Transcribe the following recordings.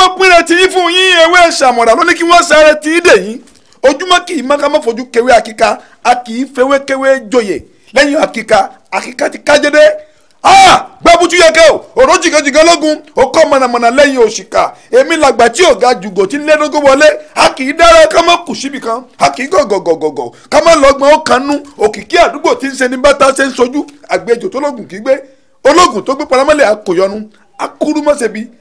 wọ́n pínlẹ̀ tí yín fún yín ewé ṣàmọ̀dà ló ní kí wọ́n sáré tí yín dè yín ojúmọ́ kì í mọ́ká mọ́ fojú kewé akíka a kì í fewé kewé joyè lẹ́yìn akíka akíka ti kájẹ́dẹ́ ah gbẹ́bùtú yẹkẹ́ o òró jìgàjìgà lógun ó kọ́ mọ̀nàmọ̀nà lẹ́yìn òṣìkà èmi làgbà tí ò ga jùgò tí nílẹ́dógó wọlé a kì í dára ká má kù síbi kan a kì í gọ̀gọ̀gọ̀gọ̀ ká má lọ́gbọ̀n ó kan òkìkí àdúgbò tí ń ṣe ní bàtà ṣe ń sojú àgbejò tó lógun kì gbé ológun tó gbé paramọ́lẹ̀ akòyọnu akúrúmọ́sẹ̀bi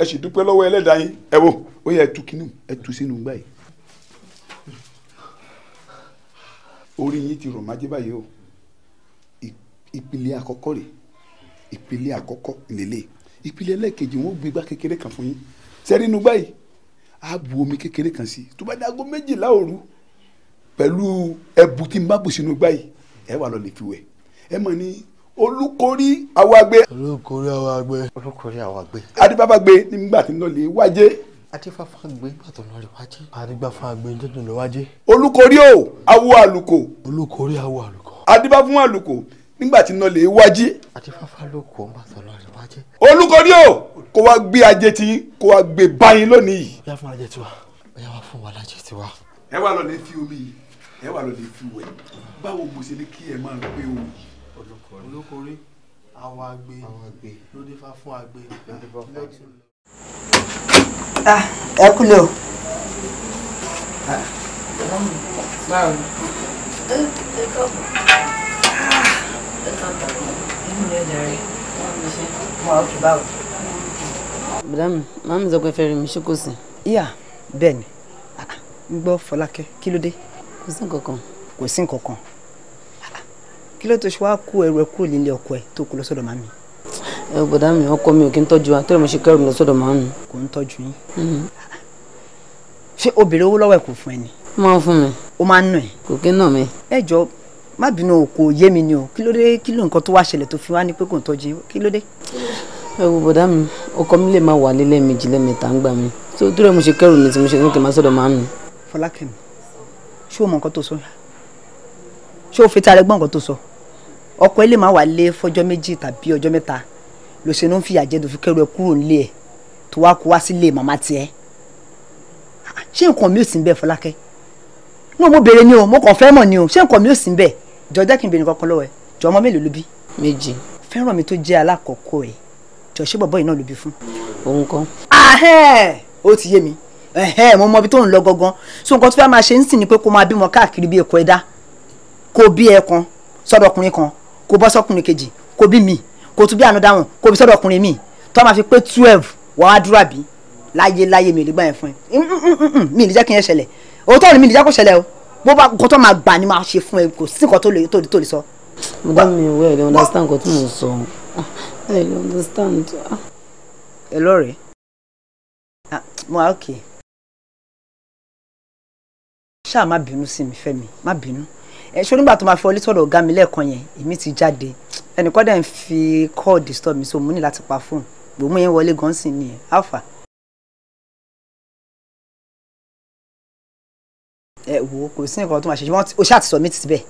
ẹ sì dúpẹ́ lọ́wọ́ ẹlẹ́dàá yín ẹ wo ó yẹ ẹtu kínú ẹtu sínú gbà yìí orí yín ti rọ̀ májẹ́ báyìí o ìpìlẹ̀ àkọ́kọ́ rẹ̀ ìpìlẹ̀ àkọ́kọ́ lélẹ̀ ìpìlẹ̀ ẹlẹ́ẹ̀kejì wọn ó gbé igbá kékeré kan fún yín sẹ́rí inú gbà yìí á bu omi kékeré kan sí tó bá dé aago méjìlá òru pẹ̀lú ẹbu tí n bá bù sínú gbà yìí ẹ wà lọ lè fi wẹ̀ ẹ mọ̀ ní olùkórí awagbe. olùkórí awagbe. olùkórí awagbe. adibaba gbe nígbà tí ń lọ lè wájé. adibaba gbe nígbà tó lọ lè wájé. adibaba gbe nígbà tó lọ wájé. olùkórí o awo àlùkò. olùkórí awo àlùkò. adiba fún àlùkò nígbà tí ń lọ lè wájé. adibaba ló kó nígbà tó lọ lè wájé. olùkórí o kó wá gbé ajé tí kó wá gbé báyìí lónìí. bóyá fún ajé tiwa bóyá wá fún wa lájẹ tiwa. ẹ wà lọ lè fi omi ẹ wà lọ lè fi wẹ báwo mo ṣe ní kí ẹ máa gbé omi olókorí àwọn àgbè ló dé fa fún àgbè. Ah, ẹ kúlẹ̀ o. madam maami sọ pé fẹ́rẹ̀ mi ṣé kò sí. yíyà bẹ́ẹ̀ ni ah, n gbọ́ Fọlákẹ́ kí ló dé. kò sí nǹkan kan. kò sí nǹkan kan kí ló tó ṣe wá kó ẹrù ẹ kúrò nílé ọkọ ẹ tó kó lọ sọ́dọ̀ màmí. ẹ gbọ́dá mi ọkọ mi ò kí ń tọ́jú wa tẹ́lẹ̀ mo ṣe kẹ́rù lọ sọ́dọ̀ màmí. kò ń tọ́jú yín. Mm-hmm. ṣé obìnrin owó lọ́wọ́ ẹ̀ kò fún ẹ ni. ó máa ń fún mi. ó máa ń nà ẹ. kò kí ń nà mi. ẹ jọ má bínú kò yé mi ni o kí ló dé kí ló nǹkan tó wá ṣẹlẹ̀ tó fi wá ní pé kò ń tọ́jú kí ló dé. ẹ wo bọ̀dá mi ọkọ mi lè máa wà lé lẹ́ẹ̀mejì lẹ́ẹ̀mẹ́ta ń gbà mí tó mo ṣe kẹ́rù mi tí mo ṣe ní kí n máa sọ́dọ̀ fọlákẹ́mi ṣé o mọ nǹkan tó sọ ṣé o fi ta rẹ gbọ́ nǹkan tó sọ ọkọ ilé máa wà lé fọjọ́ méjì tàbí ọjọ́ mẹ́ta ló ṣe ló ń fìyà jẹ tó fi kẹrù ẹ kúrò nílé ẹ tó wá kó wá sílé màmá tiẹ̀ ṣé nǹkan mi ò sí bẹ́ẹ̀ Fọlákẹ́ mo mo béèrè ni o mo kàn fẹ́ mọ̀ ni o ṣé nǹkan mi ò sí bẹ́ẹ̀ jọ jẹ́ kí n béèrè kankan lọ́wọ́ ẹ jọ ọmọ mélòó ló bí. méjì. fẹ́ràn mi tó jẹ́ alákọ̀ọ́kọ́ ẹ̀ jọ ṣé bọ̀bọ́ yìí náà ló bí fún. òun kan. ahẹ́ ó ti yé mi ẹ̀hẹ́ mo mọ ibi tó ń lọ gangan so nǹkan tó fẹ́ máa ṣe ń sìn ni pé kó máa bímọ káàkiri bí ẹ̀kọ́ ẹ̀dá kó bí ẹ̀kan sọ́dọ̀ ọkùnrin kan kó bọ́ sọ́kùnrin kejì kó bí mi kó tún bí àná dáhùn kó bí sọ́dọ̀ ọkùnrin mi tó máa fi pé twelve wàá dúrà bí láyé láyé mi ò lè gbà yẹn fún ẹ mm, mm, mm, mi ò ní jẹ́ kí yẹn ṣẹlẹ̀ òótọ́ ni mi ò ní jẹ́ kó ṣẹlẹ̀ o bó bá kó tó máa gbà ni máa ṣe fún ẹ kò sí nǹkan tó lè tó lè sọ. mo dá mi ìwé lè understand nǹkan tí mo sọ ẹ ah, lè understand. Ah. ẹ lọ́rẹ̀ẹ́ ah, mo à ok ṣáà má bínú sí mi Fẹ́mi má bínú ẹ ṣó nígbà tó máa fi ọlé sọ̀rọ̀ ọ̀gá mi lẹ́ẹ̀kan yẹn èmi ti jáde ẹnìkan dẹ̀ ń fi call disturb mi so mo ní láti pa fóònù gbòmù yẹn wọlé gan sí nìyẹn alpha. ẹ wo kò sí nǹkan tó máa ṣe ṣe wọn o ṣáà ti sọ mí ti bẹ́ẹ̀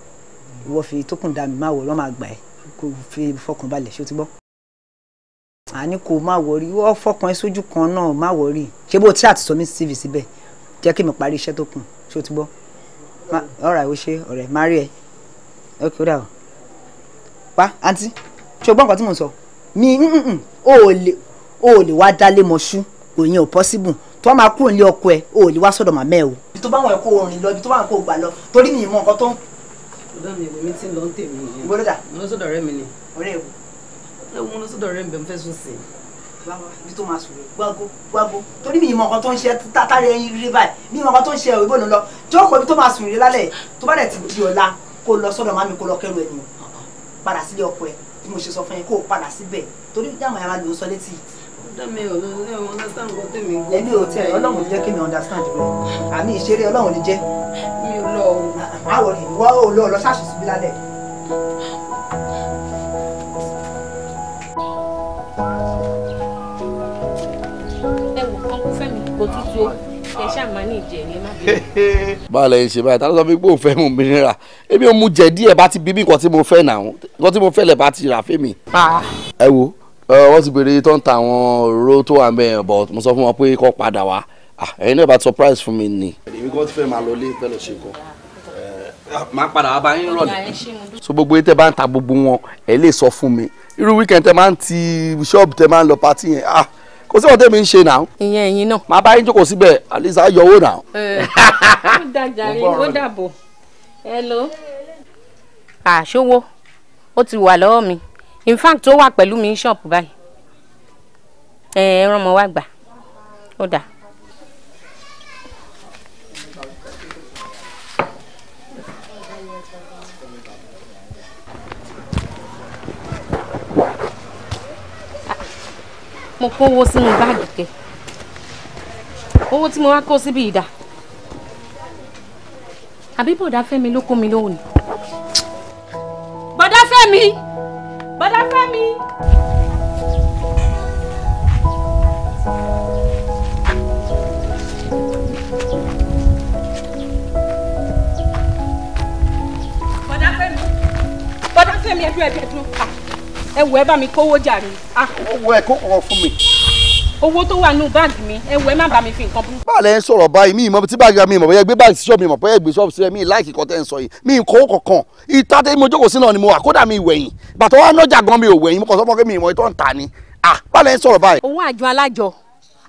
ìwọ fi tókùn dá mi máa wọ̀ lọ́ máa gbà ẹ́ kó fi fọkàn balẹ̀ ṣó ti gbọ́ àní kò má wọrí wọ́n fọkàn ẹ sójú kan náà má wọrí ṣé bó tí àti sọmí tv síbẹ̀ jẹ́ kí mi parí iṣẹ́ tó ṣé o ti gbọ́ ọ̀rẹ́ o ṣe ọ̀rẹ́ má rí ẹ ok ó dà o pa àǹtí ṣe o gbọ́ nǹkan tí mò ń sọ mi mm, mm, mm, ò lè ò lè wá dálé mọ́ṣú kò yẹn ò possible tó wọ́n máa kúrò nílé ọkọ ẹ ò lè wá sọ́dọ̀ màmá ẹ o. ibi tó bá wọn kó orin lọ ibi tó bá wọn kó gbà lọ torí mi ni. ọ̀rẹ́ ẹ̀ wò. ẹ̀ wọ́n lọ sọ́dọ̀ ọ̀rẹ́ mi bẹ́ẹ̀ mo fẹ́ bí tó máa sùúrù gbágbó gbágbó torí mi ìmọ̀ ọkàn tó ń ṣe tátàrí ẹyin rí báyìí mi ìmọ̀ ọkàn tó ń ṣe òyìnbó ló lọ jọ́ pé bí tó máa sùúrù lálẹ́ tó bá dẹ̀ ti di ọ̀la kó lọ sọ́dọ̀ mami kó lọ kẹ́rù ẹ̀ nìyẹn padà sílé ọkọ ẹ̀ bí mo ṣe sọ fún yẹn kó o padà síbẹ̀ torí dáhùn yàrá ló sọ létí. dami ò lè understand nǹkan tèmi. èmi ò tẹ ọlọ́run jẹ́ kí mi understand rẹ̀ àmì ìṣeré lọ o. àwọn thank you ẹ wò kọ́ńkú fẹ́mi kò tútù o ẹ ṣàmà ní ìjẹ ní má bẹ̀rẹ̀. báwo lẹ ń ṣe báyìí tálọ́sọ fi gbóhùn fẹ́ mu mi rírà èmi ò mu jẹ díẹ̀ bá ti bí mi nǹkan tí mo fẹ́ náà nǹkan tí mo fẹ́ lẹ̀ bá ti rà fẹ́mi. ẹ wo wọ́n ti bèrè tó ń ta àwọn òróró tó wà mẹ́ẹ̀ but mo sọ fún wọn pé kó padà wá ẹ̀yin náà bá surprise fún mi ni. èmi kò ti fẹ́ máa lọ ilé ìfẹ́ lọ máa padà wá bá yín rọ̀lẹ́. so gbogbo yín tẹ́ bá ń ta gbogbo wọn ẹ lè sọ fún mi irú weekend tẹ́ máa ń ti ṣọ́ọ̀bù tẹ́ máa ń lọ pátì yẹn ah kò sí ọ̀tẹ̀ mi ń ṣe náà. ìyẹn ẹ̀yin náà. màá bá yín jókòó síbẹ̀ alisa yọwọ́ náà. ó dàjàre ó dàbọ̀ hello. àṣọwó ó ti wà lọ́wọ́ mi in fact ó wà pẹ̀lú mi ní ṣọ́ọ̀bù báyìí ẹ̀ẹ́rán mo wá gbà ó dáa. mo kó owó sínú báàgì kẹ owó tí mo wá kó síbi ìdá àbí bọ̀dá fẹ́mi ló kó mi lóhùn ni. bọ̀dá fẹ́mi bọ̀dá fẹ́mi. bọ̀dá fẹ́mi bọ̀dá ah ẹ wò ẹ bá mi kówó jàre. owó ah. ẹ kó kọ̀ọ̀ fún mi. owó tó wà nù báàgì mi ẹ wò ẹ má bá mi fi nǹkan burúkú. báàlẹ̀ ń sọ̀rọ̀ báyìí mi ìmọ̀ tí báàgì mi ìmọ̀ bóyá gbé báàgì sí ṣọ́ọ̀bù mi ìmọ̀ bóyá gbé ṣọ́ọ̀bù sílẹ̀ mi láìkì kan tẹ́ ń sọ yìí mi ń kó kọ̀ọ̀kan ìta tẹ́ mo jókòó sí náà ni mo wà kódà mi ìwẹ̀yìn bàtọ́ wa nọ́jà gan mi ò wẹ̀yìn mo kàn sọ fún mi ìmọ̀ ìtọ́ ń ta ni ah, báàlẹ̀ ń sọ̀rọ̀ báyìí. òun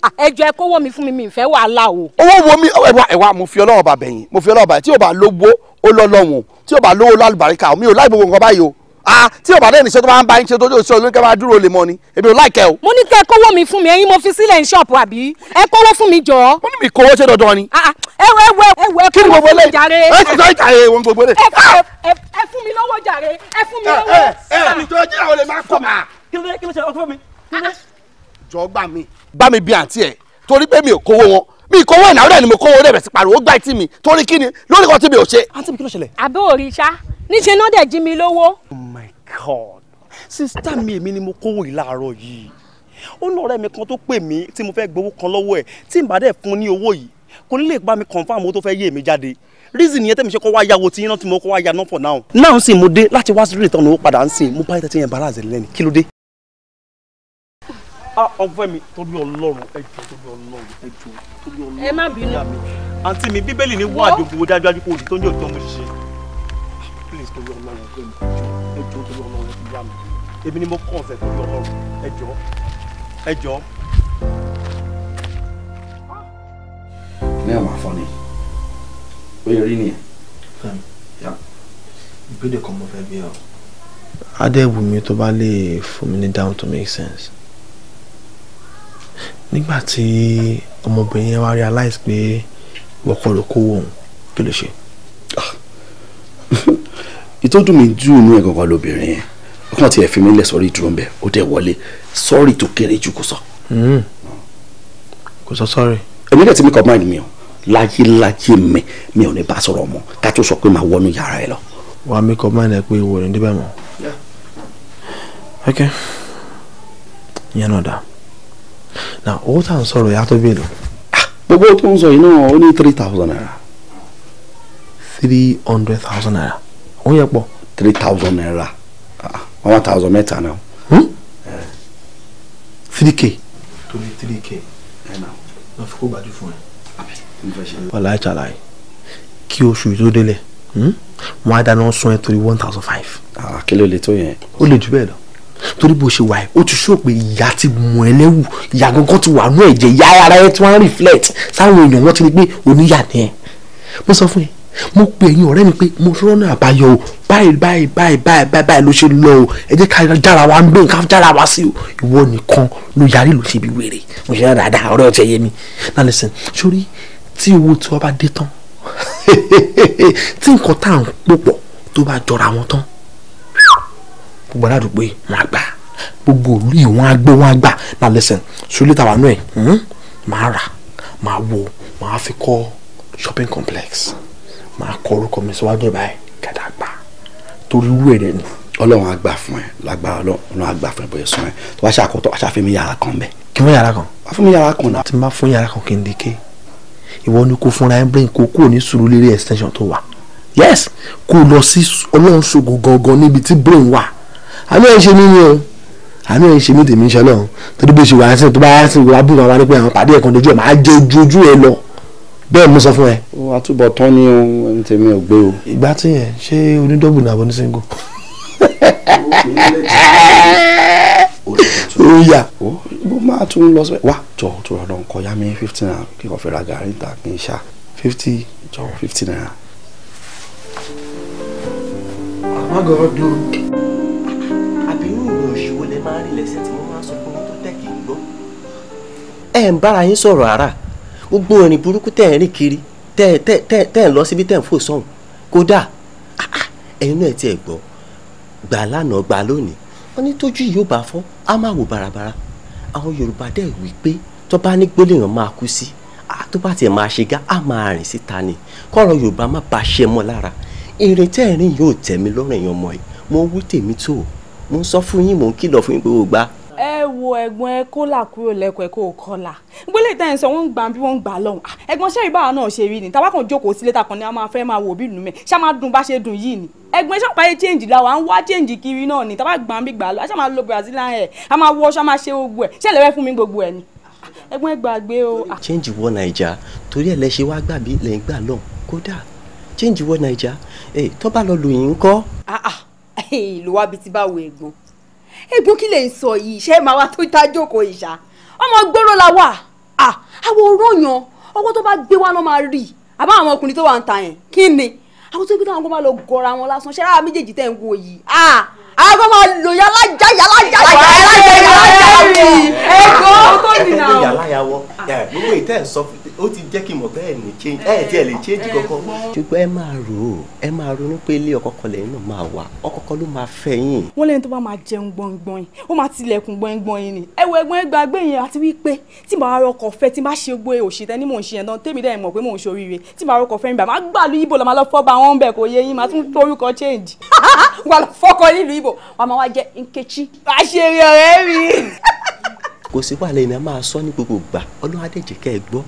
ah, ẹ kówó mi fún mi mi fẹ́ wàhálà o. owó wo mi ẹwà ẹwà mo fi Ọlọ́run bá bẹ̀yìn mo fi Ọlọ́run bá tí o bá lówó ó lọ́lọ́run tí o bá lówó lálùbáríkà mi ò láì gbogbo nǹkan báyìí o ah tí ọba dẹ́ni iṣẹ́ tó máa ń bá yín ṣe tó ṣe olóyún kẹ́ máa dúró lè mọ ni èmi ò láìkẹ́ o. mo ní kẹ́ ẹ kówó mi fún mi ẹ̀yin mo fi sílẹ̀ ní ṣọ́ọ̀pù àbí ẹ kówó fún mi jọ. mo ní mi kówó ṣe dandan ni. Ah, ah, ẹ wọ ẹ wọ ẹ wọ ẹ kówó fún mi jàre. ẹ ti sọ ìkàyè wọn gbogbo rẹ. Ah! ẹ fún mi lọ́wọ́ jàre ẹ fún mi eh, lọ́wọ́. ẹ ẹ nítorí jẹ́ àwọn lè máa kọ́ mà. kí ló ṣe ọkọ mi. jọ gbà mí. bá mi bí àǹtí ẹ torí pé mi ò kówó wọn mi kówó ìnáwó dẹ̀ ni mo kówó rẹ̀ bẹ̀ sí pariwo gbá etí mi torí kí ni lórí kan tí mi ò ṣe. àǹtí mi kí ló ṣẹlẹ̀. àbẹ́ òrìṣà níṣẹ́ náà dẹ̀ jí mi lówó. Hmm god sista mi èmi ni mo kówó yìí láàárọ̀ yìí ó ní ọ̀rẹ́ mi kan tó pè mí tí mo fẹ́ gbowó kan lọ́wọ́ ẹ̀ tí n bá dẹ̀ fún ní owó yìí kò ní lè bá mi confam owó tó fẹ́ yé mi jáde reason yẹn tẹ̀mí ṣe kọ́ wá yàwó tí iná tí mo kọ́ wá yà náà for now. náà ń sìn mo dé láti wá sílẹ̀ tán ló padà ń sìn mo bá yẹ tẹ́tí yẹn bára àzẹ̀lẹ̀ lẹ́nu kí ló dé. a ah, ọfẹ mi torí Ọlọ́run ẹ jọ̀ọ́ torí Ọlọ́run ẹ jọ̀ọ́ ẹ má bínú. àǹtí mi bíbélì ni wà á dògbò dájúdájú kó o di tó ń jẹ́ òótọ́ mo ṣe. èmi ni mo kọ̀ọ̀sẹ̀ tó yọ ọrùn ẹ jọ ẹ jọ. ní àwọn afọ́ni ó yẹ rí nìyẹn. ìbéèrè kan mo fẹ́ bí ọ. adébù mi tó bá lè fún mi ní down to make sense nígbà tí ọmọbìnrin yẹn wá realize pé wọ́pọ̀ ló kówó òun kí ló ṣe. Ah. ìtọ́jú mi jù ní ẹ̀kọ́kọ́ lóbìnrin yẹn ó kàn tiẹ̀ fi mí lẹ̀ sọ́rí ìdúró ń bẹ̀ ó dẹ̀ wọlé sọ́rí tó kéré jù kò sọ. Hmm. kò sọ sọ́rí. èmi náà ti make up mind mi o láyé láyé mi mi ò ní bá sọ̀rọ̀ mọ́ ká tó sọ pé màá wọnú yàrá ẹ lọ. wà á make up mind ẹ pé ìwọ ni débẹ̀ mọ́. ok ìyẹn náà dá na owó tá à ń sọ̀rọ̀ yàtọ̀ bí èlò. gbogbo tó ń sọ yìí náà ó ní three thousand naira. three hundred thousand naira ó yẹ pọ̀. three thousand naira. Ah, one thousand meter now. náà. Hmm? three k. torí three k náà fi kó gbàdúrà fún ẹ. wàláì tàláì kí oṣù yìí tó délẹ̀ hmm? wọn á dáná sun ẹ torí one thousand five. Ah, kí ló lè tó yẹn. ó lè jù bẹ́ẹ̀ lọ torí bó ṣe wà ẹ ó ti sọ pé ìyá ti mú ẹ lẹ́wù ìyá gangan ti wà nú ẹ̀jẹ̀ ìyá ara ẹ tí wọ́n á reflect sáwọn èèyàn wọn ti ní pé oníyà ni ẹ mo sọ fún yẹn mo pe ẹ̀yin ọ̀rẹ́ mi pé mo rọ́nà àbáyọ o báyìí báyìí báyìí báyìí báyìí báyìí ló ṣe lọ o ẹ jẹ́ ká jára wa ń gbé nǹkan jára wa sí o ìwọ nìkan ló yarí ló ṣe bí wèrè mo ṣe dáadáa ọ̀rẹ́ ọ̀tí ẹ̀yẹ mi now listen sórí tí owó tí wọ́n bá dé tán tí nǹkan tá à ń pòpọ̀ tó bá jọra wọn tán gbogbo aládùúgbò yìí wọn á gbà gbogbo òlú yìí wọn á gbé wọn á gbà now listen sórí tàwa náà ẹ̀ máa hmm, rà máa wò máa fi kọ́ shopping complex máa kọ orúkọ mi síwájú ẹ̀ báyìí kàdàgbà torí wú ẹ̀rẹ̀ ni. ọlọ́run á gbà fún ẹ lágbára ọlọ́run á gbà fún ẹ bóyá sún ẹ tó wá ṣàkótọ́ aṣáfin mi yàrá kan bẹ́ẹ̀. kí wọ́n yàrá kan. wá fún mi yàrá kan náà. tí n bá fún yàrá kan kí n di ké ìwọ ni kò fúnra ẹ brain kó kúrò ní Surulere extension tó wà yes kó lọ sí ọlọ́run ṣògo gangan níbi tí brain wà àmì ẹ̀ ń ṣe nínú o àmì ẹ̀ ń ṣe mí tèmi ń ṣe lọ́run torí bó ṣe wà á sìn tó bá wà á sìn wà á bí wọn wá ní pé àwọn pàdé ẹ̀kan dojú ẹ̀ máa jẹ ojú ojú ẹ lọ bẹ́ẹ̀ mo sọ fún ẹ. o àtúbọ̀tán ni ohun ẹni tèmi ò gbé o. ìgbà tí yẹn ṣé onídọ́bù ni àbọ̀ ní single. oya bó máa tún lọ sí wa jọ tó rọrọ nǹkan yá mi fifty naira kí kò fẹ́ ra gàrí ta kí n ṣá fifty jọ fifty naira. àmàgọ̀ ọdún. àbí irú ìròyìn wo lè máa rí lẹ́sẹ̀ tí wọ́n máa sọ fún mi tó ẹ ń bára yín sọ̀rọ̀ ara gbogbo ìrìn burúkú tẹ̀ ń rìn kiri tẹ̀ tẹ̀ tẹ̀ tẹ̀ ń lọ síbi tẹ̀ ń fò sọ̀hún kódà ah, ah, ẹ̀yin náà tiẹ̀ gbọ́ gbà lánàá gbà lónìí wọ́n ní tójú yìí ó bá fọ́ á máa wò bàràbàrà àwọn Yorùbá dẹ̀ wí pé tó bá ní gbólé èèyàn máa kú sí tó bá tiẹ̀ máa ṣe gá á máa rìn síta ni kọ́rọ̀ Yorùbá má bá ṣe mọ́ lára ìrètí ẹ̀rín yóò tẹ̀mí lọ́rùn èèyàn mọ́ ẹ̀ mo wí tèmi tó mo sọ fún yín mò ń kìlọ̀ fún gbogbo gbà ẹ wo ẹ̀gbọ́n ẹ kó là kúrò lẹ́kọ̀ọ́ ẹ kó o kọ́là gbélé ìtàn sọ wọ́n ń gbà bí wọ́n ń gbà lọ́hùn ah, ẹ̀gbọ́n ṣẹ́rí báwa náà ṣe rí ni táwa kan jókòó sílé ta kan ni a máa fẹ́ máa wò bí lùmẹ̀ ṣá máa dùn bá ṣe dùn yìí ni ẹ̀gbọ́n ṣá parí change la wa ń wá change kiri náà ni táwa gbà bí gbà lọ ṣá máa lo brazilian ẹ̀ a máa wọ ṣá máa ṣe gbogbo ẹ̀ ṣẹlẹ̀ rẹ fún mi gbogbo ẹ̀ ni ah, ẹ̀gbọ́n ẹ gbàgbé o. Ah. change wọ naija torí ẹ lẹ ṣe wá gbà bí lẹ change wọ naija eh, tó bá lọ lòyìn ń kọ́. ìlú wa bíi egbò kí lè ń sọ yìí ṣé màá wa tó tá jókòó ìṣá ọmọ gbòòrò la wà à àwọn òróyàn ọwọ́ tó bá gbé wá náà máa rí àbá àwọn ọkùnrin tó wà ń ta yẹn kí ni àwọn tó gbé táwọn kan bá lọ gọra wọn lásán ṣẹ́ra méjèèjì tẹ̀ ń wo yìí àwọn máa lò yà lájà yà lájà yà lájà yà lájà mi. ẹ̀kọ́ tó dìnnà o. yà láyàwọ gbogbo ìtẹ́ ẹ̀ sọ ó ti jẹ́ kí n mọ̀ pé ẹ̀ ní ẹ̀ tí ẹ̀ lè change kankan. ṣùgbọ́n ẹ máa rò ó ẹ máa ronú pé ilé ọkọ lẹ́yìn náà máa wà ọkọ ló máa fẹ́ yín. wọ́n lẹ́yìn tó bá máa jẹun gbọ̀ngbọ̀n ó máa tilẹ̀kùn gbọ̀ngbọ̀n yìí ni ẹ̀wọ̀ ẹ̀gbọ́n ẹgbàgbé yẹn àti wípé tí màá rọkọ̀ fẹ́ tí má ṣe gbé òṣìṣẹ́ ní mò ń ṣe yẹn tán tèmi dẹ́ mọ̀ pé mò ń ṣoríire tí màá rọkọ̀ fẹ́ níbà má gbàlú ibo lọ́ máa fọ́ bá wọn bẹ̀ kò yẹ yín má tún torúkọ change. wà lọ fọkọ nílùú ibo wà máa wá jẹ nkechi. àṣeyọ rẹ rí. kò sí wàhálà iná máa sọ ní gbogbo ìgbà ọlọ́run adẹ́jẹ́ kẹ́ ẹ gbọ́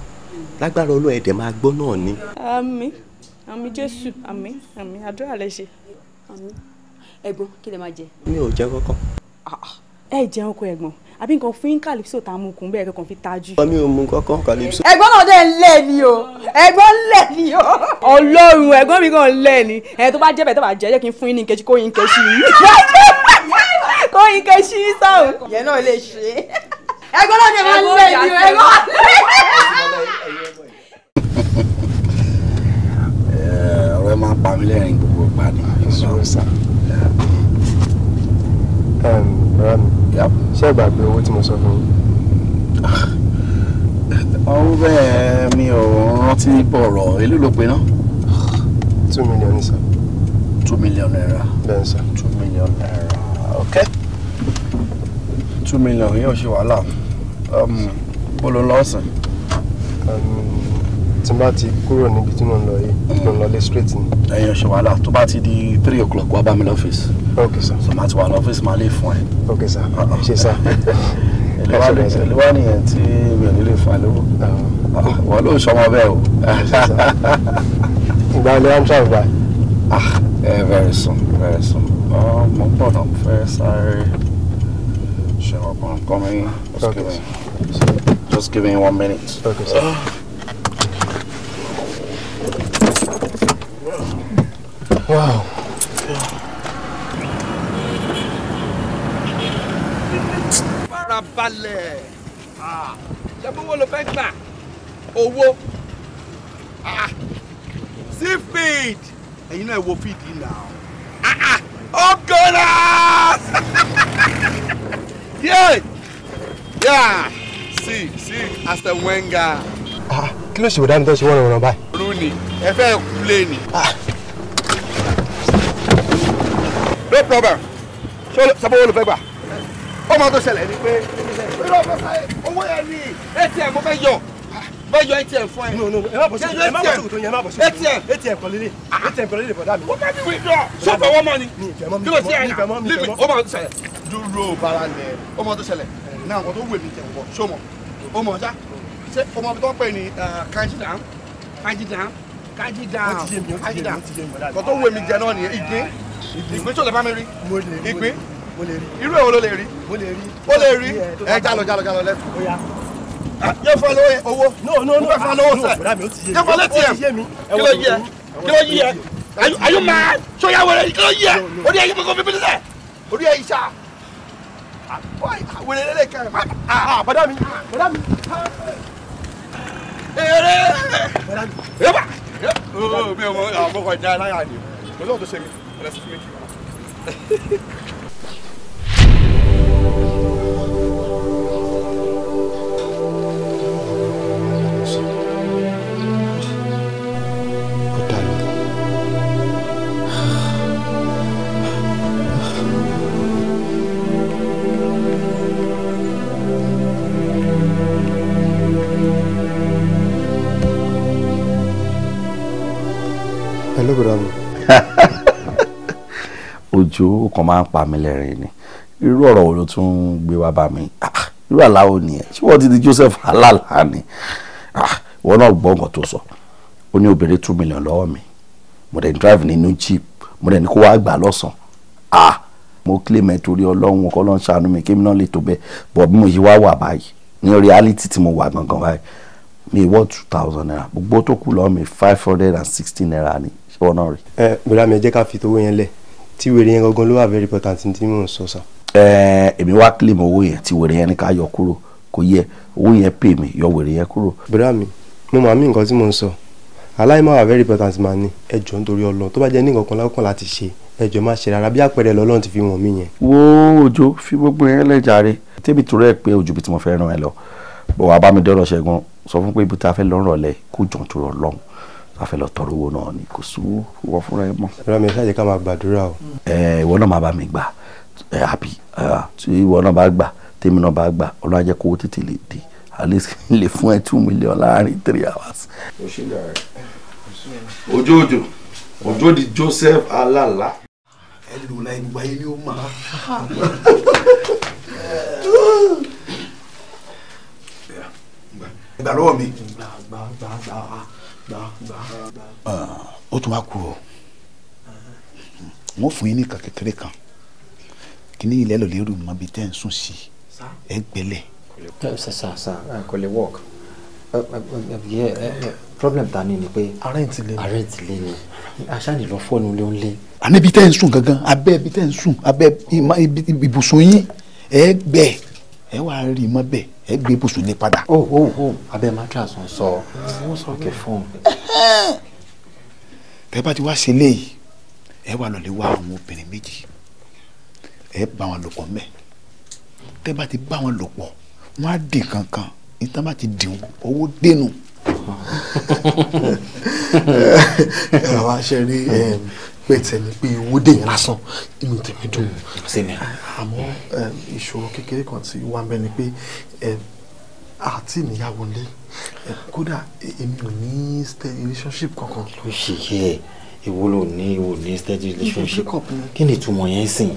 lágbára ọlọ́run ẹ̀dẹ̀ máa gbọ́ náà ni. àmín àmín jésù àmín àmín àdúrà lẹ ṣe àmín kí lè máa jẹ. mi ò jẹ kọkọ. Ah, ah. ẹ jẹun kó ẹ̀gbọ́n àbí nǹkan fún calypso tá a mú kun bẹ́ẹ̀ kàn fi tajú. ọmọ mi ò mú kankan calypso. ẹ̀gbọ́n náà dẹ̀ ń lẹ̀ ni o ẹ̀gbọ́n ń lẹ̀ ni o. ọlọ́run ẹ̀gbọ́n mi kàn ń lẹ̀ ni ẹ̀ tó bá jẹ́ bẹ́ẹ̀ tó bá jẹ́ jẹ́ kí n fún yín ní nkẹ́sí kó yín kẹ́sí yín. kó yín kẹ́sí yín sọ̀rọ̀. yẹn náà lè ṣe. ẹ̀gbọ́n náà dẹ̀ máa ń lẹ̀ ni o ẹ̀gbọ́n. ọ̀rẹ́ máa pa mí lẹ́rìn gbogbo Um, um, yep. ṣé ìgbàgbé owó tí mo sọ fún yín. ọ̀hún bẹ́ẹ̀ mi ò rántí bọ̀rọ̀ èlú ló pe náà. two million sir. two million naira. bẹ́ẹ̀ sir. two million naira Okay. two million yóò ṣe wàhálà um, bó Lawson. Um tí n bá ti kúrò níbi tí mo ń lọ yìí mo ń lọlé straight ni. ẹyin ọ̀sẹ̀ wàhálà tó bá ti di three o'clock wá bá mi lọ́fíìsì. ok sir. sọ ma ti wà lọ́fíìsì máa lè fún ẹ. ok sir ṣe sá. ìlúwa nìyẹn tí mi ò ní lè fa lówó. Ah. Ah, wọ́n ló ń sọmọ bẹ́ẹ̀ o. ìgbà ilé amsa gbà. ẹ very soon very soon ah, mo ń fẹ́ sáré ṣe ọkùnrin kọ́ just give me one minute. Okay, sir. Wow. Farabalẹ̀. Ah, ṣé owó ló fẹ́ gbà? Owó. Sí ah, feed. Ẹ̀yin náà wo feed yìí náà. Ah, ó kọ́ra. Yeah. Yeah. See, see, the Wenger. Ah, kí ló ṣe bọ̀dá mi tó ṣe wọ́n ràn báyìí. olú ni ẹ fẹ́ kú lé ni. Ah. no problem sọ́bọ̀ wo ló fẹ́ gbà ó máa tó ṣẹlẹ̀ ni pé owó yẹn ni atm mo fẹ́ yọ bá ah. yọ atm fún ẹ. no no ẹ má bọ̀ sí ẹ má bọ̀ sí òtò yẹn ẹ má bọ̀ sí atm atm kọ lílé atm kọ lílé bọ̀dá mi. wọ́n fẹ́ mi wí jọ sọ́fọ̀ wọ́n mọ́ ni kí ló ti ẹ̀ ní líbi ó máa tó ṣẹlẹ̀ dúró bára lẹ̀ ó máa tó ṣẹlẹ̀ náà àwọn tó wù mí jẹ̀ wọ̀ ṣó mọ̀ ó mọ̀ ṣá ṣé ọmọ ibi tó ń pè ní kanji dam kanji dam kanji dam kanji jẹ náà nìyẹn ìgbín ìgbín tó lè bá mi rí ìgbín irú èwo ló lè rí ó lè rí ẹ jalo jalo jalo lẹ́sùn yóò fún lówó owó mo fẹ́ lówó sẹ yóò fún létí ẹ kí ló yí ẹ kí ló yí ẹ ayo maa sọyà wẹrẹ kí ló yí ẹ o de yẹ kí kò fi o de yẹ sá wẹrẹ lẹlẹ ah, ah, ah, ah bàdá mi bàdá mi mi ò mọ àwọn ọkọ̀ I'm going ni mo lóun tó ṣe mi rẹ sí fún mi. hello brother mi. O ó kàn máa ń pa mí lẹ́rìn ni irú ọ̀rọ̀ wo ló tún ń gbé wá bá mi ah, irú aláwo nìyẹn ṣé wọ́n ti di Joseph alálà ni ah, wọ́n náà gbọ́ nǹkan tó sọ ó ní obìnrin two million lọ́wọ́ mi mo dẹ̀ drive nínú jeep mo dẹ̀ ní kó wá gbà lọ́sàn-án ah, mo claim ẹ̀ torí ọlọ́run ọkọ ló ń ṣàánú mi kí mi náà lè tó bẹ́ẹ̀ bọ̀ bí mo yí wá wà báyìí ní reality tí mo wà gangan báyìí mi wọ́ two naira gbogbo tó kù lọ́wọ́ mi five naira ni ṣọwọ́ náà rí. ẹ eh, bùrọ̀dá mi ẹ jẹ́ ká fi towó yẹn lẹ̀ tí wèrè yẹn gangan ló wà very important tí mò ń sọ sà. ẹ eh, èmi wá claim owó yẹn tí wèrè yẹn ní ká yọ kúrò kò yẹ owó yẹn pè mí yọ wèrè yẹn kúrò. bùrọ̀dá mi mo mọ̀ àmì nǹkan tí mò ń sọ aláìmọ̀ wà very important máa ní ẹ jọ̀ọ́ nítorí Ọlọ́run tó bá jẹ́ ní nǹkan kan lákàn láti ṣe ẹjọ má ṣe rárá bí àpẹẹrẹ lọ́lọ́run ti fi wọ̀n mí yẹn. wo ojo fi gbogbo yẹn lẹ́jàre tẹ́bi tó rẹ̀ pé ojú bí tí mo fẹ́ ràn ẹ́ lọ bọ̀ wá bá mi dọ́rọ̀ ṣẹ́gun sọ fún pé ibi tá a fẹ́ lọ́rọ̀ lẹ̀ kó jọ̀ǹtò rọ̀ lọ́hùn a fẹ́ náà ni kò sówó wọ fúnra ẹ mọ́. ẹ̀rọ mi ṣáàjì ká máa gbàdúrà o. ẹ ìwọ náà máa bá mi gbà ẹ àbí tí ìwọ náà bá gbà tèmi náà bá gbà ọlọ́run á jẹ́ kó tètè lè dé at lè fún ẹ two million láàrin three hours. ojú òjò òjò di Joseph alala. ẹ lò láì gbà yín ni ó máa. ìgbà mi ó tún wá kú o wọ́n fún yín nìkan kékeré kan kíní ilẹ̀ lò lérò mọ́ bíi tẹ́ ń sùn sí ẹ gbẹ́lẹ̀. sir sir sir kò lè work problem ta ni ni pé arrent lé ni arrent lé ni aṣáàní lọ fọ́ọ̀nù ló ń lé. àní ibi tẹ́ ń sùn gangan abẹ́ ibi tẹ́ ń sùn abẹ́ ibùsùn yín ẹ gbẹ ẹ wàá rí i mọ́ bẹ́ẹ̀ ẹ gbé ibùsùn lé padà. o oh, o oh, o oh. abẹ matras ń sọ wọn sọ kẹ fún un. tẹ bá ti wá ṣe léyìí ẹ wà lọlé wá àwọn obìnrin méjì ẹ bá wọn lò pọ̀ mẹ́ tẹ bá ti bá wọn lò pọ̀ wọn á dì kankan níta bá ti dì owó dénú. ẹ wá ṣe rí bẹ́ẹ̀ ni pé owó dèyìn lásán inú tèmi dùn. àmọ́ ìṣòro kékeré kan tí wà ń bẹ ni pé àti ìníyàwó lé kódà èmi ò ní steady relationship kankan. ló ṣe yẹ ìwo ló ní ìwo ní steady relationship kí ni ìtumọ̀ yẹn sìn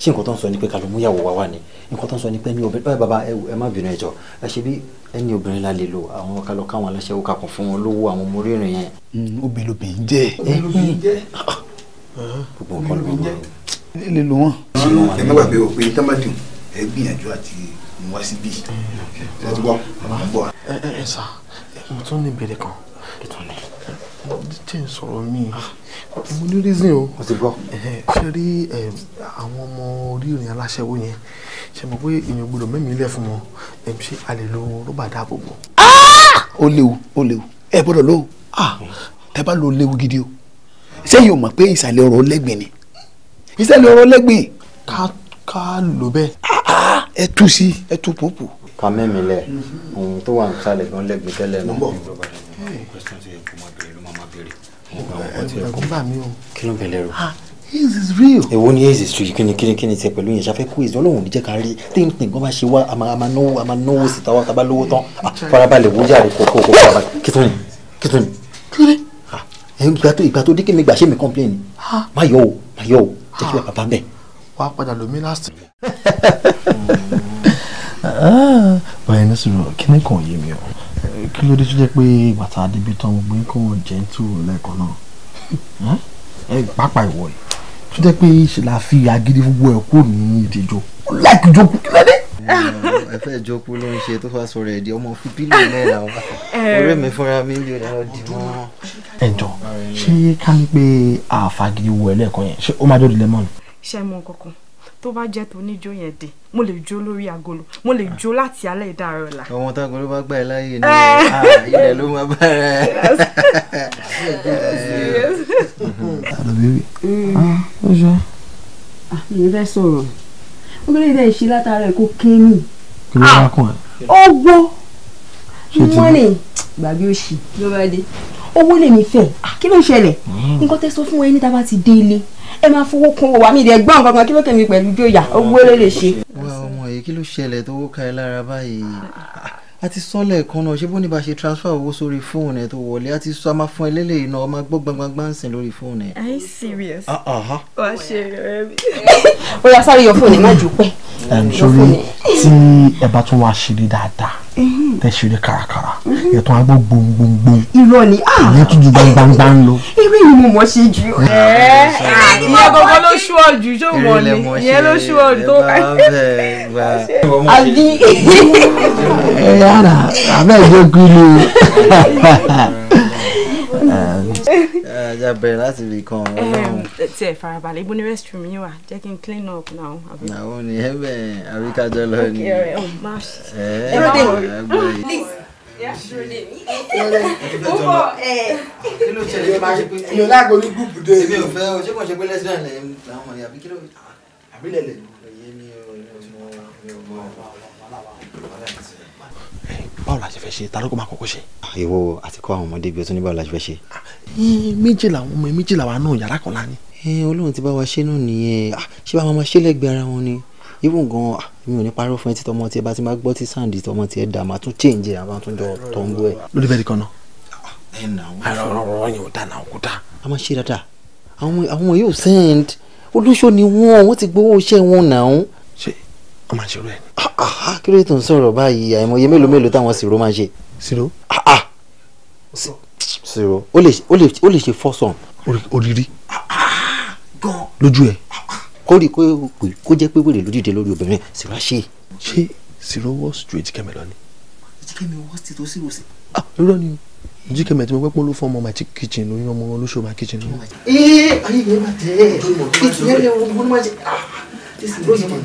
ṣé nǹkan tó ń sọ ni pé ká ló mú ìyàwó wa wà ni nǹkan tó ń sọ ni pé ní obìnrin báyìí bàbá ẹ má bínú ẹjọ ẹ ṣe bí ẹni obìnrin la lè lo àwọn ọkàlọ káwọn aláṣẹ òkàkùn fún wọn lówó àwọn ọmọ orí ìrìn yẹn. Hmm, obìnrin lobìnrin jẹ́. obìnrin lobìnrin jẹ́. Hmm gbogbo nǹkan ló ń jẹ́. lílè ló wọ́n. ẹ má gbàgbé o pé tọ́mátì ẹ gbìyànjú àti mú wá síbí ẹ ti wá mú bọ̀. ẹ ẹ sà mo tún ní ìbéèrè kan tí sọ̀rọ̀ mi mo ní reason o ṣe rí àwọn ọmọ orírin aláṣẹwó yẹn ṣe mọ̀ pé èèyàn gbọ́dọ̀ mẹ́mìí lẹ̀ fún wọn ṣé a lè lo rọ́bà dáàbò bò. Ah! ó léwu ó léwu ẹ gbọ́dọ̀ lóhùn ah! mm. tẹ bá lo léwu gidi o sẹ́yìn ò mọ̀ pé ìsàlẹ̀ ọ̀rọ̀ lẹ́gbìn ni ìsàlẹ̀ ọ̀rọ̀ lẹ́gbìn. ká ká lò bẹ́ẹ̀. ẹ tú sí ẹ tú pòpò. ká mẹ́mi lẹ̀ ohun tó wà nísàlẹ̀ gan lẹ́gbìn tẹ́lẹ̀ náà. kí ló ń bẹ̀lẹ̀ rò. This is real. èwo ni ace street kí ni kí ni kí ni tiẹ̀ pẹ̀lú yẹn ṣàfẹ́ kú èsì ọlọ́run ò ní jẹ́ ká rí tíntìn gan bá ṣe wá àmà náwó àmà náwó síta wá tábà lówó tán farabalẹ̀ wọ́jà rẹ̀ kókó kókó kí tó ní kí tó ní ìgbà tó ìgbà tó díkì mi gbà ṣé mi complain má yọ o má yọ o jẹ́ kí wà bàbá bẹ̀. wàá padà lómi last. Ah, báyìí ní sùúrù kíní kan yé mi o kí ló dé tó jẹ́ pé bàtà àdébí tán gbogbo ń kàn jẹ́ńtù lẹ́ẹ̀kan náà hm? pápá ìwọ yìí tó jẹ́ pé ṣe la fi agídí gbogbo ẹ̀ kúrò ní ìdíjọ́ láìpẹ́ jókòó kí lóde ẹ fẹ́ jókòó ló ń ṣe tó fà sọ̀rọ̀ ẹ̀dí ọmọ fi bílíọ̀nù náírà wá ọ̀rẹ́ mi fúnra mílíọ̀nù náírà dì mọ́. ẹ jọ ṣé ká ní pé àfàgìrì wọ ẹlẹ́ẹ̀kan yẹn ṣé ó máa dóde lẹ́mọ̀nù. ṣé ẹ mọ kankan tó bá jẹ́ toníjó yẹn dé mo lè jó lórí agolo mo lè jó láti alẹ́ ìdárò la. ọmọ táwọn ló bá gbà ẹ láàyè ni ah, ilẹ̀ ló máa bá rẹ. àlọ́ bèbè. mi ò fẹ́ sọ̀rọ̀ wọ́n lè dẹ̀ ṣe látara ẹ̀ kó kínní. kí ló wá kàn ẹ́. owó wọ́n lè gbàgbé òṣì ló bá dé owó lè mí fẹ́ ah, kí ló ń ṣẹlẹ̀ hmm. nǹkan tẹ́ sọ fún wa ẹni tá a bá ti dé ilé ẹ máa fowó kún owó àmì ìdẹ gbọ́n kankan kí ló kẹ́mi pẹ̀lú jóyà owó ló lè ṣe. wá ọmọ yìí kí ló ṣẹlẹ̀ tó wó ká ẹ lára báyìí a ti sọ lẹ́ẹ̀kan náà ṣé bó ní bá ṣe transfer owó sórí fóònù ẹ̀ tó wọlé a ti sọ a máa fún ẹ iná ọmọ gbọ́ gbangbangba ń sìn lórí fóònù ẹ̀. are you serious. Ah, ah, ah. wà á ṣe rẹ mi. ó yá sáré yọ fóònù ẹ má jù pẹ́. sórí tí ẹ bá tún wá ṣeré dáadáa Mhm. tẹ ṣeré kárakára mhm. ẹ̀tún agbó gbòǹgbòǹgbòǹ. irọ́ ni ah! ìyẹn tún ju gbangbangba ń lọ. irú yìí mo mọ̀ ṣe jù. ìyẹn gbogbo ló ṣú ọ jù tó mọ̀ ni ìyẹn ló ṣú ọ tó ká. àbí. ẹ yára àbẹ́ ìjọ kú ló. ajá eh, bẹ̀rẹ̀ láti ibì kan ọlọ́run. tí ẹ farabalẹ̀ ibo ni restroom yín wà jẹ́ kí n clean up now. àwọn ni ẹ bẹ̀ àríkájọ lọ ni. Oh, eh, ẹ ẹ gbọ́ yìí. Ìyọ̀ láàgbọ̀ ní gúùpù dé. Èmi ò fẹ́ o, la ṣe fẹ́ ṣe ta ló kó máa kọ́kọ́ ṣe. Ah, ìwọ àti kọ́ àwọn ọmọdé bí o tún ní báwo la ṣe fẹ́ ṣe. Ah, méjì làwọn ọmọ méjì làwọn náà yàrá kan lá ní. Ọlọ́run ti bá wa ṣe náà nìyẹn ah, ṣé bá wọn máa ṣe lẹ́gbẹ̀ẹ́ ara wọn ni even gan mi ò ní parọ́ fún ẹ tí tọmọ tiẹ bá ti máa gbọ́ tí sáǹdì tọmọ tiẹ dà máa tún change ẹ àbá tún jọ tọ́ngbó ẹ. lórí bẹ́ẹ̀ kan náà. ẹ nà wọn. àrò ọ̀rọ̀ yẹn ò dá náà kó dá. a máa ṣe dáadáa àwọn yóò send olóṣò ni wọn wọn ti gbowó iṣẹ́ wọn náà wọ́n máa ń ṣerú ẹ̀. kí ló tó ń sọ̀rọ̀ báyìí àìmọye mélòó mélòó táwọn sìrò máa ń ṣe. sìrò. Ah, ah. sìrò ó lè ṣe fọ́sọ̀n. Ah, òrìrì lójú ẹ. kó rí kó jẹ́ pé wèrè ló dìde lórí obìnrin sìrò á ṣe. ṣé sìrò wọ́ straight kẹ́mi lọ ni. jíkẹ́mi wọ́ sí tó sírò sí. irọ́ ni jíkẹ́mi tí mo pẹ́ pọ́n ló fọ́ ọmọ my kitchen lóyún ọmọ olóṣù my kitchen. ee ayé mi máa tẹ̀ ẹ́ ìtúnyẹ́rẹ́ wọn ni wọ́n máa jẹ this is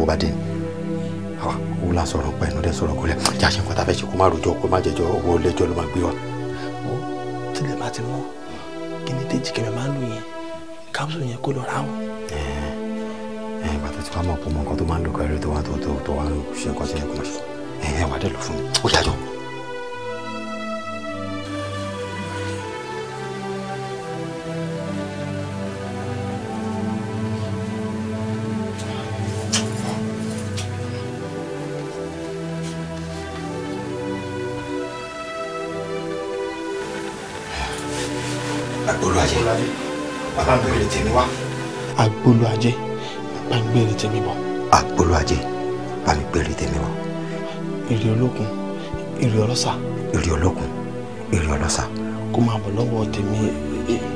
tówó bá dé ni ah, òun la sọ̀rọ̀ pa ẹnu dẹ sọ̀rọ̀ kó lẹ jáṣe nǹkan tá a fẹ́ ṣe kó má rojọ́ kó má jẹjọ́ owó lẹ́jọ́ ló má gbé wa. ó tilẹ̀ bá ti mọ kíni déjì kẹmẹ máa ń lò yẹn kápsùn yẹn kó lọ ra wọn. ẹ ẹ bàtà tí wàá mọ̀ pọ̀ mọ́ nǹkan tó máa ń lò kárí tó wà tó tó wà ń ṣe nǹkan tí yẹn kò máa ṣe ẹ ẹ wà mi ó dájọ́. agolo ajé bá ń gbére tèmi bọ̀. agolo ajé bá mi gbére tèmi bọ̀. èrè olókun èrè ọlọ́sà. èrè olókun èrè ọlọ́sà. kó máa bọ̀ lọ́wọ́ tèmi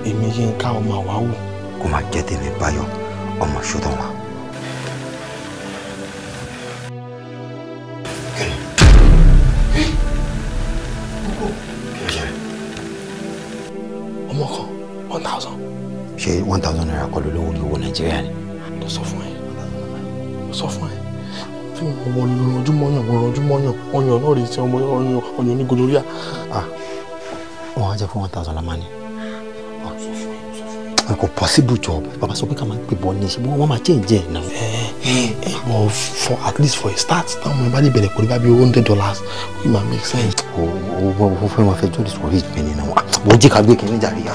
èmi yín ká ọmọ àwáwò. kó máa jẹ́ tèmi báyọ̀ ọmọ ṣọ́tọ̀ wa. nàìjíríà ni. mo sọ fún ẹ mo sọ fún ẹ tí mo rànjúmọ́ yàn mo rànjúmọ́ yàn ọyàn náà rèé sí ọmọ ọyàn ọyàn ní gonorrhea. wọn á jẹ fún one thousand lamá ni ẹ kò possible jọ bàbá sọ pé ká máa gbé bọ ní ìṣẹ́gun wọn máa jẹ́ ìjẹ́ ẹ̀ náà. ẹ ẹ but for at least for a start táwọn ọmọ ìbálẹ̀ bẹ̀rẹ̀ pẹ̀lú bábí one hundred dollars it ma make sense. o o o fẹ́ wọn fẹ́ jọ́ọ̀dì sọ̀rọ̀ ìjìnlẹ̀ nínú wọn àti bọ́jú ká gbé kínní jàre yá.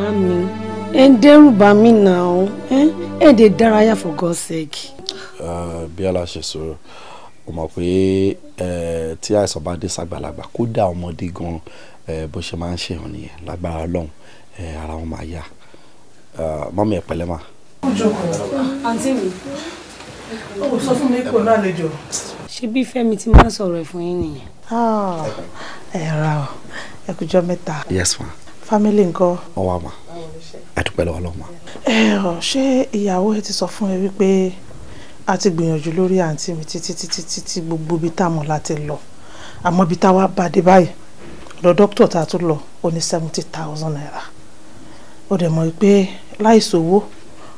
Mami, ẹ ń dẹ́rù bá mi náà ẹ ẹ dé dárayá for God's sake. Ah, bí Ọlá ṣe sọ̀rọ̀, o mọ̀ pé tí àìsàn bá dé sàgbàlagbà kódà ọmọdé gan bó ṣe máa ń ṣèhàn nìyẹn lágbára Ọlọ́run ara wọn máa yá. Ah, Mọ́mí ẹ̀ pẹ̀lẹ́ mà. Ó jókòó, àǹtí mi, ó sọ fún mi kò lálejò. Ṣé bí Fẹ́mi ti máa sọ̀rọ̀ ẹ̀ fún yín nìyẹn? Ah, ẹ ra ẹ kújọ mẹ́ta. Yes ma family ńkọ́. wọ́n wá ma àdúpẹ́ lọ́wọ́ lọ́wọ́ ma. ẹ ọ ṣé ìyàwó ẹ ti sọ fún ẹ wípé a ti gbìyànjú lórí àǹtí mi títí títí títí gbogbo ibi tá a mọ̀ láti lọ àmọ́ ibi tá a wá bá dé báyìí lọ dókítà tá a tún lọ ó ní seventy thousand naira ó dẹ̀ mọ̀ pé láìsòwò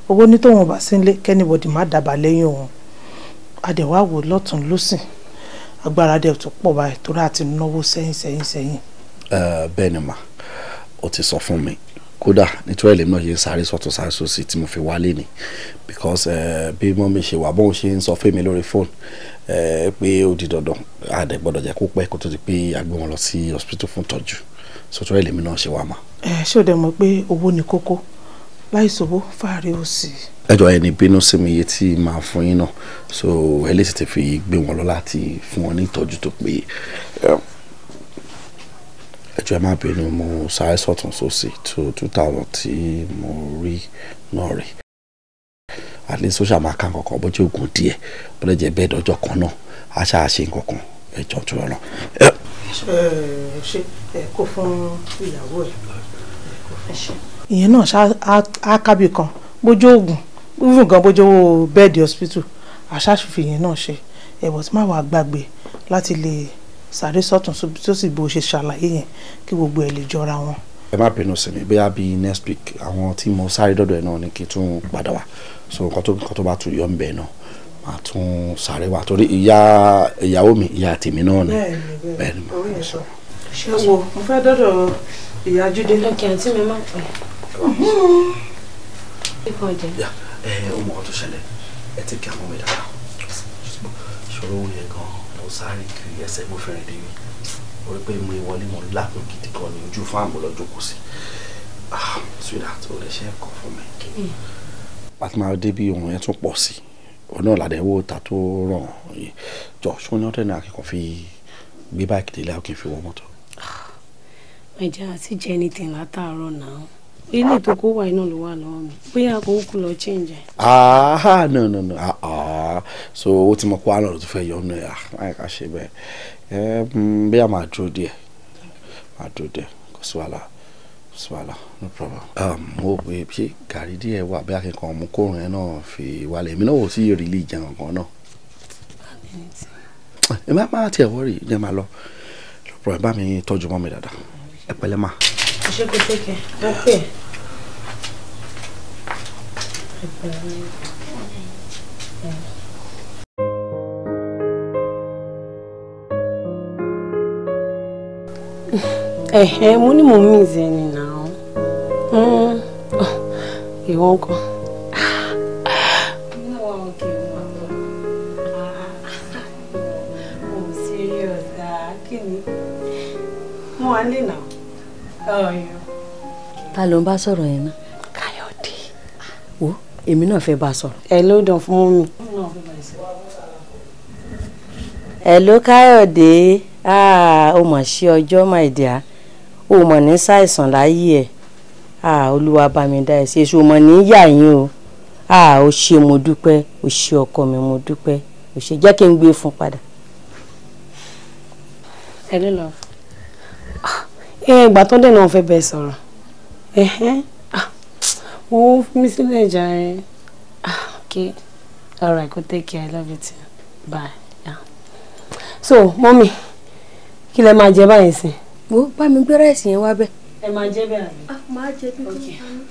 owó ní tóun bá sílé kẹ́nìbọ̀dì má dábàá lẹ́yìn òun adẹ̀wà wò lọ́tún lọ́sìn agbára dẹ̀ tó pọ̀ báyìí torí àti náwó sẹ́yìn sẹ́yìn sẹ́yìn. bẹ́ẹ̀ ni màá o ti sọ fún mi kódà nítorí ẹ̀lẹ́mí náà ṣe ń sáré sọ́tún sáré sósì tí mo fi wálé ni because eh, bí mọ́mí ṣe wà bóun ṣe ń sọ fún mi lórí fóònù eh, pé ó di dandan àdẹ gbọ́dọ̀ jẹ́ kó pẹ́ kó tó di pé a gbé wọn lọ sí hospital fún tọ́jú sọ́tún ẹ̀lẹ́mí náà ṣe wà mà. ẹ eh, ṣé o dẹ mọ̀ pé owó ni kókó láìsòwò fàárẹ òsì. ẹjọ ẹni bínú sí mi iye tí màá fún yín náà so ẹ lè tètè fi gbé wọn lọ láti fún wọn ní ìtọ́jú tó péye. Um, ẹjọ́ ẹ má bínú mo sáré sọ̀tún sósì tó two thousand tí mo rí náà rí at least social máa ka nǹkan kan bó jẹ́ oògùn díẹ̀ bó lè jẹ́ bẹ́ẹ̀ dọ́jọ́ kan náà a ṣáà ṣe nǹkan kan ẹjọ́ tó rọrùn. ṣe ẹ kó fún ìyàwó ẹ kó fún ṣe. ìyẹn náà ṣá kábì kan bójú oògùn wíwù gan bójú bẹ́ẹ̀dì hospital àṣàṣùfì yẹn náà ṣe ẹ̀wọ̀ tí má wàá gbàgbé láti lè sáré sọ̀tún tó sì bó ṣe ṣàlàyé yẹn kí gbogbo ẹ̀ lè jọra wọn. ẹ má bínú sí mi bóyá bíi next week àwọn tí mo sáré dọ́dọ̀ ẹ̀ náà ni kí n tún padà wá so nǹkan tó nǹkan tó bá tún yọ ń bẹ̀ náà màá tún sáré wá torí ìyá ìyàwó mi ìyá tèmi náà ni bẹ́ẹ̀ ni mo sọ. ṣé wo mo fẹ́ dọ́dọ̀ ìyá Jídé. ọkẹ́ àǹtí mi máa pẹ́. ikọ̀ ọ̀jẹ̀. ẹ ọmọ kan tó ti kí àwọn ọmọ ìdàgbà ṣòro òun gan-an sáré kiri ẹsẹ̀ mo fẹ́rẹ̀ débi mo rí pé mo ìwọlé mo lákùn gidi kan ní ojú fáàmù lọ́jọ́ kò sí ah, sweetheart o lè ṣe ẹ̀kọ́ fún mi. pàtó máa débi ohun yẹn tún pọ̀ sí òun náà làdẹ̀wò ta tó ràn yìí jọ ṣùgbọ́n ní ọ̀tẹ̀ náà akẹ́kọ̀ọ́ fi gbé báyìí kìdílé àwọn kì í fi wọ́n mọ́tò. ẹja àti jẹ́ anything látàárọ̀ náà ilé ìtòkó wà iná ló wà lọ́wọ́ mi bóyá kò kú lọ change. ah no no no ah, ah. so owó tí mo kó àná ló tún fẹ́ yọ ọ́nà ẹ̀ láì ah, ká ṣe bẹ́ẹ̀ bóyá màá dúró díẹ̀ màá dúró díẹ̀ kò sí wàhálà sí wàhálà no problem. mo wò pé ṣé gàrí díẹ̀ wà bí akẹ́kọ̀ọ́ ọmọ kóòrùn ẹ̀ náà fi wálẹ̀ èmi náà wò sí ìrìlì ìjẹun kan náà. ẹ má má tiẹ̀ wọ́rì ẹ má lọ lọ́pọ̀ ẹ bá mi tọ́jú mọ́ mi dáadáa ẹ pẹ̀lẹ́ máa ṣe kò tó kẹ ó pè ẹ̀hẹ́ mo ní mo mí ìzẹ́ ni náà ìwọ́n kan. Mo wà lè náà. How are you? Ta ló ń bá sọ̀rọ̀ yẹn náà? Káyọ̀dé. Wo èmi náà fẹ́ bá a sọ̀rọ̀. Ẹ ló dàn fún mi. Ẹ ló Káyọ̀dé. Ah, o mọ̀ sí ọjọ́ my dear. O mọ̀ ní ṣàìsàn láyé ẹ̀. Ah, Olúwa bá mi dá ẹ sí èso mọ̀ ní yà yín o. Ah, o ṣe mo dúpẹ́. O ṣe ọkọ mi mo dúpẹ́. O ṣe jẹ́ kí n gbé e fún padà. Hello love ìgbà tó dẹ̀ náà fẹ́ bẹ́ẹ̀ sọ̀rọ̀ ah, mo fi mí sílẹ̀ jàre ah, okay all right go take care i love you too bye yeah. so mọ́mì kí lẹ máa jẹ báyìí sí. mo bá mi gbé ráìsì yẹn wá bẹ́ẹ̀. ẹ máa jẹ bẹ́ẹ̀ ah, àná. máa jẹ bí mo bá ní.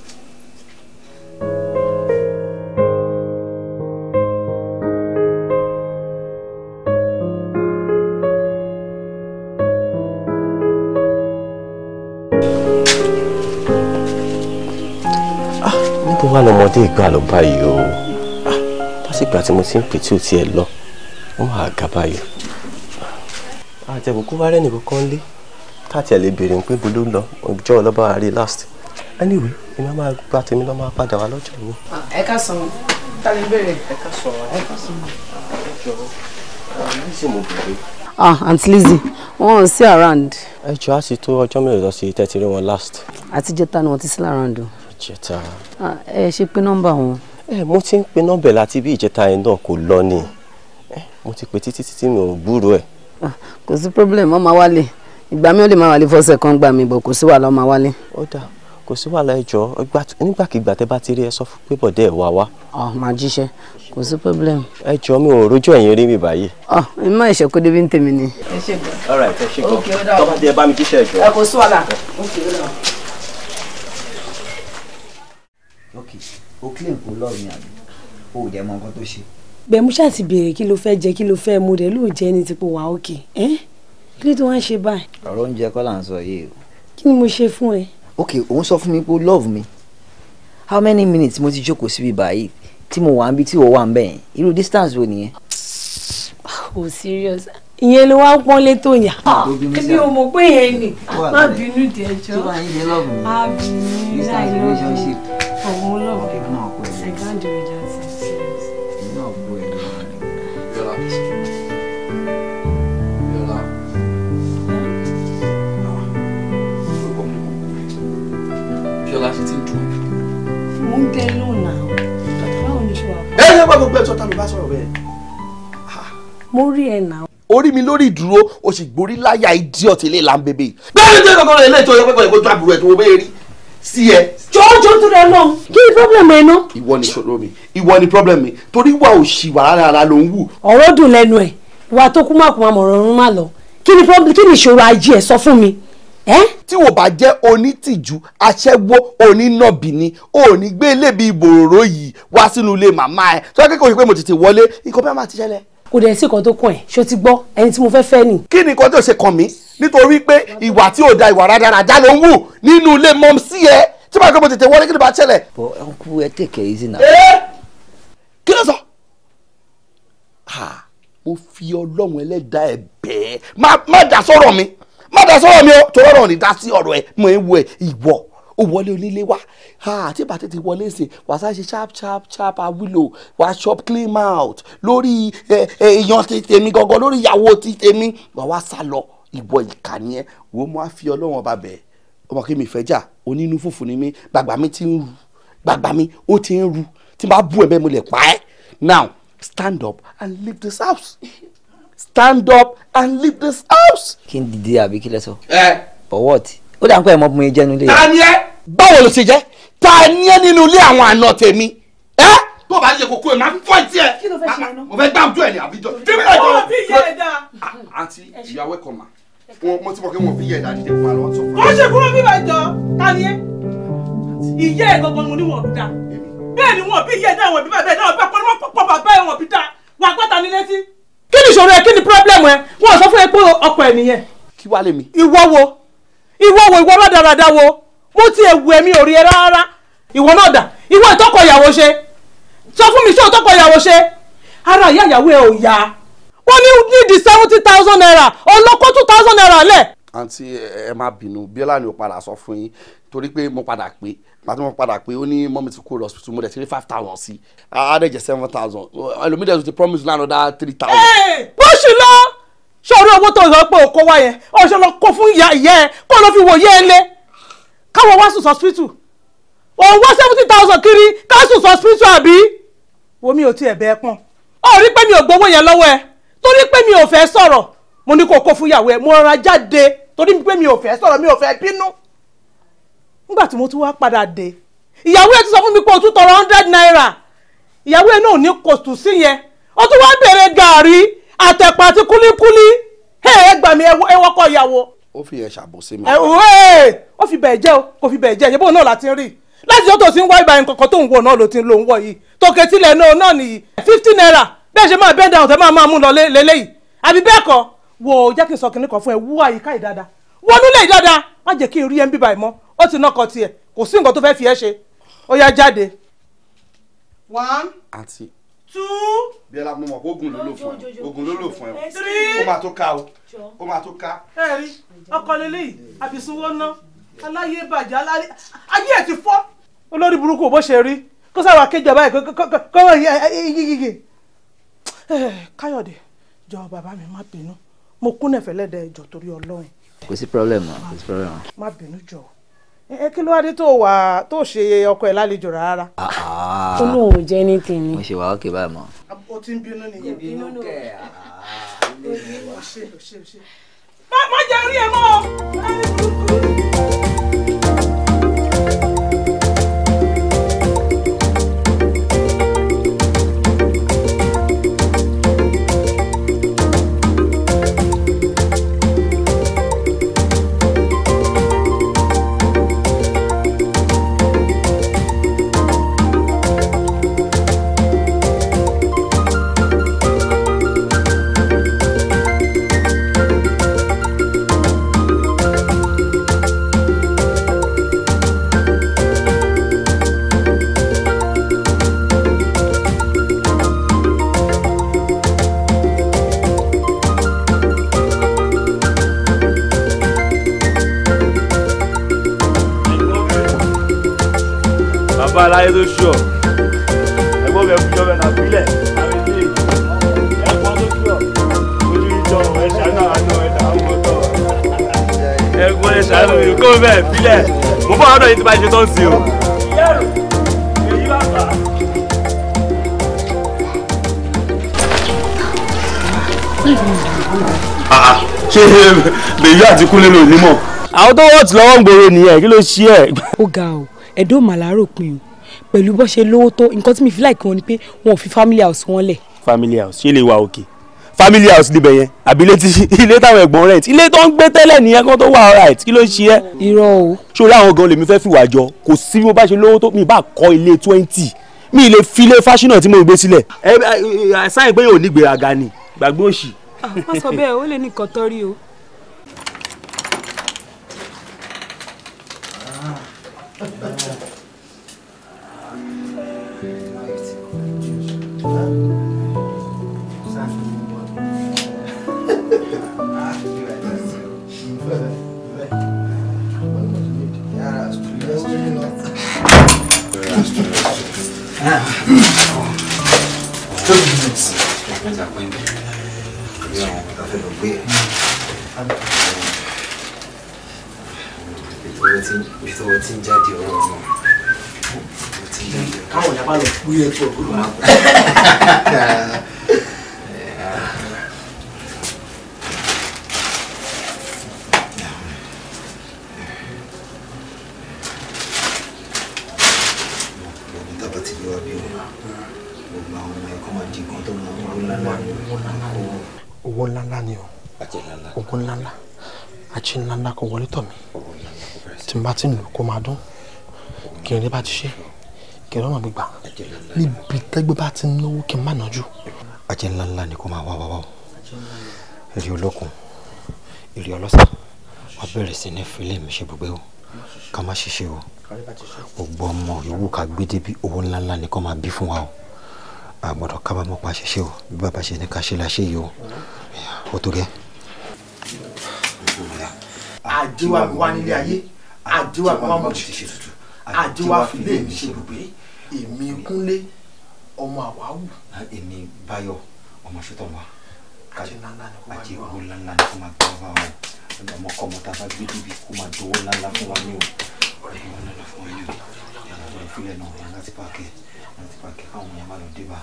bó wà lọmọdé ìgbà ló báyìí o lásìgbà ah, tí mo ti ń pè tí ò tiẹ̀ lọ wọn máa ga báyìí ah, àjẹkù kó wá rẹ́nì lé káàtì ẹ̀ lè béèrè pé bo ló ń lọ ọjọ́ ọlọ́ba àárẹ̀ last anyway iná máa gba tèmi lọ́ máa padà wá lọ́jọ́ mi. Ah, ẹ ká sọ tálẹ́ bèrè. ẹ ká sọ ẹ ká sọ ọjọ́ ah Aunt Lizzy wọn ò sí around. ẹ jọ á sì tó ọjọ́ mélòó lọ sí tẹ́tí rí wọn last. àtijọ́ ta ni wọ́n ti sí around ìjẹta. ẹ ṣe pé nọ́mbà wọn. ẹ mo ti ń pe nọ́mbà ẹ̀ láti bí ìjẹta yẹn náà kò lọ ni mo ti pe títí títí mi ò gbúrò ẹ̀. kò sí problem ọmọ wálé ìgbà mi ò lè máa wálé fọ́sẹ̀ kan gbà mí bọ̀ kò sí wàhálà ọmọ wálé. ó dà kò sí wàhálà ẹjọ́ nígbàkigbà tẹ́ bá ti rí ẹ sọ fún pé bọ̀dẹ́ ẹ̀ wá wá. ọ máa jíṣẹ́ kò sí problem. ẹ jọ mi ò rójú ẹ̀yìn rí mi báyìí. ọ mi má ẹ̀ṣẹ̀ débi ń tèmi ni. ẹ ṣe gbọ́. all ẹ ṣe gbọ́ tọ́ba tí ẹ bá mi jíṣẹ́ ẹ̀jọ̀. ẹ kò sí wàhálà ó kì í lọ ok o claim kò love mi àbí o ò dẹ̀ mọ nǹkan tó ṣe. gbẹ̀mú ṣáàtì béèrè kí ló fẹ́ jẹ kí ló fẹ́ mu rẹ̀ lóò jẹ́ ní tipò wà òkè kí ló tó wá ń ṣe báyìí. ọ̀rọ̀ oúnjẹ kọ́ là ń sọ yìí o. kí ni mo ṣe fún ẹ. ok òun sọ fún mi pé love me. how many minutes mo ti jókòó síbi báyìí tí mo wà ń bí tí o wà ń bẹ̀ irú distance wo nìyẹn. oh serious ìyẹn ló wá pọ́n létò yàn. ẹbí ah, o mọ̀ pé yẹn ni má bínú di ẹjọ́ á bínú láì lọ́wọ́ ọ̀hún lọ́wọ́ ẹ̀gáǹdì rẹ̀ jáde. Mo ń dẹ́ lónà. Báwo ni ṣe wà? Ẹ Mo rí ẹ̀ náà orí mi lórí ìdúró o sì gborí láyà idiot ilé ìlànà bèbè yìí. bẹ́ẹ̀ ni kọ́kọ́ rẹ̀ lè tó yẹ pé kò yẹ kó ju àbúrò ẹ̀ tó wọ́n bẹ́ẹ̀ rí sí ẹ. jọjọ tó rẹ lọ kí ni problem ẹ ná. ìwọ ni ṣòro mi ìwọ ni problem mi torí wà ò ṣì wà rárá ló ń wù. ọ̀rọ̀ dùn lẹ́nu ẹ̀ wà tó kú mọ̀kùnmá mọ̀rọ̀ ọ̀run má lọ kí ni ìṣòro ajé ẹ̀ sọ fún mi. tí wò bá jẹ́ onítìjú aṣẹ́wó onínàbì ni ò ní gbé lébi ìbòròró yìí wá sínú ilé màmá ẹ̀ tó yẹ kí pé mo tètè wọlé nǹkan bá ti ṣẹlẹ̀ kò dẹ̀ sí nǹkan tó kàn ẹ́ ṣó ti gbọ́ ẹni tí mo fẹ́ fẹ́ nì. kí ni nǹkan tó ṣe kàn mí nítorí pé ìwà tí ò da ìwà rádaràdá ló ń wù nínú ilé mọ́ sí ẹ tí màá gbé mo tètè wọlé kí ni bá tẹ̀lẹ̀. bọ ọkùnrin ẹ tẹkẹ yìí sí náà. ee kí ló sọ. mo fi ọlọ́run ẹlẹ́dàá ẹ bẹ́ẹ̀ má dá sọ̀rọ̀ mi má dá sọ̀rọ̀ mi o torọ́rọ̀ ní dá sí ọ̀rọ̀ ẹ mọ̀ ẹ wọ ìwọ wọlé onílé wá tí bàtẹ́ ti wọlé ṣe wà ṣe sharp sharp sharp awilo wà chop clean mouth lórí èèyàn ti tèmi gangan lórí ìyàwó ti tèmi wà wá sá lọ ìwọ ìkà ẹ wo mo á fi ọlọ́run ọba bẹ̀ ọmọ kí mi fẹ́ jà onínú fùfù ni mí gbàgbà mi ti ń ru gbàgbà mi ó ti ń ru tí n bá bú ẹ bẹ́ẹ̀ mo lè pa ẹ́ now stand up and leave this house stand up and leave this house. kí n dìde àbí kí lẹ sọ. ẹ. for what ó dà ń pẹ́ mọ́ bí jẹ́nu lé. ta ni ẹ báwo ló ṣe jẹ́ ta ni ẹ nínú ilé àwọn àna tèmi ẹ. tó o bá yẹ kókó ẹ máa fi fọ́ ẹ tiẹ̀ mo fẹ́ gbá ojú ẹ ní àbíjọ. dèmi náà jọ ọ ti yẹ ẹ dá. Ah, àǹtí ìyàwó ẹ kọ mà wọn mo ti mọ̀ pé wọn fi yẹ ẹ dá dídé fún wa lọ sọ fún mi. ó ṣe ta ni ẹ ìyá ẹ gbọgbọ mo ní wọn bí dá bẹ́ẹ̀ ni wọn bí ìyá dá wọn bí bàbá ẹ dá wọn pọpọ bàbá ẹ wọn bí dá wà gbọ́ta ní létí. kí ni ìṣòro ẹ kí ni pírọ́blẹ́mù ẹ wọn sọ fún ẹ pé ọkọ ẹ nìyẹn. kí wàá lè mi. ìwọ wo ìwọ wo ìwọ rádaràda wo mo ti ẹ̀wù ẹ̀mí ò rí ẹ rárá ìwọ náà dà ìwọ ìtọ́kọ ìyàwó ṣe sọ fún mi ṣé ìtọ́kọ ìyàwó ṣe ara ìyá ìyàwó ẹ ò yá ó ní nídìí seventy thousand naira ọlọ́kọ́ two thousand naira lẹ̀. àǹtí ẹ má bínú bíọ́lá ni ó padà sọ fún yín torí pé mo padà pé pàtó mo padà pé ó ní mọ́mí ti kó lọ hospital mo dẹ̀ ti rí five thousand sí àádẹ́jẹ̀ seven thousand ẹlòmídẹ̀ ti promise náà another three thousand. ẹ bó ṣì lọ ṣòro owó tó yọ pé òkó wá yẹn ọ̀ṣọ́ lọ kó fún ìyá ìyá ẹ kó lọ fi wò yẹ́ ẹ lé káwọn wá sùn sọ́spítù òun wá seventy thousand kiri ká sùn sọ́spítù àbí wo mi ò tiẹ̀ bẹ́ẹ̀ pọ́n ó rí pé mi ò gbowó yẹn lọ́wọ́ ẹ torí pé mi ò fẹ́ sọ̀rọ̀ mo ní kó kó fún ìyàwó ẹ mo rọra jáde torí pé mi ò fẹ́ sọ̀rọ̀ mi ò fẹ́ bínú nígbà tí mo tún wá padà dé ìyàwó ẹ ti sọ fún mi pé o tún tọrọ hundred naira ìyàwó ẹ náà ní kò tù sí yẹn o tún wá béèrè gàárì àtẹ̀pà àti kúlíkúlí ẹ gbà mí ẹ wọ́kọ̀ ìyàwó ó fi yẹn ṣàbòsí mi. ẹ̀wẹ̀ eh, ó fi bẹ̀ẹ̀ jẹ́ o kò fi bẹ̀ẹ̀ jẹ́ ìyẹ́bọ̀ náà la ti ń rí láti tó tó ti ń wá ibà nǹkan tó ń wọ̀ náà ló ti ń lo ń wọ̀ yìí tòkè tilẹ̀ náà náà nìyí fifty naira bẹ́ẹ̀ ṣe máa bẹ́ẹ̀ dáhùn tẹ́ máa máa mú lọ lélẹ́yìí àbí bẹ́ẹ̀ kọ́ wo jẹ́ kí n sọ kínní kan fún ẹ wú àyíká ìdáda wọnú lè dáadáa má jẹ́ kí n rí ẹ ń bíbà ìmọ́ ó ti náà kọ one. àti two. bíọ́lá mo mọ̀ pé oògùn ló lò fún ẹ oògùn ló lò fún ẹ three. ó máa tó ká o ó máa tó ká. ẹ rí ọkọ lélẹ́yìí àbísúnwó ná aláyé bàjẹ́ aláyé ayé ẹ̀ ti fọ́. olórí burúkú bó ṣe rí kó sára kéjọ báyìí kọ́wọ́ yíyíyí. káyọ̀dé jọ bàbá mi má bínú mo kún nẹ̀fẹ̀lẹ́dẹ̀ ẹ̀jọ̀ torí ọlọ́run. kò sí pírọ́lẹ̀mù kò sí pírọ́lẹ̀mù. má bínú jọ̀ọ́ ẹ kí ló wá dé tó wà tó ṣe ọkọ ẹ lálejò rárá. ó lóun ò jẹ́ ní tèmi. mo ṣe wà ókè báyìí mọ́. o ti ń bínú nìyẹn. ìbínú kẹ má jẹ rí ẹ mọ́ o. wà lọ́dọ̀ yìí ti bá ṣe sí o. Ah, ah. ṣé bèbí àti kúnlé ló ní mọ̀. àwọn tó wọ́ọ̀tì lọ́wọ́ ń gbòòrò nìyẹn kí ló ṣí ẹ̀. ó ga o ẹ̀dọ́ màláró pin o pẹ̀lú bó ṣe lówó tó nǹkan tí mi fi láìkí wọn ni pé wọn ò fi family house wọn lẹ̀. family house ṣé lè wà òkè family house níbẹ̀ yẹn àbí ilé táwọn ẹ̀gbọ́n rẹ̀ ilé tó ń gbé tẹ́lẹ̀ nìyẹn kó tó wà alright kí ló ṣí ẹ. irọ́ o sórí àwọn gan lèmi fẹ́ fìwà jọ kò sí bí mo bá ṣe lówó tó mi bá kọ́ ilé twenty mi lè filé fáṣínà tí mo gbé sílẹ̀. ẹ ẹ sáyẹn pé yóò ní gbéraga ni gbàgbé òṣì. Ah, má sọ bẹ́ẹ̀ ó lè ní kọ́tọ́rí o tí mi kò máa dún kí n rí bá ti ṣe kí n rọ́mọ gbígbà níbi tẹ́gbẹ́ bá ti náwó kí n má nájú. ajé ńlá ńlá ni kò máa wá wá wá o èrè olókun èrè ọlọ́sà wàá bẹ̀rẹ̀ sí ní fílẹ̀ mi ṣe gbogbo o ká má ṣiṣẹ́ o gbogbo ọmọ yòówù ká gbé débi owó ńlá ńlá ni kò máa bí fún wa o àgbọ̀dọ̀ kábàámọ̀ pa ṣiṣẹ́ o bí bàbá ṣe ní ká ṣe la ṣe yìí o ó tó gẹ́. àjíwá mi wá nílé ayé àdéhùn àpamọ́ mo ti ṣe tuntun àdéhùn àfilé mi ṣe gbogbo èmi kúnlé ọmọ àwáwù. èmi báyọ̀ ọmọ ṣetán wa àti ìwúwo ńláńlá ni kò máa gbé wa o ọmọ kọ́ ọmọ tá a bá gbé débi kó máa dowó ńláńlá fún wa ní o ọ̀rẹ́ ìwọ fún wa ní o ìyàwó ìfilẹ̀ náà láti pàkẹ́ láti pàkẹ́ káwọn èèyàn má lọ dé bá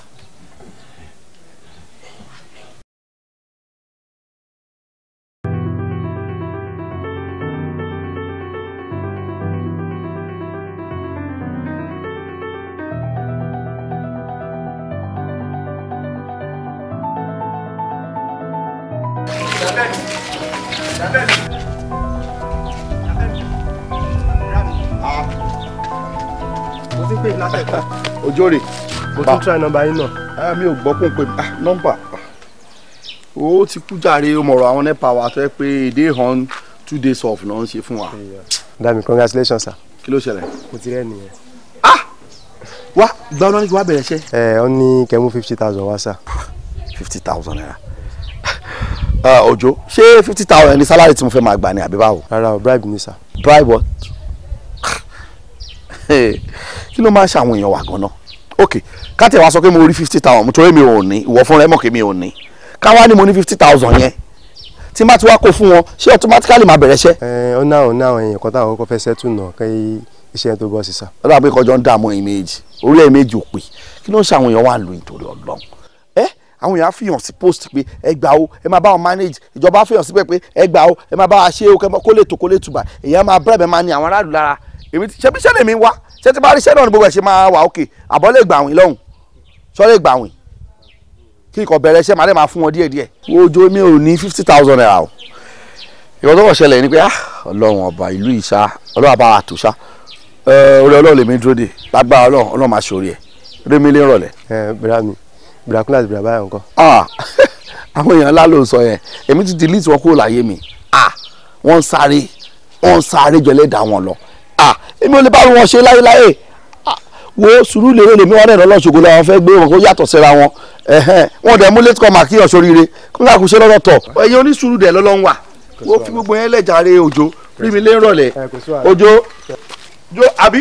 ojúre. mo tún try nọ́mbà yín náà. Ah, mi ò gbọ́ kó n pè ah, nọ́mbà ó ti kú jàre mọ̀rọ̀ àwọn nepa wa tó yẹ pé èdè hàn two days off náà ń ṣe fún wa. dami congratulations sir. kí ló ṣẹlẹ̀. mo ti rẹ́ nìyẹn. ah wa gba ọ̀nà eh, ni kí wàá bẹ̀rẹ̀ ṣẹ́. ẹ ọ ní kẹmú fifty thousand wá sá. Ah, fifty thousand naira ọjọ́ ṣé fifty thousand ni salary tí mo fẹ́ máa gbà ni àbí báwo. rárá o bribe ni sir. bribe what kí ló máa ń ṣàwọn èèyàn wà gan-an ok ká tẹ̀ wá sọ pé mo rí fifty thousand mo torí mi ò ní ìwọ fúnra ẹ mọ̀ pé mi ò ní ká wá ní mo ní fifty thousand yẹn tí má ti wá kó fún wọn ṣé automatically máa bẹ̀rẹ̀ iṣẹ́. ẹ ọ náà ọ náà èèyàn kan táwọn kò fẹ́ sẹ́tù náà kẹ́ iṣẹ́ tó bọ́ sísá. ó dàbí kọjọ ń dààmú ẹ̀yìn méjì orí ẹ̀yìn méjì ò pé kí ló ń ṣàwọn èèyàn wà lóyún torí ọlọ́run ẹ àwọn èèyàn á fi hàn sí post pé ẹ gbà o ẹ máa bá wọn manage ìjọba á fi hàn síbẹ̀ pé ẹ gbà o ẹ máa bá wa ṣe é o kó lè tó kó lè tùbà èèyàn máa bẹ̀rẹ̀ máa ní àwọn aráàlú lára èmi ṣebí sẹ́lẹ̀ mi wá ṣé ti bá rí sẹ́nà ní gbogbo ẹ̀ ṣe máa wà òkè àbọ̀ lè gbàwìn lọ́hùn sọ lè gbàwìn kí ikọ̀ bẹ̀rẹ̀ ṣẹ́ máa lè máa fún wọn díẹ̀ díẹ̀. ojú mi ò ní fifty thousand naira o ìwọ tó kọ̀ ṣẹlẹ̀ ni pé ah, ọlọ́run ọba ìlú ìṣá ọlọ́run àbá àtúnṣá orí ọlọ́run lèmi dúró dè lágbára ọlọ́run ọlọ́run máa ṣòrí ẹ̀ rémi lè rọ̀lẹ́. ẹ bìrà mi bìrà kúnlá àti bìrà báyọ̀ nǹkan. àwọn èèyàn ńlá ló ń sọ yẹn èmi ti èmi ò lè bá wọn ṣe láyéláyé ah, wo sùúrù lérò lèmi wọn rẹ̀rọ lọ́sọ̀gbọ́n làwọn fẹ́ gbé wọn kó yàtọ̀ síra wọn wọn dẹ̀ mú létí kan màkì ọ̀ṣọ́rire kó náà kò ṣe lọ́rọ̀ tọ̀. ẹ̀yin onísùúrù dẹ̀ lọ́lọ́run wà wo fi gbogbo yẹn lẹ́jàre òjò rí mi lé rọ̀lẹ́ òjò jo àbí.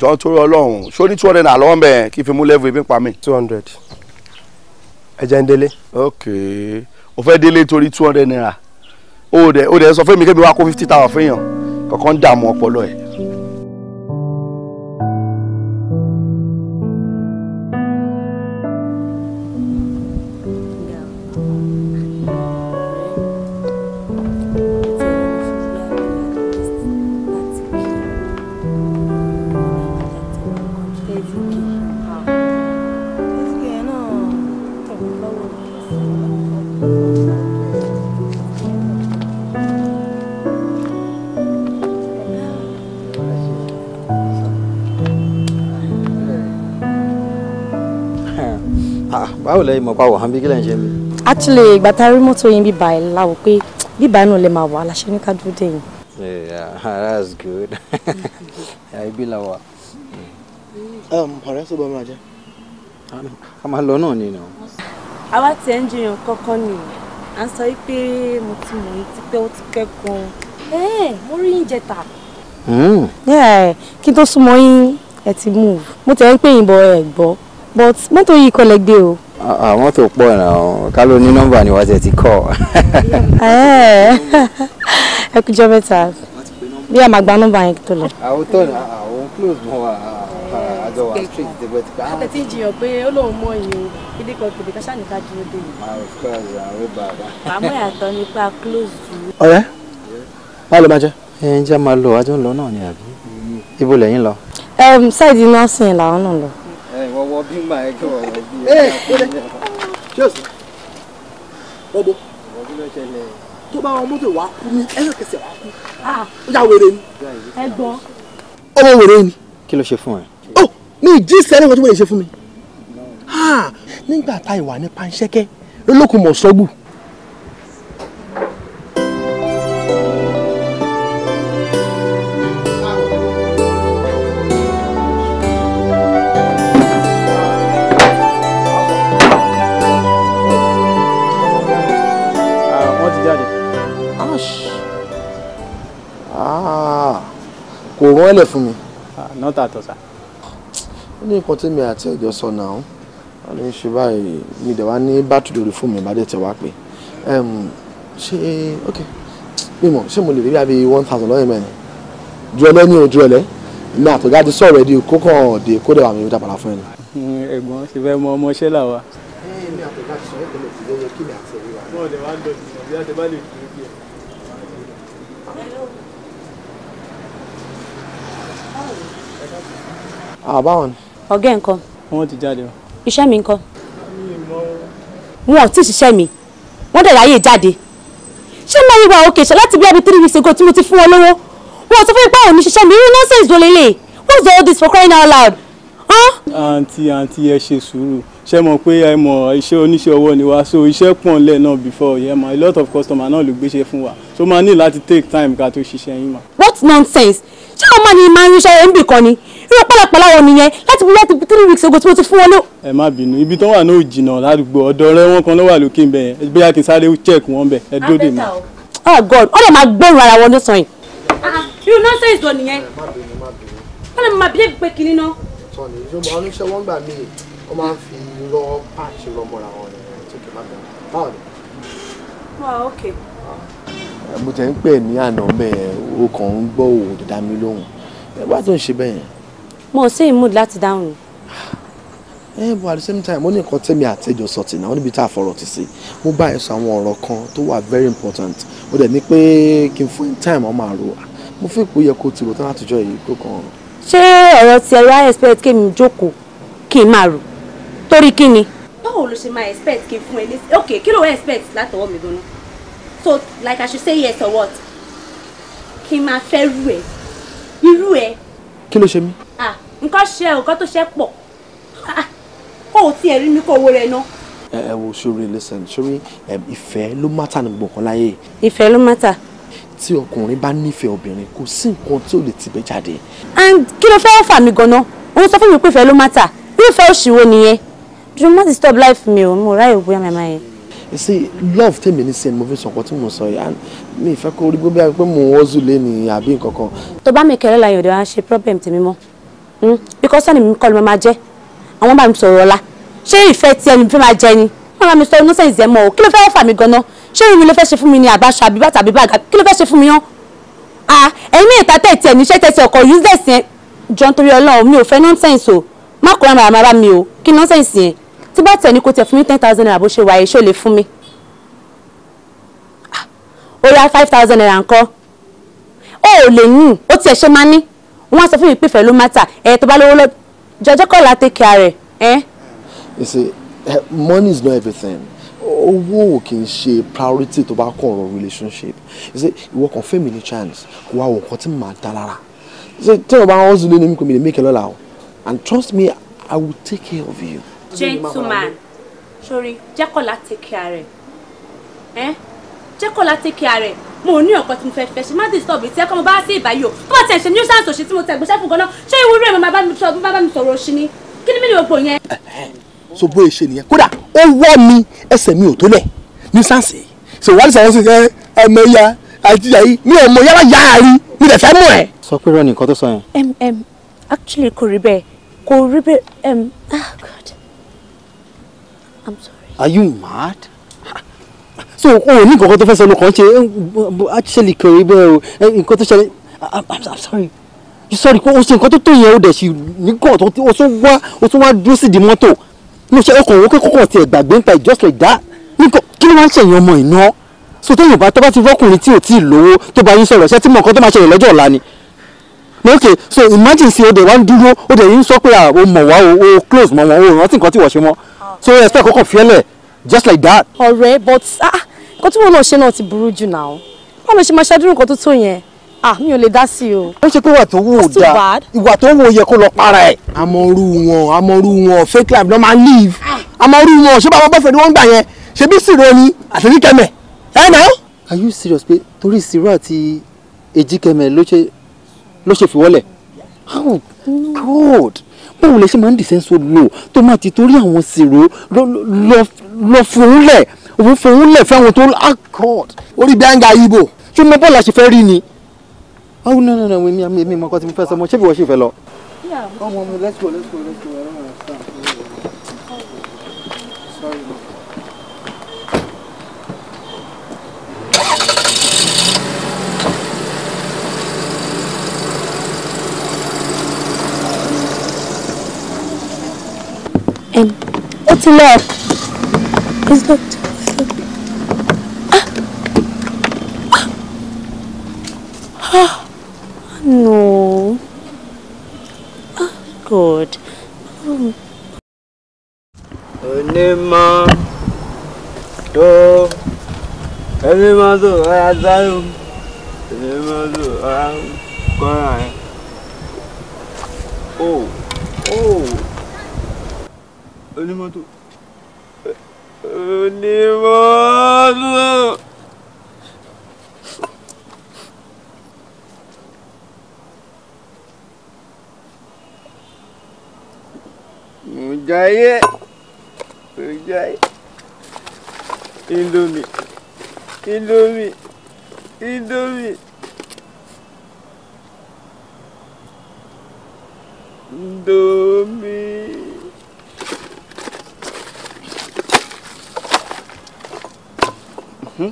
jọ torí Ọlọ́run ṣó ní two hundred àlọ́ ń bẹ̀ kí fi mú lẹ́vù ibi pa mí. two hundred ẹ̀jẹ̀ ń délé. ok o fẹ́ délé torí two hundred naira o dẹ̀ o dẹ̀ sọ fún mi kébì wá kó fifty thousand fún yàn kankan dààmú ọpọlọ ẹ̀ báwo lẹ́yìn mọ̀ pa wọ̀ hàn bí kílẹ̀ ń ṣe actually ìgbà tá a rí mọ́tò yín bíbá ẹ̀ láwọ̀ pé bíbá inú lè máa wà láṣẹ ní kádúró dé yìí. yeah that's good ibi la wa. Um, ọ̀rẹ́ tó bá máa jẹ́. a máa lọ náà ni nà. àwa ti ẹ̀ ń jiyàn kankan nì à ń sọ pé mo ti mọ̀ yín ti pẹ́ ó ti kẹ́kọ̀ọ́ ẹ̀ẹ́n mo rí yín jẹta. Hmm. kí n tó súnmọ́ yín ẹ ti move mo tẹ̀ ń pè yín bọ̀ ẹ̀ gbọ́ but mọ́tò yìí kọ́ lẹ gbé o àwọn ah, ah, tó pọ̀ ìrànwọ́ ká ló ní nọ́mbà ni wàá tẹ̀ ti kọ́. Eh, ẹ kújọ mẹ́ta bí a máa gba nọ́mbà yẹn tó lọ. àwọn tó ní àwọn ah, close mọ wa àjọ wa street débẹ̀ ti pa. àtẹ tí jiyàn pé ó lóun mọ ìyẹn ilé kan kìdí ká ṣáà ní ká dúró dé yìí. of course àwọn ìbá wa. àmọ́ ìyàtọ̀ ni pé a close jù. ọ̀rẹ́ má lọ máa jẹ́. ẹ ń jẹ́ máa lọ àjọ ń lọ náà ni àbí ibo lẹ́yìn lọ. ṣáìdì um, nọ́ọ̀sì làwọn náà lọ ọwọ́ bá wọn mọ́tò wá kú ní ẹlẹ́kẹsẹ̀ wá kú ó yà wèrè ni. ẹ gbọ́. ọmọ wèrè ni. kí ló ṣe fún ẹ. ó mi ì jí sẹ́ni wọ́n tó wọ́n yẹn ṣe fún mi. nígbà tá ìwà ní panṣẹ́kẹ́ lólókùn sọ́gbù. kò rán ẹlẹ̀ fún mi. Ah, nọ́ọ̀tà àtọ̀sà. ó ní nǹkan tí mi àti ẹ̀jọ́ sọ náà wọ́n lè ṣe báyìí mi dẹ̀ wá ní bátìrì lórí fóònù mi ìbàdí ẹ̀tẹ̀ wá pé ṣé ok mímọ ṣé mo lè rí àbí one thousand lọ́yìn mẹ́rin ju ẹlẹ́ ní ojú ẹlẹ́ ní àtọ̀gá ti sọ̀rọ̀ ẹ̀dí kókò dé kó dẹ̀ wà mí dá padà fún ẹni. ẹ̀gbọ́n ṣe fẹ́ mọ ọmọọṣẹ́ làwa. ẹ ẹ ní àtọ̀gá sọ̀rọ̀ ẹ̀kọ́ lè fi lóye kí ni àti ẹ̀rí wa. bọ́ọ̀dẹ̀ wá àbáwọn. Ah, ọ̀gá ẹ̀ ńkọ́. wọ́n ti jáde o. iṣẹ́ mi ńkọ́. wọn ò tí ì ṣiṣẹ́ mi wọ́n dẹ̀ ráyè jáde ṣé máa yí wa òkè ṣe láti bí ẹbí three weeks ago tí mo ti fún wọn lówó wọn ò sọ fún mi pé àwọn oníṣiṣẹ́ mi irú nonsense ló lélẹ̀ what's all this for crying out loud. àǹtí àǹtí ẹ ṣe sùúrù ṣe mọ̀ pé ẹ mọ̀ iṣẹ́ oníṣẹ́ ọwọ́ ni wa so iṣẹ́ pọ̀n lẹ̀ náà before yẹ mọ̀ a lot of customer náà ló gbéṣẹ́ fún wa so máa ní láti take time ká tó ṣiṣẹ́ yín mà. what nonsense ṣé ọmọ ni máa ń ríṣẹ́ ẹ̀ ń bì kan ni irú pàlàpàlà wo nìyẹn láti bí láti three weeks ago tí mo ti fún wọn ló. ẹ má bínú ibi tó wà náà jìnnà ládùúgbò ọ̀dọ̀ ọ̀rẹ́ wọn kan ló wà lókè ń bẹ yẹn bóyá kí n sáré check wọn bẹ ẹ dúró dè mí. oh god ó ah, lè máa gbẹrù ara wọn lọ́sàn yìí. irú nọ́ọ̀sẹ̀sì tó nìyẹn ó lè máa bí ẹgbẹ́ kiri náà. sọ̀ni ìjọba oníṣẹ́ wọn gbà mí ó máa ń fi lọ páàkì rọmọra wọn ni tó kì í má bẹ̀rẹ̀ báwo ni. wà ok mo tẹ̀ ń pè ní àná bẹ́ẹ̀ o kàn ń gbọ́ òòdù lóhùn ẹ bá tó ń ṣe bẹ́ẹ̀ mo sí in mood láti dáhùn. ẹ eh, bọ at the same time ó ní nǹkan tẹ́mi àtẹ́jọ sọ tì náà ó níbi tá a fọ̀rọ̀ tì sí mo bá ẹ sọ àwọn ọ̀rọ̀ kan tó wà very important ó dẹ̀ ní pé kí n fún time ọmọ àrò mo fi ìpò yẹ kó ti rò tán àtijọ́ yìí kó kàn. ṣé ọ̀rọ̀ ti ẹ̀rọ i expect kí mi jókòó kí n máa rò torí kí ni. báwo ló ṣe máa expect kí n fún Okay, ní ok kí ló wẹ́ expect látọwọ́ mi gan so like i should say yes or what kí n máa fẹ́ rú ẹ irú ẹ. kí ló ah nǹkan ṣe nǹkan tó ṣe pọ̀ kó ah, o tiẹ̀ rí mi kó owó rẹ̀ ná. ẹ wo sori listen sori ìfẹ́ ló mátà ní gbọ̀ngàn láyé. ìfẹ́ ló mátà. tí ọkùnrin bá nífẹ̀ẹ́ obìnrin kò sí nǹkan tí ò lè tibẹ̀ jáde. kí ló fẹ́ẹ́ fà mí gan-an òun sọ fún mi pé ìfẹ́ ló mátà irúfẹ́ òṣìwò nìyẹn dùn má ti stop life mi ò mo ráyè bóyá màmá yẹn. you see love tèmi ní sẹ́ni mo fi sọ̀kọ́ tí mo sọ yìí and mi ìfẹ́ kó rí gbé bí mo ń wọ́zù lé ní àbí nǹkan kan. tó bá mi kẹ́lẹ́ la yọ̀dọ̀ á ṣe problem tèmi mọ́. Hmm? bíkọ́ sọ́ni mi kọ́ ló máa jẹ́ àwọn bá mi sọ̀rọ̀ ọ̀la ṣé ìfẹ́ tí ẹni fẹ́ máa jẹ ni wọ́n bá mi sọ inúṣẹ́ ìzẹ́ mọ́ o kí ló fẹ́ fà mí gan-an ṣé ìrìn mi ló fẹ́ ṣe fún mi ni àbáṣọ àbíbá tàbí bàgà kí ló fẹ́ ṣe fún mi yán ah ẹ̀yin mẹ́ta tẹ̀tẹ̀ níṣẹ́ tẹ̀tẹ̀ ọkọ̀ useless yẹn jọ nítorí ọlọ́run mi ò fẹ́ nonsense o má kó rán màmá mi o kí nonsense yẹn tí bá tẹ̀ ní kò tẹ̀ fún mi ten thousand naira bó ṣe wáyé ṣó lè fún mi ó yá five thousand naira ńkọ́ ó ò lè yìn ó tiẹ̀ ṣe máa ní wọ́n sọ fún mi pé ìfẹ́ ló mátà ẹ̀ tó bá lówó lọ jọjọ́ kọ́ la take care ẹ̀. you see eh, money is not everything owó ò kì í ṣe priority tó bá kọ̀ ọ̀rọ̀ relationship you see ìwọ kàn fẹ́ mi ní chance kó wá wọ nǹkan tí màá dá lára you see tí o bá wọ́n sùn lónìí mi kò mi lè make lọ́la o and trust me i will take care of you. gentleman Sorry, jẹ́kọ̀ọ́ la take care ẹ̀ jẹ́kọ̀ọ́ la take care ẹ̀ mo ní ọ̀pọ̀ tí mo fẹ́ fẹ́ ṣe má disturb tí ẹ kọ́ mo bá sí ìbáyìí o bó ti ẹ̀ ṣe ní ṣáà sòṣì tí mo ti ẹ̀gbọ́n ṣẹ́fún gan-an ṣé ìwúrú ẹ̀ máa bá mi sọ̀rọ̀ ṣí ni kí ni mí ni gbogbo yẹn. so bó e ṣe nìyẹn kódà ó wọ́ mi ẹsẹ̀ mi ò tó lẹ̀ ní sáǹsì ṣe wàá sọ̀rọ̀ sí ẹ ọmọ ya àti yàrá mi ò mọ yàrá yàrá rí mi lè actually kò rí bẹ́ẹ̀ kò ah, God I'm sorry. Are you mad? so oh, ní nǹkan kan tó fẹ́ sọ nǹkan ṣe eh, actually kẹrì bẹ́ẹ̀ o eh, nǹkan tó ṣẹlẹ̀ i'm sorry you sorry pé o ṣe nǹkan tó tó yẹn o dẹ̀ ṣì nìkan tó o tún wá o tún wá dúró sí di mọ́tò ní ṣe ọkọ̀ òwò kẹ́kọ̀ọ́ ti ẹ̀gbàgbé ń pa it just like that nìkan kí ló máa ń ṣẹ̀yìn ọmọ ìná so téèyàn bá tó bá ti rọ́kùnrin tí ò tí ì lówó tó bá yín sọ̀rọ̀ ṣẹ́ tí mọ̀ nǹkan tó máa ṣẹlẹ̀ lọ́jọ́ ọ̀la ni so imagine say o dẹ̀ wá ń dúró o dẹ̀ yín sọ pé ah, o mọ̀ wá o close mọ́ wọn o rántí nǹkan tí wọ́n ṣe mọ́ so respect kọ́kọ́ just like that. ọ̀rẹ́ but ah nǹkan tí wọn náà ṣe náà ti burú jù náà wọn lọ ṣe máa ṣàdúró nǹkan tó yẹn ah mi ò lè dá sí o. ó ṣe pé ìwà tó wò ó dáa ìwà tó wò ó yẹ kó lọ para ẹ. amọ̀rú wọn amọ̀rú wọn fake life ló máa ń amọ̀rú ah. wọn ṣé bàbá bọ́fẹ̀ ni wọ́n gbà yẹn ṣe bí sìrò ni àtẹ̀lí kẹmẹ̀ ẹ nà. are you serious pé torí sìrò àti èjì kẹmẹ ló ṣe ló ṣe oh god báwo lè ṣe máa ń dìsẹ́ so low tó máa ti torí àwọn sìrò lọ fún un lẹ̀ òun fòun lẹ̀ fáwọn tó akọ́t orí gbáǹgà ibo tí mo bọ́ọ̀lù àṣefẹ́ rí ni. oh no no no mi mi mi mọ nǹkan tí mo fẹ́ sọ mo ṣé bí wọ́n ṣe fẹ́ lọ. ọmọ mi let's go let's go let's go ẹ̀rọ rẹ̀ sàn. sorry ma. Um, it's a lot. It's not. Ah, no. Ah, God. Onímọ̀ tó ẹni máa tó ọ̀rá dárò ẹni máa tó ọ̀rá kọ́ra ẹ̀ onímọ̀ọ́nù. Mujaye, Mujaye, Indomie, Indomie, do me. o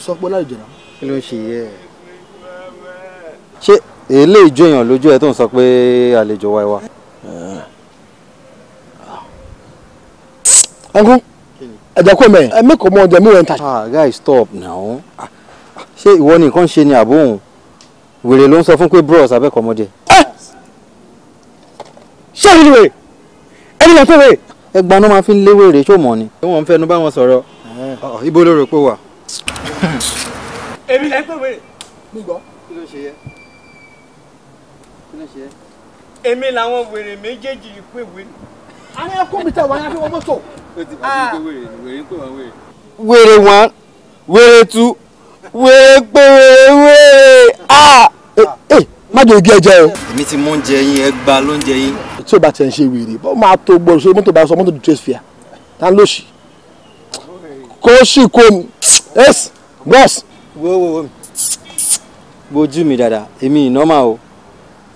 sọ pé láì jẹrà. kí ló ń ṣe yẹ. ṣé èlé ìjọ èèyàn lójú ẹ tó ń sọ pé àlejò wa wa. ọkùn ẹ̀jẹ̀ kò mẹ́ ẹ̀ mẹ́kọ̀ọ́ mọ́ ọjà mi rẹ̀ ń ta. ah guys stop now ah, ah, ṣé ìwọ nìkan ṣe ni àbóhùn wèrè ló ń sọ fún pé bros abẹ́kọ̀ ọmọdé. ṣé èyí ni wèrè ẹni lè fẹ́ wèrè. ẹgbàá náà máa fi ń lé wèrè ṣó mọ̀ ni. wọn ń fẹnu bá wọn sọ̀rọ̀ ibo ló rò pé wà. èmi lè fẹ́ wèrè mi gbọ́. kí ló ṣe yẹ kí ló ṣe yẹ. èmi làwọn wèrè méjèèjì yìí pé wèrè. àwọn ẹkún mi tẹ wà ní àfihàn mọ́tò. ó ti bá mi wèrè wèrè ń pè wọ́n wèrè. wèrè one wèrè two wèrè pé wèrè wèrè ah. Eh, eh, má jẹ́ igi ẹ̀jẹ̀ o. èmi ti mú oúnjẹ yín ẹ gba lóúnjẹ yín. tí o bá tiẹ̀ ń ṣe wèrè bó máa tó gbọ́ ṣe mọ́tò bá sọ mọ́tò dùn tẹ́sí fìyà tá ló ṣì kó ṣì kó mi yes boss. wo wo wo wojú mi dáadáa èmi ìnọ́mà o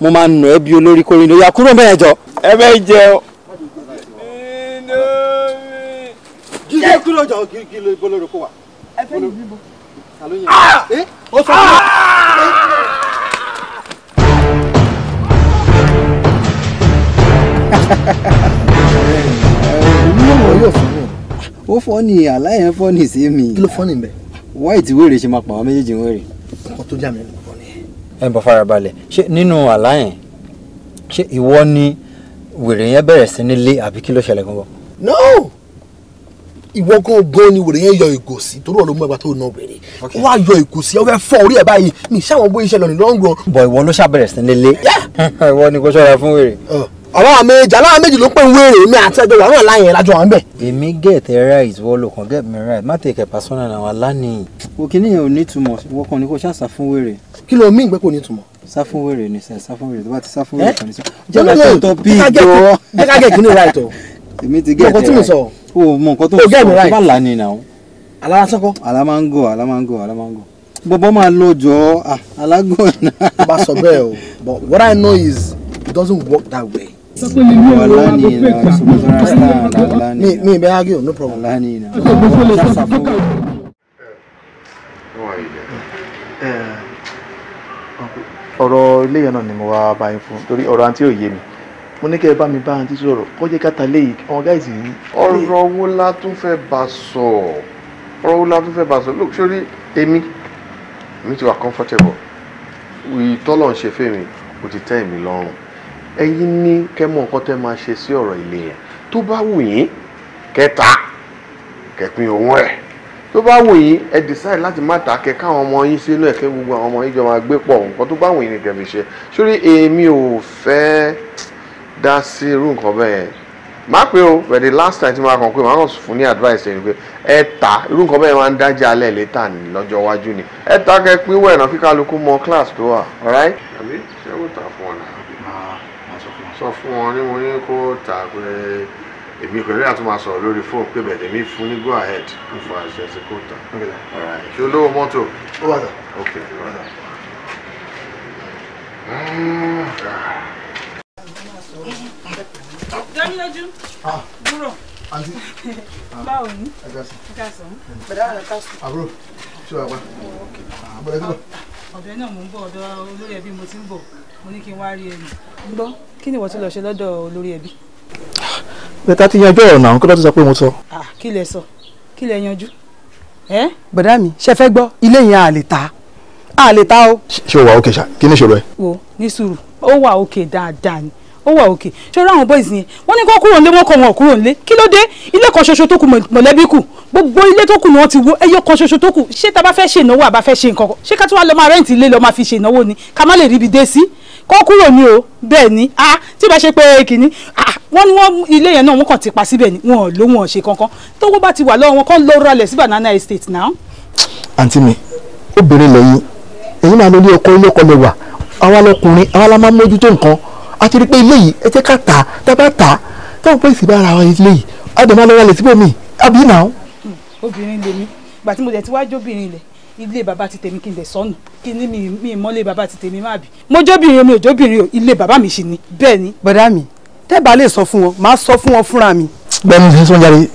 mo máa nà ẹ́ bí olórí kórìí lóyà kúrò bẹ́ẹ̀ jọ. ẹ bẹ́ẹ̀ jẹ o. jíjẹ kúrò jọ kí ló ibo lórí kó wa. ẹ fẹ́ mi bíbọ. èmi náà wọ yóò fún mi. ó fọ́ ni aláyẹn fọ́ ni sí mi. kí ló fọ́ ni bẹ́ẹ̀. wáyé tí wèrè ṣe máa pa àwọn méjèèjì wèrè. ọkọ tó jà mí lọ ni. ẹ bọ farabalẹ̀ ṣé nínú aláyẹn ṣé ìwọ ni wèrè yẹn bẹ̀rẹ̀ sí ní lé àbí kí ló ṣẹlẹ̀ gan-an. no ìwọ gangan ni wèrè yẹn yọ ìgò sí torí ọ̀rọ̀ mú ẹgbàá tó na wèrè wọ́n á yọ ìgò sí ọ̀fẹ́ fọ́ orí ẹ̀ báyìí mi ṣáwọn bó iṣẹ́ lọ ní lọ́ngàn. bọ̀ ìwọ ló ṣàbẹ̀rẹ̀ sí nílé ìwọ ni kò ṣọ́ra fún wèrè. Oh ọ̀rọ̀ àmì ìjà láwọn méjì ló pè ń wéèrè mi àti ẹjọ́ wàhálà láyìn ìlàjọ wà ń bẹ̀. èmi get ẹ right wọ́n lò kàn get me right má take it personal àwọn aláníyìn. òkìní yẹn ò ní túmọ̀ wọ́kàn ni kò ṣáà sá fún wèrè. kí ló mí ìgbẹ́ kò ní túmọ̀. sá fún wèrè ni sẹ́ sá fún wèrè tó bá ti sá fún wèrè eh? kan ní sọ. jẹ́ ká jẹ́ tó bí ìjọ. jẹ́ ká jẹ́ kíní right o. èmi ti get ẹ right o mọ nǹkan tó sọ tó bá là ní ìnáwó. alárasọ́kọ́. alamango alamango alamango bọ́bọ́ máa lọ jọ alágọ̀nà. Ah, bá a sọ bẹ́ẹ̀ o but what I know is it doesn't work that way. Me, me, me argue, no problem. Alani, no. How are you there? Eh, um, ọ̀rọ̀ ilé yẹn náà ni mo wá bá yín fún torí ọ̀rọ̀ àǹtí ò yé mi mo ní kẹ́ ẹ bá mi bá àǹtí sọ̀rọ̀ kó káta lé yìí gáìsì yìí. ọ̀rọ̀ wo la tún fẹ́ bá sọ ọ̀rọ̀ wo la tún fẹ́ bá sọ lóòkì sórí èmi èmi ti wà comfortable ìtọ́lọ̀ ń ṣe fèmí kò ti tẹ́ èmi lọ́rùn ẹ̀yin ní kẹ́ mọ̀ nǹkan tẹ́ máa ṣe sí ọ̀rọ̀ ilé yẹn tó bá wù yín kẹta kẹpin òun ẹ̀ tó bá wù yín ẹ decide láti má ta kẹ káwọn ọmọ yín sínú ẹ̀ kẹ́ gbogbo àwọn ọmọ yín jọ máa gbé pọ̀ nǹkan tó bá wù yín ni kẹfì ṣe sórí èmi ò fẹ́ dá sí irú nǹkan bẹ́ẹ̀ yẹn pé o but the last time tí máa kàn pé máa kàn fún ní advice ẹni pé ẹ ta irú nǹkan bẹ́ẹ̀ máa ń dájà alẹ́ létà ní lọ́jọ́ iwájú ni ẹ ta kẹ pínwó ẹ̀nà kíkálukú mọ class tó wà. ọ̀ráì àbí ṣé ó ta fún sọ fún wọn ní mo ní kó tà pé èmi pẹ̀lú àtúmọ̀ sọ̀rọ̀ lórí fóònù pé bẹ̀rẹ̀ mi fún ní go ahead ń fa àṣẹ sí kó tà ṣé olówó mọ́tò ó wà tà ok ó wà tà. Dámilójú. Ah. Búrò. Àǹtí. Báwo ni? Ẹ ká sùn. Ẹ ká sùn. Bẹ̀rẹ̀ àwọn ẹ ká sùn. Àbúrò, ṣé wàá pa? Àbúrò ẹ tó ọ̀dọ̀ ẹ náà mò ń bọ̀ ọ̀dọ̀ olórí ẹbí mo ti ń bọ̀ mo ní kí n wá rí ẹnu. gbọ́ kí ni ìwọ tún lọ ṣe lọ́dọ̀ olórí ẹbí. bẹ́ẹ̀ta ti yanjú ọ̀rọ̀ náà kí ló ti sọ pé mo sọ. kí lẹ sọ kí lẹ yanjú. bọ̀dá mi ṣe fẹ́ gbọ́ ilé yẹn à ta à ta o. ṣé o wà òkè ṣá kí ni ìṣòro ẹ. wo ní sùúrù ó wà òkè dáadáa ni ó wà òkè ṣọ́ra àwọn boys yẹn wọ́n ní kó kúrò nílé wọ́n kọ́ wọn kúrò nílé kí ló dé ilé kan ṣoṣo tó kù mọ̀lẹ́bí kù gbogbo ilé tó kù ni wọ́n ti wo ẹyọ kan ṣoṣo tó kù ṣé tá a bá fẹ́ ṣe ìnáwó àbá fẹ́ ṣe nǹkan kan ṣé ká tún wá lọ máa rẹ́ǹtì ilé lọ máa fi ṣe ìnáwó ni ká má lè ríbi dé sí kó kúrò ní o bẹ́ẹ̀ ni a ah, tí bá ṣe pé kìíní ah, wọ́n ní wọ́n ilé yẹn náà wọ́n kàn ti pa síbẹ̀ ni wọn ò ló wọn ò ṣe kankan tówó bá ti wà lọ́wọ́ wọn kàn lọ ralẹ̀ sí banana estate náà. àǹtí mi obìnrin lẹ́yìn èyí máa lórí ọkọ ilé ọkọ lè wà àwa lọkùnrin àwa la máa mójútó nǹkan a ti rí pé ilé yìí ẹ jẹ́ ká tà tá bá tà táwọn pèsè bá ara wa ilé yìí a dẹ̀ máa lọ ralẹ̀ síbòmíì àbí náà obìnrin lèmi ìgbà tí mo dẹ̀ ti wá jóbìnrin lẹ̀ ilé bàbá ti tèmi kí n dẹ̀ sọnù kí ni mi mi mọ́lé bàbá ti tèmi má bì. mo jóbìnrin mi ò jóbìnrin o ilé bàbá mi sì ni bẹ́ẹ̀ ni. bọ̀dá mi tẹ́ẹ̀bà lè sọ fún wọn máa sọ fún wọn fúnra mi. bẹ́ẹ̀ni ṣe sọ́n jáde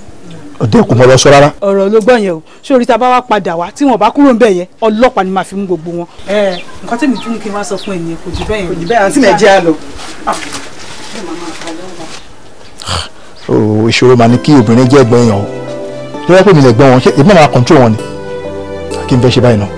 òde kò mọ̀ lọ sọ rárá. ọ̀rọ̀ ló gbọ́ yẹn o sórí tá a bá wá padà wá tí wọn bá kúrò níbẹ̀ yẹn ọlọ́pàá ni màá fi mú gbogbo wọn. ẹ nǹkan tẹ̀mí tún kí n wá sọ fún ẹ̀yìn tó yẹ pé mi lè gbọ́n wọn ṣé èmi náà máa control wọn ni kí n fẹ́ ṣe báyìí náà.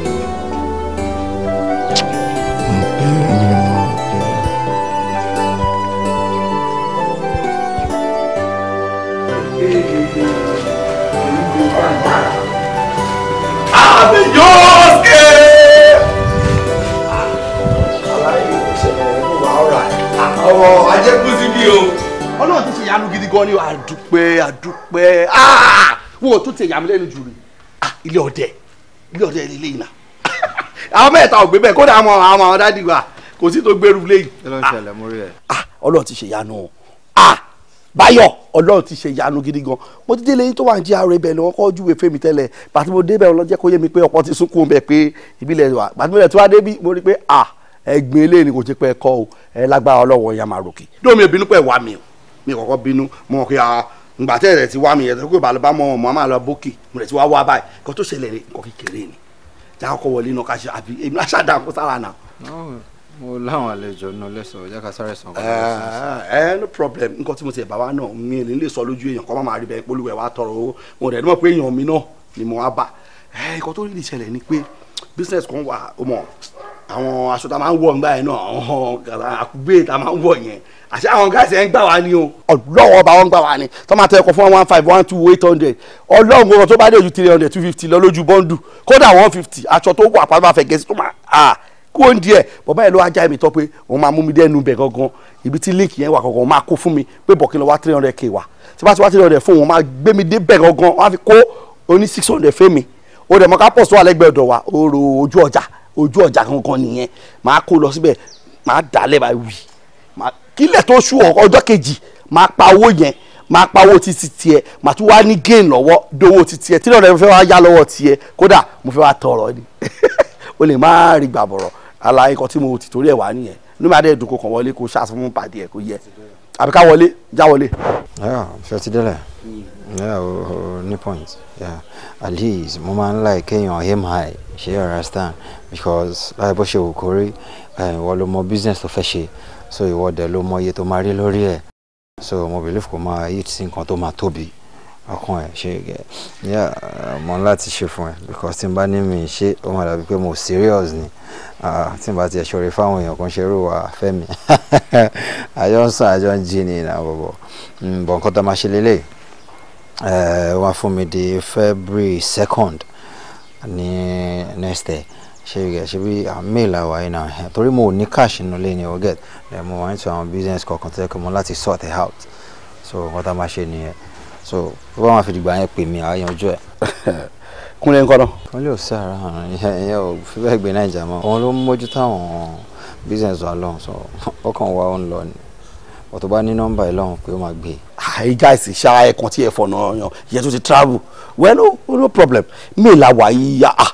ọlọ́run ti ṣe ìyanu gidi gan ni àdúpẹ́ àdúpẹ́ aaa wọn o tún ti yàmí lẹ́nu jù rí ah, ilé ọdẹ ilé ọdẹ ilé yìí nà àwọn mẹ́ta ò gbé bẹ́ẹ̀ kódà àwọn àwọn àwọn dádì wa kò sí tó gbèrú léyìí. Ah, ah, ọlọ́run ti ṣe yanu báyọ̀ ọlọ́run ti ṣe yanu gidi gan mo ti délé yín tó wà ní gra ibẹ̀ ni wọ́n kọ́ júwe fèmí tẹ́lẹ̀ pàtó mo débẹ̀ ọlọ́jẹ́ kó yé mi pé ọkọ ti sunkún bẹ̀ pé ìbílẹ̀ wa pàtó mo lẹ̀ tó wá débí mo rí pé à ẹgbin eléyìí ni kò ti pẹ́ kọ́ o ẹ lágbára ọlọ́wọ́ ya máa ròkè. dómi ìbínú pẹ̀ wá mi o mi kọ́kọ́ bínú mo mọ̀ pé ngbàtẹ́ rẹ̀ ti wá mi yẹn tó kó ìbàlẹ̀ bá mọ́ ọmọ máa lọ bókè mo rẹ̀ ti wá wá báyìí kó tó ṣẹlẹ̀ rẹ̀ kọ́ kékeré ni tí a kọ́ wọlé náà ká ṣe àbí èmi náà ṣáà dáhùn kó sára nà. mo láwọn àlejò náà lẹ́sọ̀ ọjà ká sáré sàn. ẹ ẹ no problem nǹkan tí mo ti ẹ̀ bàbá náà mi ò ní lè sọ lójú èèyàn kọ́ máa rí bẹ́ẹ̀ polówó ẹ̀ wá tọrọ owó mo rẹ̀ ní mọ̀ pé èèyàn mi náà ni mo wá bá ẹ nǹkan tó rí ìṣẹ̀lẹ̀ ni pé business kan wà ó mọ̀ àwọn aṣọ tá a máa ń wọ̀ nígbà yẹn náà àwọn àkúgbé tá a máa ń wọ̀ yẹn àṣẹ àwọn gáàsì yẹn ń gbà wá ni o. ọlọ́wọ́ ọba wọn ń gbà wá ni tó máa tẹ ẹ̀kọ́ fún one five one two eight hundred ọlọ́run gbọ́dọ̀ tó bá dé ju three hundred two fifty lọ lójú bọ́ńdù kódà one fifty aṣọ tó wà pàtó bá fẹ́ gẹ̀ẹ́sì tó máa à kú ó ń díẹ̀ bàbá ló wá já mi tọ́ pé òun máa mú mi dẹ́nu bẹ̀ gangan ibi tí link yẹn wà gangan máa kó fún mi pé bọ̀kí lọ wá three hundred k wà tí bá ti wá three hundred fún òun máa gbé mi dé bẹ̀ gangan wọ́n á fi kó oní six hundred fẹ́ mi ó dẹ̀ mọ́ ká pọ̀ sọ àlẹ́gbẹ̀ẹ́ ọ̀dọ̀ wa oró ojú ọjà ojú ọjà kankan nìyẹn máa kó lọ síbẹ̀ máa dàlẹ́ bá wì kílẹ̀ tó ṣú ọjọ́ kejì máa pa owó yẹn máa pa owó títí tiẹ̀ máa tún wá ní gain lọ́wọ́ dowó títí tiẹ̀ tí lọ́dọ̀ mo fẹ́ wá yá lọ́wọ́ tiẹ̀ kódà mo fẹ́ wá tọrọ ni o lè má rí gbàbọ̀rọ̀ àlàyé kan tí mo ti torí ẹ̀ wá nìyẹn inú mi adé dùn kó kàn wọlé kó ṣàṣùmù pàdé ẹ̀ kó yẹ àbí ká wọlé já wọlé. fẹtidẹlẹ ní point yeah. at least mo máa ń láì kéèyàn aim high ṣe you understand because láì bó ṣe wò kórí eh, ìwọ ló mọ business tó fẹ́ ṣe so ìwọ dẹ̀ ló mọ iye tó máa rí lórí ẹ̀ so mo believe kò máa hit sí nǹkan tó máa tóbi ọkàn ẹ ṣe gẹ yà mọ láti ṣe fún ẹ because tí n bá ní mi ṣe ó máa dàbí pé mo serious ni tí n bá tiẹ̀ ṣòro fáwọn èèyàn kan ṣerú wa fẹ́mi àjọ ń sùn àjọ ń jí ni ìnà bọ̀bọ̀ mm, bọ̀ nǹkan tó máa ṣe lélẹ̀ wọ́n eh, fún mi di February second ní next day ṣe yìí ṣe bí mail àwa yìí náà eh, torí mo ní cash nínú ilé ni o get then mo wá into àwọn business kọ̀ọ̀kan tó yẹ kí mo láti sort it out so nǹkan tó máa ṣe nìyẹn so bó bá wọn fi dìgbà yẹn pè mí àyànjú ẹ̀. kúnlẹ̀ ńkọ́ náà. kúnlẹ̀ ò sí ara hàn ìyẹn ò fi bẹ́ẹ̀ gbé náà ìjà mọ́ òun ló ń mójú táwọn business wa lọ́hùn sọ ọkàn wa ó ń lọ ni ọ̀tọ̀ bá ní nọ́mbà yìí lọ́hùn pé ó máa gbé. àyè e. ah, guys ṣá ẹ̀kan tí ẹ fọ̀nà yàn ìyẹn tó ti travel well no no problem mail àwa yìí yá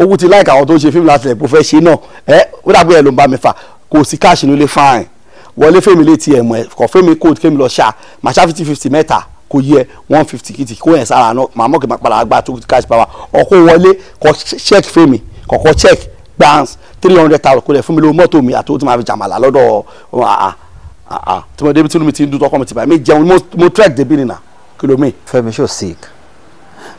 owó ti láìka àwọn tó ń ṣe fíìmù láti ẹ̀kọ́ fẹ́ ṣe náà ẹ ó dàbí ẹ̀ ló ń bá mi fà kò sí káàṣì nílé fáìn wọlé fèmí létí ẹ̀mọ́ ẹ̀kọ́ fèmí kóòtù fèmí lọ ṣá màṣá fifty fifty mẹ́ta kò yẹ one fifty kìtì kó yẹn sára náà màmá kì í máa padà gba two cash power ọkọ wọlé kọ check fún mi kọkọ check gbans three hundred thousand kó lè fún mi lówó mọ́tò mi àti owó tí màá fi jàmàlà lọ́dọ̀ tí mo débi tí mi ti ń dún tọkọ mi ti báyìí mi jẹun mo trek débi nìyà kí ló mi. Fẹ́mi ṣó sick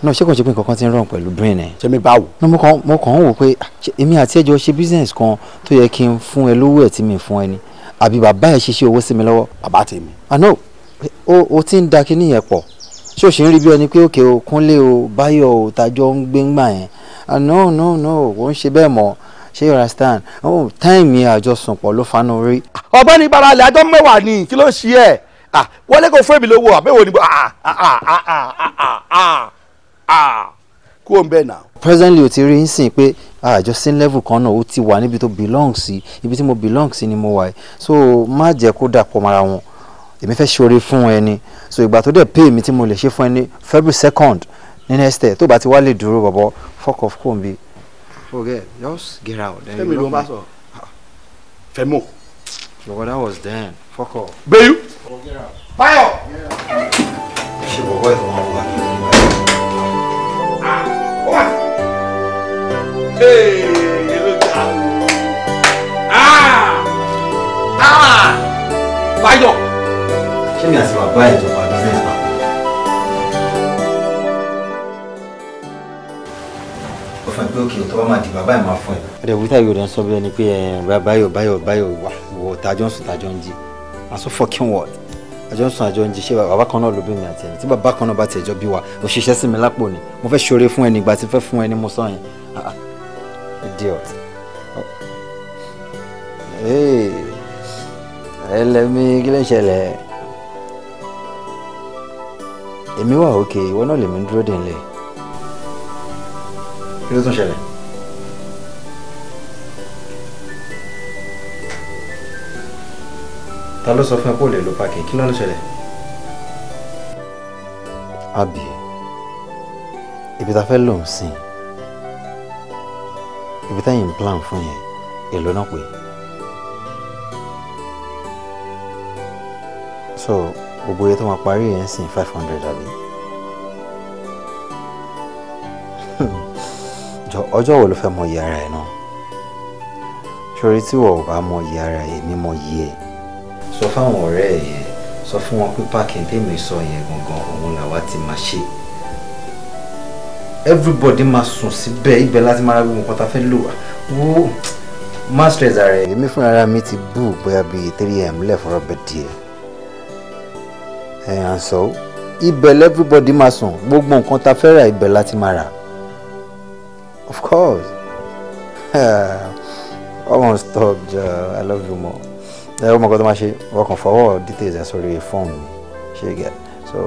náà ṣé kò ṣe pé nǹkan kan ti ń ràn pẹ̀lú brain ẹ̀. ṣé mi bá wò. mo kàn mo kàn ń wò pé èmi àti ẹjọ ṣe business kan tó yẹ kí n fún ẹ lówó ẹ tí mi fún ẹ ni àbí bàbá ẹ ṣiṣẹ́ owó sí mi lọ́wọ́. bàbá tèmi. àná o ti ń da kinní yẹn pọ̀ ṣé o ṣe ń rí bí ẹni pé òkè o kúnlé o báyọ̀ o tàjọ ń gbé ńgbà yẹn ah, no no no ò ń ṣe bẹ́ẹ̀ mọ́ ṣé you understand oh time yẹn àjọsùn pọ̀ ló fanu rí. Ah, ọ̀gbẹ́ni baralẹ̀ àjọ mẹ́wàá ni kí ló ń ṣe ẹ̀ ah, wọlé kò fún èmi lówó àbẹ̀wò ni kú òun bẹ́ẹ̀ náà. presently o ti rí nsìn pé àjọ sin level kan náà ó ti wà níbi tó belong sí ibi tí mo belong sí ni mo wà so má jẹ́ kó dàpọ̀ mara wọn èmi fẹ́ ṣoore fún ẹ so ìgbà tó dẹ̀ pay mi tí mo lè ṣe fún ẹ February second ní next year tó bá ti wá lè dúró bọ̀bọ̀ fuck off kò bi. forget just get out. fẹmi ló ń bá sọ fẹmọ. bọ̀bọ̀ that was then fuck off. bẹ́ẹ̀ báyọ̀. ṣe bọ̀bọ̀ ẹ̀ tó máa wọ. bá ìjọba business papọ̀. ó fẹ́ pé òkè tó bá máa di bàbá ẹ̀ máa fún ẹ̀. ọ̀dẹ̀ wíta yóò dán sọ bí ẹni pé eh, báyọ̀ báyọ̀ báyọ̀ wà wọ̀ tájọ́ ń sùn tájọ́ ń jí àṣọ fọ́kín wọ̀ọ̀dì àjọ ń sùn àjọ ń jíṣẹ́ bàbá kan náà ló bí mi àti ẹ̀yìn tí bàbá kan náà bá tẹ̀jọ́ bí wa òṣìṣẹ́ sí mi lápò ni mo fẹ́ ṣoore fún ẹni ìgbà tí fẹ́ fún ẹni mo sọ yẹn ah, ah. idiot ẹlẹ́mi kí ló ń ṣẹlẹ̀ èmi wà òkè ìwọ náà lèmi ń dúró dè ńlẹ̀. kí ló tún ṣẹlẹ̀. ta ló sọ fún ẹ kó lè lo páàkì kí ló ń ṣẹlẹ̀. àbí ibi tá a fẹ́ lò ń sìn ibi táyìn plan fún yẹn èlò náà pé. so gbogbo iye tó máa parí ẹ̀ ń five hundred àbí. ọjọ́ wo ló fẹ́ mọ iye ara ẹ̀ náà sori tí wọ́n ò bá mọ iye ara ẹ̀ ní mọ iye ẹ̀. sọ fáwọn ọ̀rẹ́ ẹ̀ yẹn sọ fún wọn pé parking tèmi sọ yẹn gangan òun làwa ti máa ṣe everybody máa sùn síbẹ̀ ibẹ̀ láti máa ra gbogbo nǹkan tá a fẹ́ lò wá wó má stress ara ẹ̀. èmi fúnra mi ti bú bóyá bíi three am lẹ́ẹ̀fọ́rọ́ bẹ́ẹ̀ díẹ̀ and so ibẹ̀ lẹ́fúrúbọ́dì máa sùn gbogbo nǹkan ta fẹ́ ra ibẹ̀ láti máa rà of course ọmọ stop jọ i love you more ẹ ọmọ kan tó máa ṣe ọkàn fọwọ́ details ẹ sórí fọ́ọ̀mù mi ṣe gẹ so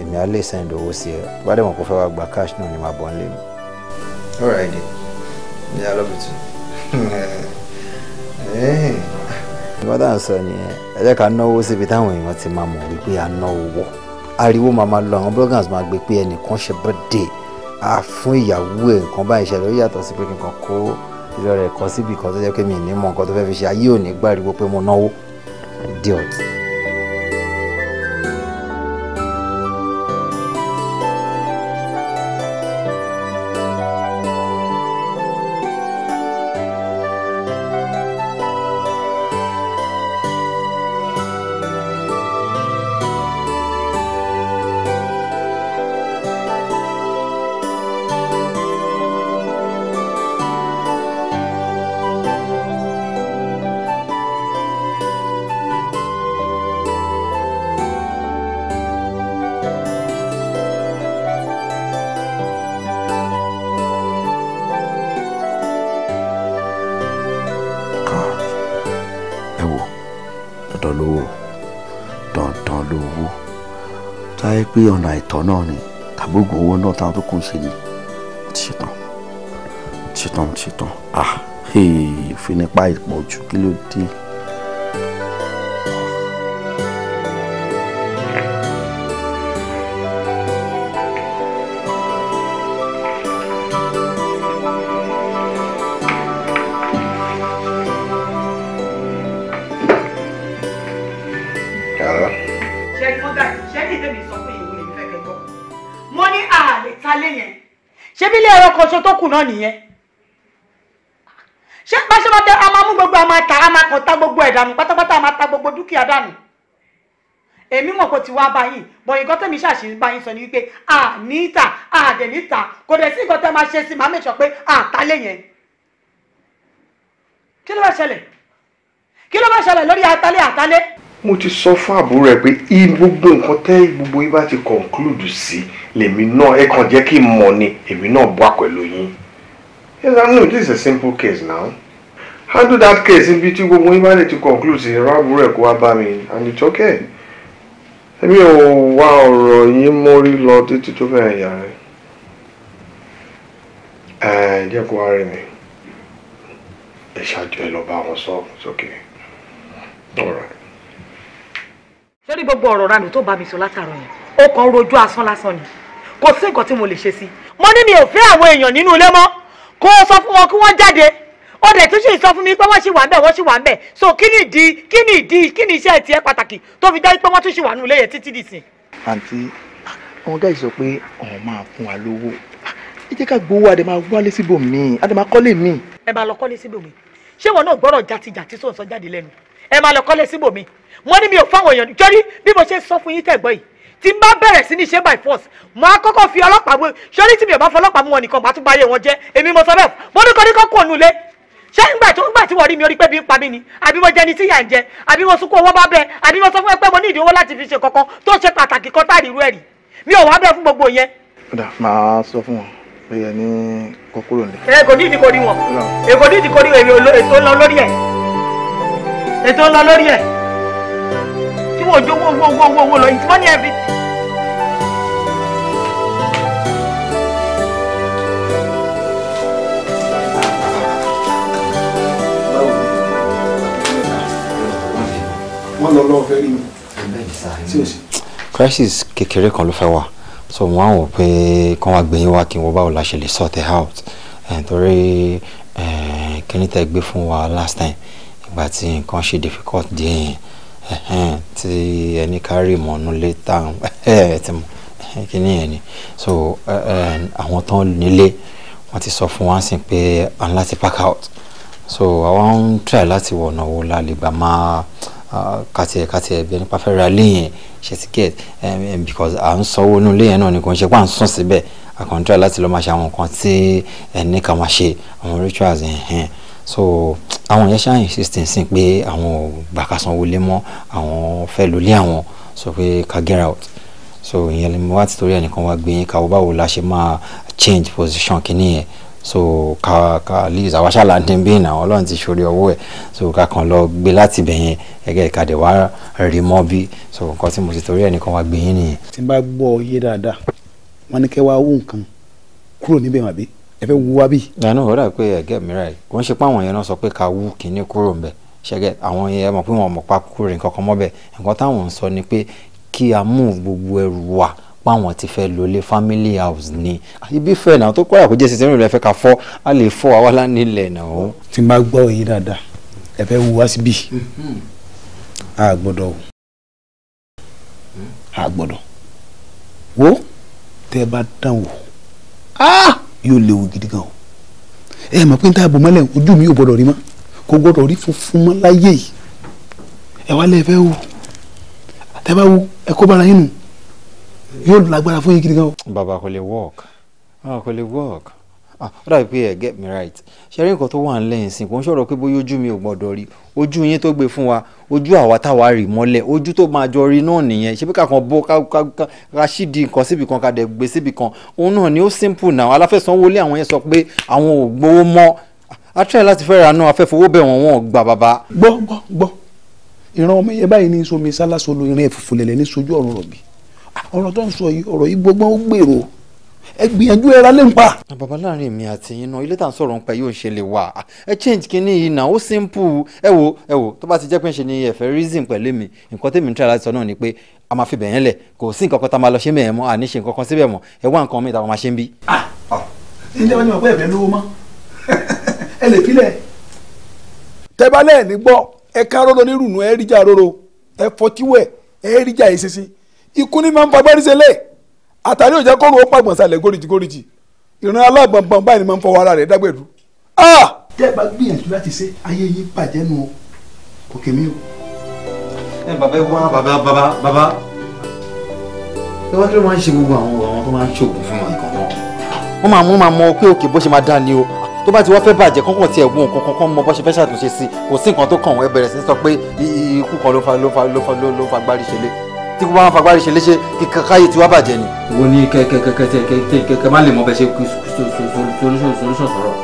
èmi á lè send owó sí ẹ bá dẹ̀ mọ̀ kó fẹ́ wá gba cash náà ni màá bọ̀ nílé mi. all right then yeah i love you too. hey. Eh nǹkan tá à sọ nìyẹn ẹ ká náwó síbi táwọn èèyàn ti máa mọ̀ wípé a náwó wọ̀ ariwo máa máa lọ àwọn bloggers máa gbé pé ẹnìkan ṣe birthday a fún ìyàwó ẹ̀ nǹkan báyìí ṣẹlẹ̀ ó yàtọ̀ sí pé nǹkan kó ìlọ rẹ̀ kọ́ síbi kan tó jẹ́ pé mi ì ní mọ̀ nǹkan tó fẹ́ fi ṣe ayé òní gbàriwo pé mo náwó idiot. ẹ wò dandan lówó dandan lówó táyé pé ọ̀nà àìtọ́ náà ni tàbógun owó náà táwọn tó kù ń ṣe ni ó ti ṣetán ó ti ṣetán ó ti ṣetán ah òfin nípa ìpọ̀jù kí ló dé. kù náà nìyẹn ṣé bá ṣe máa tẹ a máa mú gbogbo a máa tà a máa kàn ta gbogbo ẹ̀ dànù pátápátá a máa ta gbogbo dúkìá dànù èmi mọ̀ kó ti wá báyìí bọ̀ nǹkan tẹ̀mí ṣàṣì báyìí sọ ni wípé a ní ìta a dẹ̀ ní ìta kò dẹ̀ sí nǹkan tẹ́ máa ṣe sí màá mẹ̀sọ̀ pé a ta lé yẹn kí ló bá ṣẹlẹ̀ kí ló bá ṣẹlẹ̀ lórí atalé atalé mo ti sọ fún àbúrò ẹ pé gbogbo nǹkan tẹ́ gbogbo yín bá ti conclude sí lèmi náà ẹ kàn jẹ́ kí n mọ̀ ni èmi náà bọ́ pẹ̀lú yín. yes i know this is a simple case now handle that case níbi tí gbogbo yín bá lè ti conclude sí ìrọ̀ àbúrò ẹ kó wá bá mi and it's okay. èmi ò wá ọ̀rọ̀ yín mórí lọ títí tó fẹ́ yà rẹ̀. ẹ jẹ́ kó wá rí mi ẹ ṣáájú ẹ lọ bá wọn sọ it's okay. all right ṣé rí gbogbo ọ̀rọ̀ ranù tó bá mi sọ látàrọ yẹn ó kàn rojú asán lásán ni kò sí nǹkan tí mo lè ṣe sí. mo ní mi ò fẹ́ àwọn èèyàn nínú ilé mọ́ kó o sọ fún wọn kí wọ́n jáde ó dẹ̀ tún ṣe sọ fún mi pé wọ́n ṣì wà ń bẹ̀ wọ́n ṣì wà ń bẹ̀ so kí ni ìdí kí ni ìdí kí ni iṣẹ́ tiẹ̀ pàtàkì tó fi jẹ́ pé wọ́n tún ṣì wà nínú ilé yẹn títí dìsìn. àǹtí àwọn gáàsì sọ pé ọ̀hún máa fún wa lówó ẹ jẹ́ ká gbowó adé máa wálé síbò míì adé máa kọ́lé míì. ẹ máa lọ kọ́lé síbò míì ṣé wọn náà gbọ́dọ̀ jatijàti sóǹsọ jáde lẹ́nu ẹ máa lọ kọ́lé síbò míì mo ní mi ò fáwọn èèyàn jọrí bí mo ṣe sọ fún yín tẹ̀gbọ́ yìí tí n bá bẹ̀rẹ̀ sí ní ṣe by force mo á kọ́kọ́ fi ọlọ́pàá mú ṣọ́rí tí mi ò bá fọlọ́pàá mú wọn nìkan màá tún bá yé wọn jẹ́ èmi mo sọ bẹ́ẹ̀ mo ní kọ́ ní kọ́ kò nulẹ̀ ṣé ńgbà tó ńgbà tí wọ́n rí mi orí pé bí ń pa mí ni àbí mo jẹ ni tí yà ń jẹ àbí mo sunkún owó bá bẹ àbí mo sọ fún ẹ pé mo ní ìdí láti fi ṣe kankan tó ṣe pàtàkì kan tá ìrú ẹ̀ rí mi ò wá bẹ́ẹ̀ fún gbogbo yẹn. máa sọ fún wọn pé ẹ ní kókóró ni. ẹ kò ní ìdí wọn èkó ní ìdí korí ètò ńlọ lórí ẹ ètò ńlọ lórí ẹ tí wọ́n jó wó wó wó wó lọ it's money everything. wọ́n lọ lọ́wọ́ fẹ́ rí mi. crisis kékeré kan ló fẹ́ wà so wọ́n á wọ̀ pé kán wá gbẹ̀yìn wá kí n wọ́n báwo la ṣe lè sort it out eh, torí eh, kíní tẹ́ gbé fún wa last time ìgbà tí nǹkan ṣe difficult díẹ̀ yẹn tí ẹni kárí mọ̀nú lé táwọn ti mọ̀ kíní yẹn ni so àwọn tán nílé wọ́n ti sọ fún wa sí pé à ń láti pack out so àwọn ń try láti wọ̀nà wo la lè gbà máa kàtìẹ̀ kàtìẹ̀ bí ẹni pàfẹ́ ra léyìn ṣe ti get because à ń sanwó inú léyìn náà ni kò ń ṣe pé à ń sùn síbẹ̀ à kàn ń try láti lọ́ọ́ máa ṣe àwọn nǹkan tí ẹni kà máa ṣe àwọn rituals yẹn so àwọn yẹn ṣáà insist sí pé àwọn ò gbàkà sanwó lé mọ́ àwọn fẹ́ lólé àwọn sọ pé ká get out so ìyẹn lè mú wá títorí ẹnìkan wá gbé yín káwọ́ báwo la ṣe máa change position kìíní yẹn so ká ká leaves àwa ṣáà láti bí ìnà ọlọ́run ti ṣorí ọwọ́ ẹ̀ so ká kàn lọ gbé láti bẹ̀ yẹn ẹ̀gẹ́ ìkàdé wá rí mọ́ bí so nǹkan tí mo ti torí ẹnìkan wá gbé yín nìyẹn. tí n bá gbọ́ ọ yé dáadáa wọ́n ní kẹ́ wá wú nǹkan kúrò níbẹ̀ wàbí ẹ fẹ́ wú wa bí. ìyànà ó dà pé ẹ̀gẹ́ mìíràn yìí wọ́n ṣe pé àwọn yẹn náà sọ pé ká wú kínní kúrò ń bẹ̀ ṣẹ́gẹ́ àwọn yẹn mọ̀ pé wọ́n mọ̀ pa kúrò nǹkan kan mọ́ nǹkan táwọn ń sọ ni pé kí a mú gbogbo ẹrù wa páwọn ti fẹ́ lólé family house ni ibi fẹ́ náà tó kọ́ àkójẹ́ sí sẹ́yìn rẹ̀ fẹ́ ká fọ́ a lè fọ́ àwa lánìlẹ̀ náà. tí n bá gbọ́ yìí dáadáa ẹ fẹ́ wú wá síbí mm-hmm. a gbọ́dọ̀ wò a gbọ́dọ̀ wò tẹ́ bá dán wò. Ah! yóò léwu gidi gan o ẹ mọ̀ pé n ta bò mọ́lẹ̀ ojú mi ò gbọ́dọ̀ rí mọ́ kò gbọ́dọ̀ rí funfun mọ́ láyé yìí ẹ wá lẹ́ fẹ́ wo tẹ́ wo ẹ kó bára yín nù yóò lágbára fún yín gidi gan o. bàbá kò lè work bàbá ah, kò lè work Ah, ó dàbí pé ẹ get me right ṣe rí nǹkan tó wà ń lẹ́yìn sìn kò ń sọ̀rọ̀ pé bóyá ojú mi ò gbọ́dọ̀ rí ojú yín tó gbé fún wa ojú àwa táwa rì mọ́lẹ̀ ojú tó máa jọ rí náà nìyẹn ṣé bí kàkan bó ká ṣì di nǹkan síbi kan ká dẹ̀ gbé síbi kan òun náà ni ó simple náà aláfẹ̀sánwọlé àwọn yẹn sọ pé àwọn ò gbowó mọ́ atúnyẹ̀ láti fẹ́ ra náà afẹ́fowó bẹ̀ wọ́n wọn gbà bàbá. gbọ́ gbọ́ gbọ́ ìran ọmọ yẹn báyìí ní somi sálásolo ìrìn ẹ̀fùfù lẹ̀lẹ̀ ní sojú ah, ọ̀rọ̀ rọ̀bì ẹ gbìyànjú ẹ ra lé npa. Ah, bàbá láàrin mi àti yín náà ilé tá à ń sọ̀rọ̀ nípa yóò ṣe lè wà ẹ change kínní yìí náà ó simple ẹ wo ẹ wo tó bá ti jẹ́ pé ń ṣe ni ẹ̀fẹ́ reason pẹ̀lú mi nǹkan tèmi ń tẹ́ láti sọ náà ni pé a máa fi bẹ̀yẹn lẹ̀ kò sí nǹkan kan tá a máa lọ ṣe mẹ́ẹ̀ mọ́ àní ṣe nǹkan kan síbẹ̀ mọ́ ẹ wá nǹkan mi máa ṣe ń bí. ah ọ̀ ǹjẹ́ wọ́n ní ọ̀pẹ́ ẹ̀fẹ́ lówó mọ́ ẹ lè filẹ̀. tẹ́bálẹ̀ ní gbọ́ ẹ ká róró nírùnú ẹ ríjà róró ẹ fọtíwẹ̀ ẹ àtàrí òjẹ́ kóró ó pàgbọ̀n sálẹ̀ góríjì góríjì ìran alágbọ̀ngbọ̀n báyìí ni mo ń fọwọ́ ara rẹ̀ dágbẹ̀dú. tẹ́ ẹ bá gbìyànjú láti ṣe ayé yín bàjẹ́ nu kò kèmí o. ẹ bàbá ẹ wá bàbá bàbá bàbá ẹ wá kí ló máa ń ṣe gbogbo àwọn àwọn tó máa ń ṣoògùn fún wọn ìkan náà. wọ́n máa mú máa mọ pé òkè bó ṣe máa dá ni o tó bá ti wá fẹ́ bàjẹ́ kọ́kọ́ tiẹ̀ wo nǹkan kankan mọ bó ṣe fẹ́ ṣàtúnṣe sí kò sí nǹkan tó kàn wọ́n ẹ bẹ̀rẹ̀ sí sọ pé ikú kan ló fa ló fa ló fa ló fa gbárí ṣe lé tí kò bá wọn fagbárí ṣe léṣe kíkà káyè tí wàá bàjẹ́ ni. wo ni kẹkẹkẹkẹkẹ má lè mọ bẹ́ẹ̀ ṣe solution solution sọ̀rọ̀.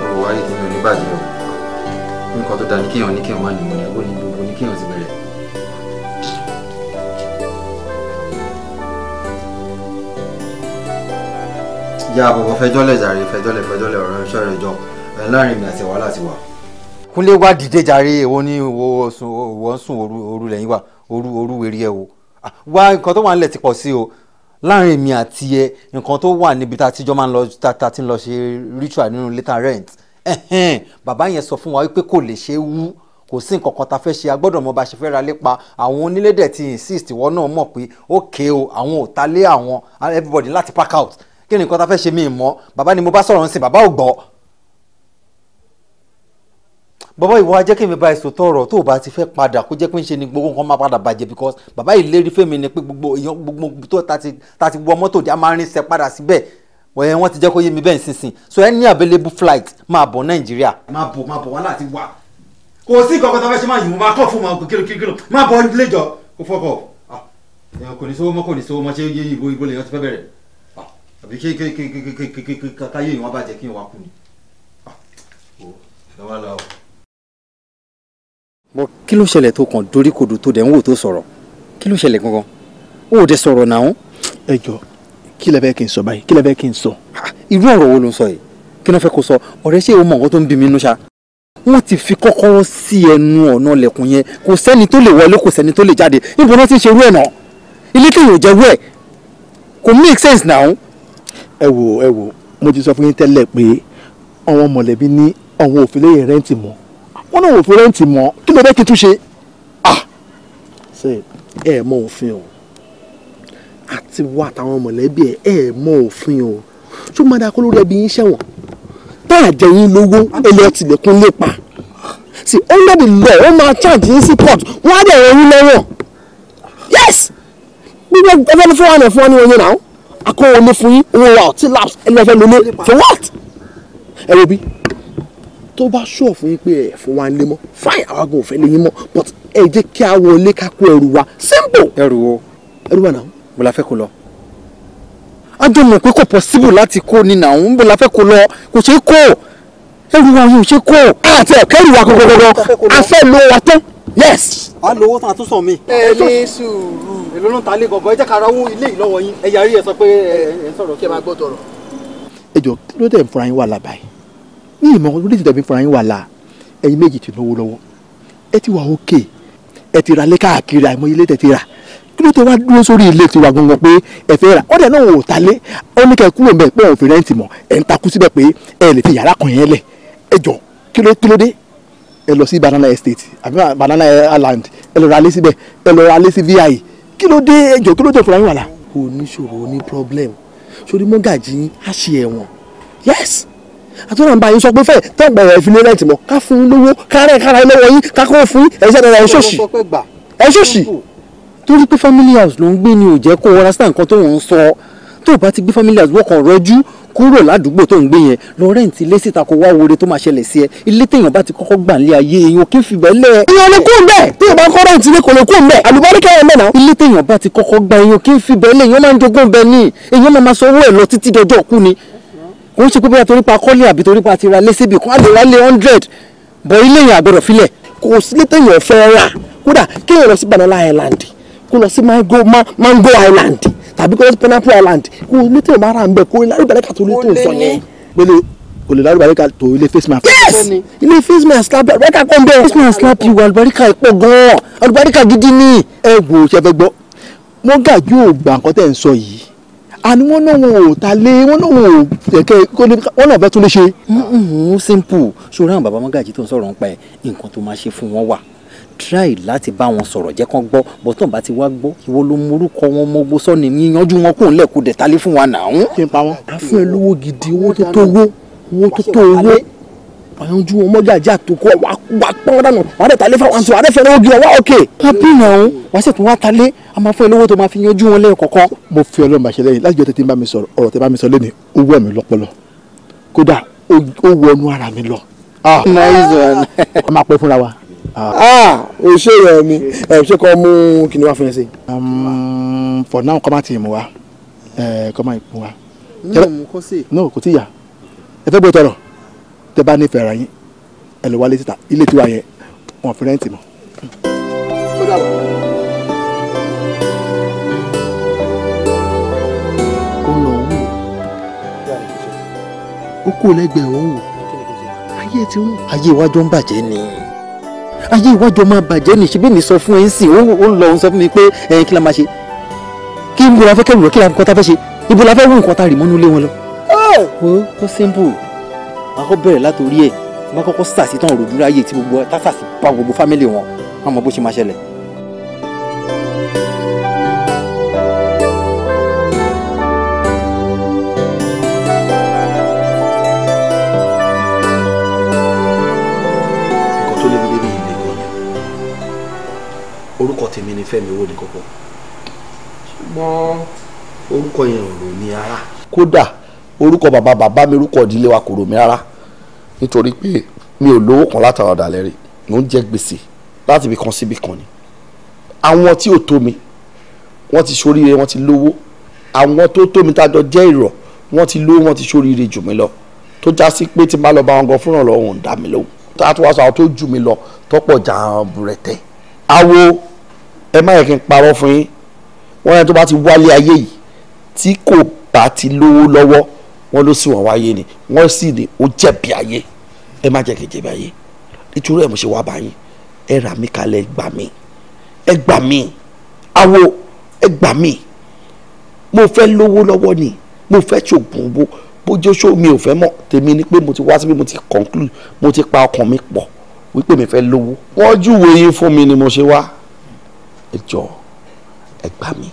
ọ̀rọ̀ wa yìí kìnìún ní bàjẹ́ o nǹkan tó dáa ní kéèyàn ní kéèyàn má nìmọ̀ ní agbóni gbogbo ní kéèyàn ti bẹ̀rẹ̀. ìyá àbọ̀bọ̀ fẹjọ́lẹ̀ jàre fẹjọ́lẹ̀ fẹjọ́lẹ̀ ọ̀rọ̀ iṣẹ́ rẹ̀ jọ láàrin mi àti wàhálà ti wà. kúnlé wá dìde jàre èwo ni ìwọ sùn òru lẹ́yìn wà orú orú eré ẹ o wá nǹkan tó wà nílẹ̀ ti pọ̀ sí o láàrin èmi àti ẹ nǹkan tó wà níbi tá a ti jọ máa ń lọ tá a ti ń lọ ṣe ritual nínú later rent bàbá yẹn sọ fún wa wípé kò lè ṣe é wú kò sí nǹkan kan tá a fẹ́ ṣe a gbọ́dọ̀ mọ bá a ṣe fẹ́ ra lépa àwọn onílé dẹ̀ ti insist ìwọ náà mọ̀ pé ókè o àwọn ò ta lé àwọn everybody láti pack out kí ni nǹkan tá a fẹ́ ṣe mí mọ́ bàbá ni mo bá sọ̀rọ̀ ń sìn bàbá ò gbọ́ bàbá ìwọ ajẹ́ kí mi bá èso tọrọ tó o bá ti fẹ́ padà kó jẹ́ pé ń ṣe ni gbogbo nǹkan máa padà bàjẹ́ because bàbá ìlérí fẹ́mi ni pé gbogbo èèyàn gbogbo tó ta ti wọ mọ́tò dé a máa ń rinṣẹ́ padà síbẹ̀ wẹ̀yẹn wọ́n ti jẹ́ kó yé mi bẹ́ẹ̀ sísìn so any available flight máa bọ̀ nàìjíríà. máa bọ̀ máa bọ̀ wá láti wà kò sí nǹkan kan tó fẹ́ ṣe máa yìnbọn máa kọ́ fún ma kìlò kìlò máa bọ̀ ilé jọ kó fọ́kọ̀ kò ní sówó mọ́ kò ní sówó mọ́ ṣé yé ìbò ìbò lèèyàn ti fẹ́ bẹ̀rẹ̀ àbí kékeré káyé ìwọ̀n bàjẹ́ kí n wà kú ni bọ kí ló ṣẹlẹ̀ tó kàn dorí kodò tó dẹ̀ ń wò tó sọ̀rọ̀ kí ló ṣẹlẹ̀ gangan ó ò dẹ̀ sọ̀rọ̀ náà. ẹ jọ kí lẹ fẹ́ kí n sọ báyìí kí lẹ fẹ́ kí n sọ. Ah, irú ọ̀rọ̀ wo ló ń sọ yìí kí ló fẹ́ kó sọ ọ̀rẹ́ ṣé o mọ nǹkan tó ń bí mi nú ṣá. wọ́n ti fi kọ́kọ́rọ́ sí ẹnu ọ̀nà lẹ̀kùn yẹn kò sẹ́ni tó lè wọlé kò sẹ́ni tó lè jáde níbo náà ti ṣe irú ẹ̀ náà ilé kéèyàn jẹ́ wẹ̀ kò make sense náà. ẹ wo ẹ wo wọ́n náà wò fi rẹ́ǹtì mọ́ kí ló dé kí tún ṣe ah ṣe ẹ mọ òfin o àti wà táwọn mọ̀lẹ́bí ẹ ẹ mọ òfin o ṣó máa dáa kó lórí ẹbí yín ṣẹ̀wọ̀n tá a jẹ yín lówó ẹlẹ ọtìlẹ̀kùn lépa sí under the law wọ́n máa charge yín sí port wọ́n á dẹ̀ rẹ̀ yín lọ́wọ́ yes gbígbé ẹgbẹ́ ní fún wa ní ẹ̀fún wa ní oyin náà akọ̀wé ní fún yín owó wa ọtí labs ẹlẹ́fẹ́ lónìí for what ẹ wo bí tó bá ṣọ̀ fún yín pé ẹ fún wa lé mọ́ fine àwa gan ò fẹ́ lé yín mọ́ but ẹ jẹ́ kí a wọlé ká kó ẹrù wa simple. ẹrù wo ẹrù wa náà. mo la fẹ́ kó lọ. a jọ mọ̀ pé kò possible láti kó ni náà ń bọ̀ la fẹ́ kó lọ kò ṣeé kó ẹrù wa yóò ṣe kó. àti ẹ̀kẹ́rù wa kọ̀kọ̀kọ̀ a fẹ́ lo wa tán yes. a lo owó tán a tún sọ mi. ẹ ní sùúrù. èló ló ń ta ilé gangan ẹ jẹ́ ká ra owó ilé yìí lọ́wọ́ yín ẹ yàrá yẹ sọ pé ẹ ń sọ̀rọ̀ kí ẹ máa gbọ́ tọrọ. ẹ jọ kí ló dé ń fura yín wà lábàá yìí ní ìmọ̀ oríṣi tẹ̀mí fúnra yín wà là ẹ̀yin méjì ti lówó lọ́wọ́ ẹ ti wà òkè ẹ ti ra lé káàkiri àìmọye ilé tẹ̀ ti rà kí ló tẹ wá dúró sórí ilé tiwa gangan pé ẹ fẹ́ rà ó dẹ̀ náà ò ta lé ó ní kẹ́ kúrò mẹ́ pé òun fi rẹ́ǹtì mọ̀ ẹ̀ ń takú síbẹ̀ pé ẹ lè fi yàrá kan yẹn lẹ̀ ẹ jọ kí ló kí ló dé ẹ lọ sí banana estate àbí banana island ẹ lọ ra lé síbẹ̀ ẹ lọ ra lé sí vi kí ló dé ẹ jọ kí ló dé fúnra yín wà là. oníṣòro ní problem sórí mọ́gàjì á ṣe ẹ̀wọ̀n yes àtúnà ń bá yín sọ pé fẹ́ tán gbà ẹ̀ ìfilé rẹ̀ tìmọ̀ ká fún un lówó ká rẹ̀ kára ẹ lọ́wọ́ yín ká kó fún ẹ̀ṣẹ̀ rẹ̀ ẹ̀ ṣòṣì ẹ̀ ṣòṣì. torí pé family house ló ń gbé ni ò jẹ́ kó wọra síta nǹkan tó ń sọ tó o bá ti gbé family house wọ́kàn rọ́jú kúrò ládùúgbò tó ń gbé yẹn lọ rẹ́ǹtì ilé síta kó wá wore tó máa ṣẹlẹ̀ sí ẹ ilé téèyàn bá ti kọ́kọ́ gbà lé ayé èèyàn ò kí ń fìbẹ́ lẹ̀. èèyàn lè kún bẹ́ẹ̀ tí èèyàn kọ́ rẹ́ǹtì ilé kò lè kún bẹ́ẹ̀ àlùbáríkà yẹn mẹ́na. ilé téèyàn bá ti kọ́kọ́ gbà èèyàn ò kí ń fìbẹ́ lẹ̀ èèyàn máa ń jogún bẹ́ẹ̀ ni èèyàn máa ma sọ owó ẹ̀ lọ títí dọjọ́ òkú ni ó ń ṣe pé bóyá pa kọ́lé àbí torípa ti ra lé síbi kan á lè ra lé hundred bọ̀ ilé yẹn àgbẹ̀rọ̀ filẹ̀ kò sí lé téèyàn fẹ́ rà kódà kéèyàn lọ sí banana island kó lọ sí mango island tàbí kó lọ sí pineapple island kó lé téèyàn bá ra ń kó lè lárúbẹ̀rẹ̀ tó lé tó sọ yẹn. pélé kò lè lárúbẹ̀rẹ̀ kà tó ilé face mask. yes ilé face mask la bẹ̀rẹ̀ kà kọ́ ń face mask la bí wà alùbáríkà ìpọ̀ gan-an alùbáríkà gidi ni. ẹ wo ṣe fẹ́ gbọ́ mọ́gàjú ò gbà nǹkan tẹ̀ ń sọ yìí àní wọ́n náà wọn ò ta lé wọ́n náà wọn ò kẹ̀kẹ́ wọ́n náà fẹ́ tún lè ṣe. simple ṣòro àwọn bàbá mọ́gàjì tó ń sọ̀rọ̀ ń pa ẹ̀ nǹkan tó máa ṣe fún wọn wà try láti bá wọn sọ̀rọ̀ jẹ́ kán gbọ́ bọ́tàn bá ti wá gbọ́ ìwọ ló morúkọ wọn mọ́gbó sọ́ni yíyanjú wọn kò ń lẹ̀kú dẹ̀ tálé fún wa nà án. kí n pa wọn. a fún ẹ lówó gidi owó tó tó owó owó tó tó owó àwọn ojú wọn mọ́jà jẹ́ àtòkọ́ wà pọ́n dànù wà dẹ̀ talé fáwọn sọ wà dẹ̀ fẹ́ràn ogi ọwọ́ òkè. àbí ìnáwó wà sì tún wá talé a máa fún ẹ lówó tó máa fi yanjú wọn lẹ́yìn kọ̀ọ̀kan. mo fi ọlọ́run bàṣẹ lẹ́yìn láti jọ tètè bá mi sọ̀rọ̀ ọ̀rọ̀ tẹ bá mi sọ lẹ́nu ó wù mí lọ́pọlọ kódà ó wọnú ara mi lọ. Ah. nice one. a máa pẹ́ fúnra wa. Ah. Ah, o ṣe rẹ mi ẹ ṣe kọ mú kìnìún wa fún ẹ sí. Um, for now kọ́ máa ti mú wa eh, kọ́ máa mú wa tẹ́ bá nífẹ̀ẹ́ ara yín ẹ lọ wálé síta ilé tiwa yẹn wọn fi rẹ́ǹtì mọ́. ó lọ òun wò ó kó lẹ́gbẹ̀ẹ́ o wò ayé ti rún. ayé iwájú ń bàjẹ́ ni ayé iwájú máa bàjẹ́ ni ṣe bí mi sọ fún ẹ ń sìn ó lọ òun sọ fún mi pé ẹyin kí la máa ṣe kí n bọ̀ la fẹ́ kẹ́rù rẹ̀ kí la kọ́ta fẹ́ ṣe ibo la fẹ́ rú nǹkan ta rì mọ́nú ilé wọn lọ. ó ó simple máa kọ́ bẹ̀rẹ̀ látòrí ẹ̀ máa kọ́kọ́ sàṣì tán òròdúrà yìí tí gbogbo tásàṣì bá gbogbo fámìlì wọn wọn mọ bó ṣe máa ṣẹlẹ̀. orúkọ tèmi ni Fẹ́mi owó ní kọ́kọ́ ṣùgbọ́n orúkọ yẹn ò rò ní ara kódà orúkọ bàbá bàbá mi orúkọ ìdílé wa kò rò mí rárá nítorí pé mi ò lówó kan látara ọ̀dàlẹ̀ rẹ̀ mò ń jẹ gbèsè láti ibì kan sí ibì kan ni àwọn tí ò tó mi wọ́n ti ṣoríire wọ́n ti lówó àwọn tó tó mi tájọ jẹ́ ìrọ̀ wọ́n ti lówó wọ́n ti ṣoríire jù mí lọ tó já sí pé tí n bá lọ bá wọn gan fúnra lọ òun dá mi lóhùn tá a tún wá sọ àwọn tó jù mí lọ tọ́pọ̀ jàǹbùrẹ̀tẹ̀ awo ẹ má yẹ kí n parọ́ fún yín wọ́n yẹn tó bá ti wálé ayé yìí tí kò bá ti lówó lọ́wọ́ wọ́n ló sì wọ́n wáyé ni wọ́n sì ni ó jẹ̀bi ayé ẹ má jẹ́ kí n jẹ̀bi ayé nítorí ẹ̀ mo ṣe wá báyìí ẹ rà mí kalẹ̀ ẹ gbà mí ẹ gbà mí awo ẹ gbà mí mo fẹ́ lówó lọ́wọ́ ni mo fẹ́ ṣògùn owó bójú ṣó mi ò fẹ́ mọ̀ tèmi ni pé mo ti wá síbi mo ti conclude mo ti pa ọkàn mi pọ̀ wípé mi fẹ́ lówó wọ́n júwe yín fún mi ni mo ṣe wá ẹ jọ ẹ gbà mí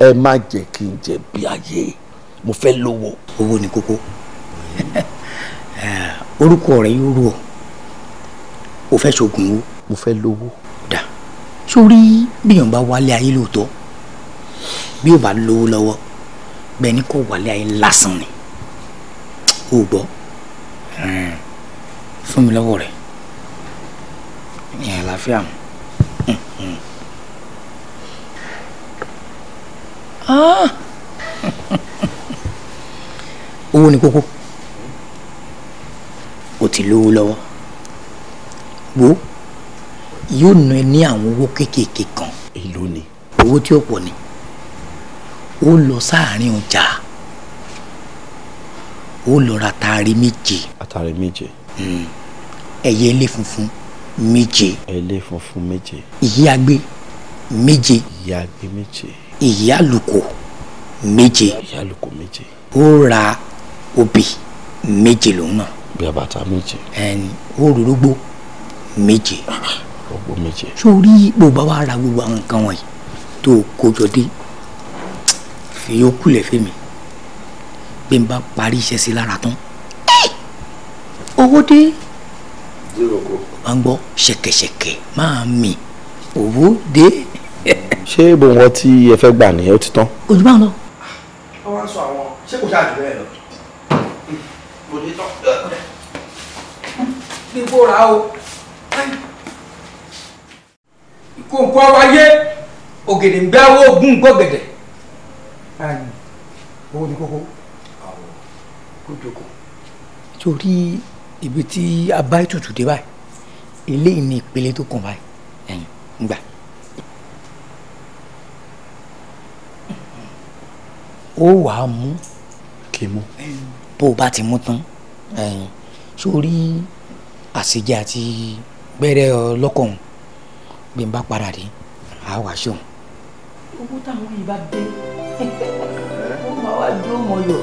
ẹ má jẹ́ kí n jẹ̀bi ayé mo fẹ́ lówó. owó ni kókó eh, orúkọ rẹ yóò rú ọ o fẹ́ ṣoògùn owó. mo fẹ́ lówó. dà sórí bíyàn bá wálé ayé lóòótọ́ bí o bá lówó lọ́wọ́ bẹ́ẹ̀ ni kò wálé ayé lásán ni o gbọ́ eh, fún mi lọ́wọ́ rẹ̀ ìyẹn àlàáfíà mu. Ah! owó ni kókó o ti lówó lọ́wọ́ wo yóò ná ẹ ní àwọn owó kéékèèké kan. èlò ni. owó tí ó pọ̀ ni ó lọ sáàárín ọjà ó lọ ra àtàrí méje. àtàrí méje. Hmm. ẹyẹ ilé funfun méje. ẹyẹ funfun méje. ìyí agbe méje. ìyí agbe méje. ìyí méje. ìyí méje. ó ra obì méje lòun náà. bí abata méje. ẹn òróró méje. ògbó méje. sórí bó bá wà ra gbogbo àwọn nǹkan wọ̀nyí tó kójọ dé fi yókù lẹ̀ fẹ́mi bí n bá parí iṣẹ́ sí lára tán owó dé máa ń gbọ́ ṣẹ̀kẹ̀ṣẹ̀kẹ̀ máa mì owó dé. ṣé bòun ọtí ẹ fẹ́ gbà nìyẹn ó ti tán. ojú lọ. wọ́n wá sọ àwọn ṣé kò ṣáà jù bẹ́ẹ̀ lọ. kí n kó ra o kó nǹkan wáyé ògèdè ń gbẹ́ owó ogún nǹkan gẹ̀dẹ̀. owó ni kókó kó jókòó. torí ibi tí a bá ètùtù dé báyìí eléyìí ni ìpele tó kàn báyìí ẹ̀yìn ó wà á mú. kí mú. bó o bá ti mú tán sórí àṣejẹ àti gbẹrẹ ọlọkọhún bí n bá padà dé a wà ṣóun. owó táwọn yìí bá dé ó máa wá dúró mọyọ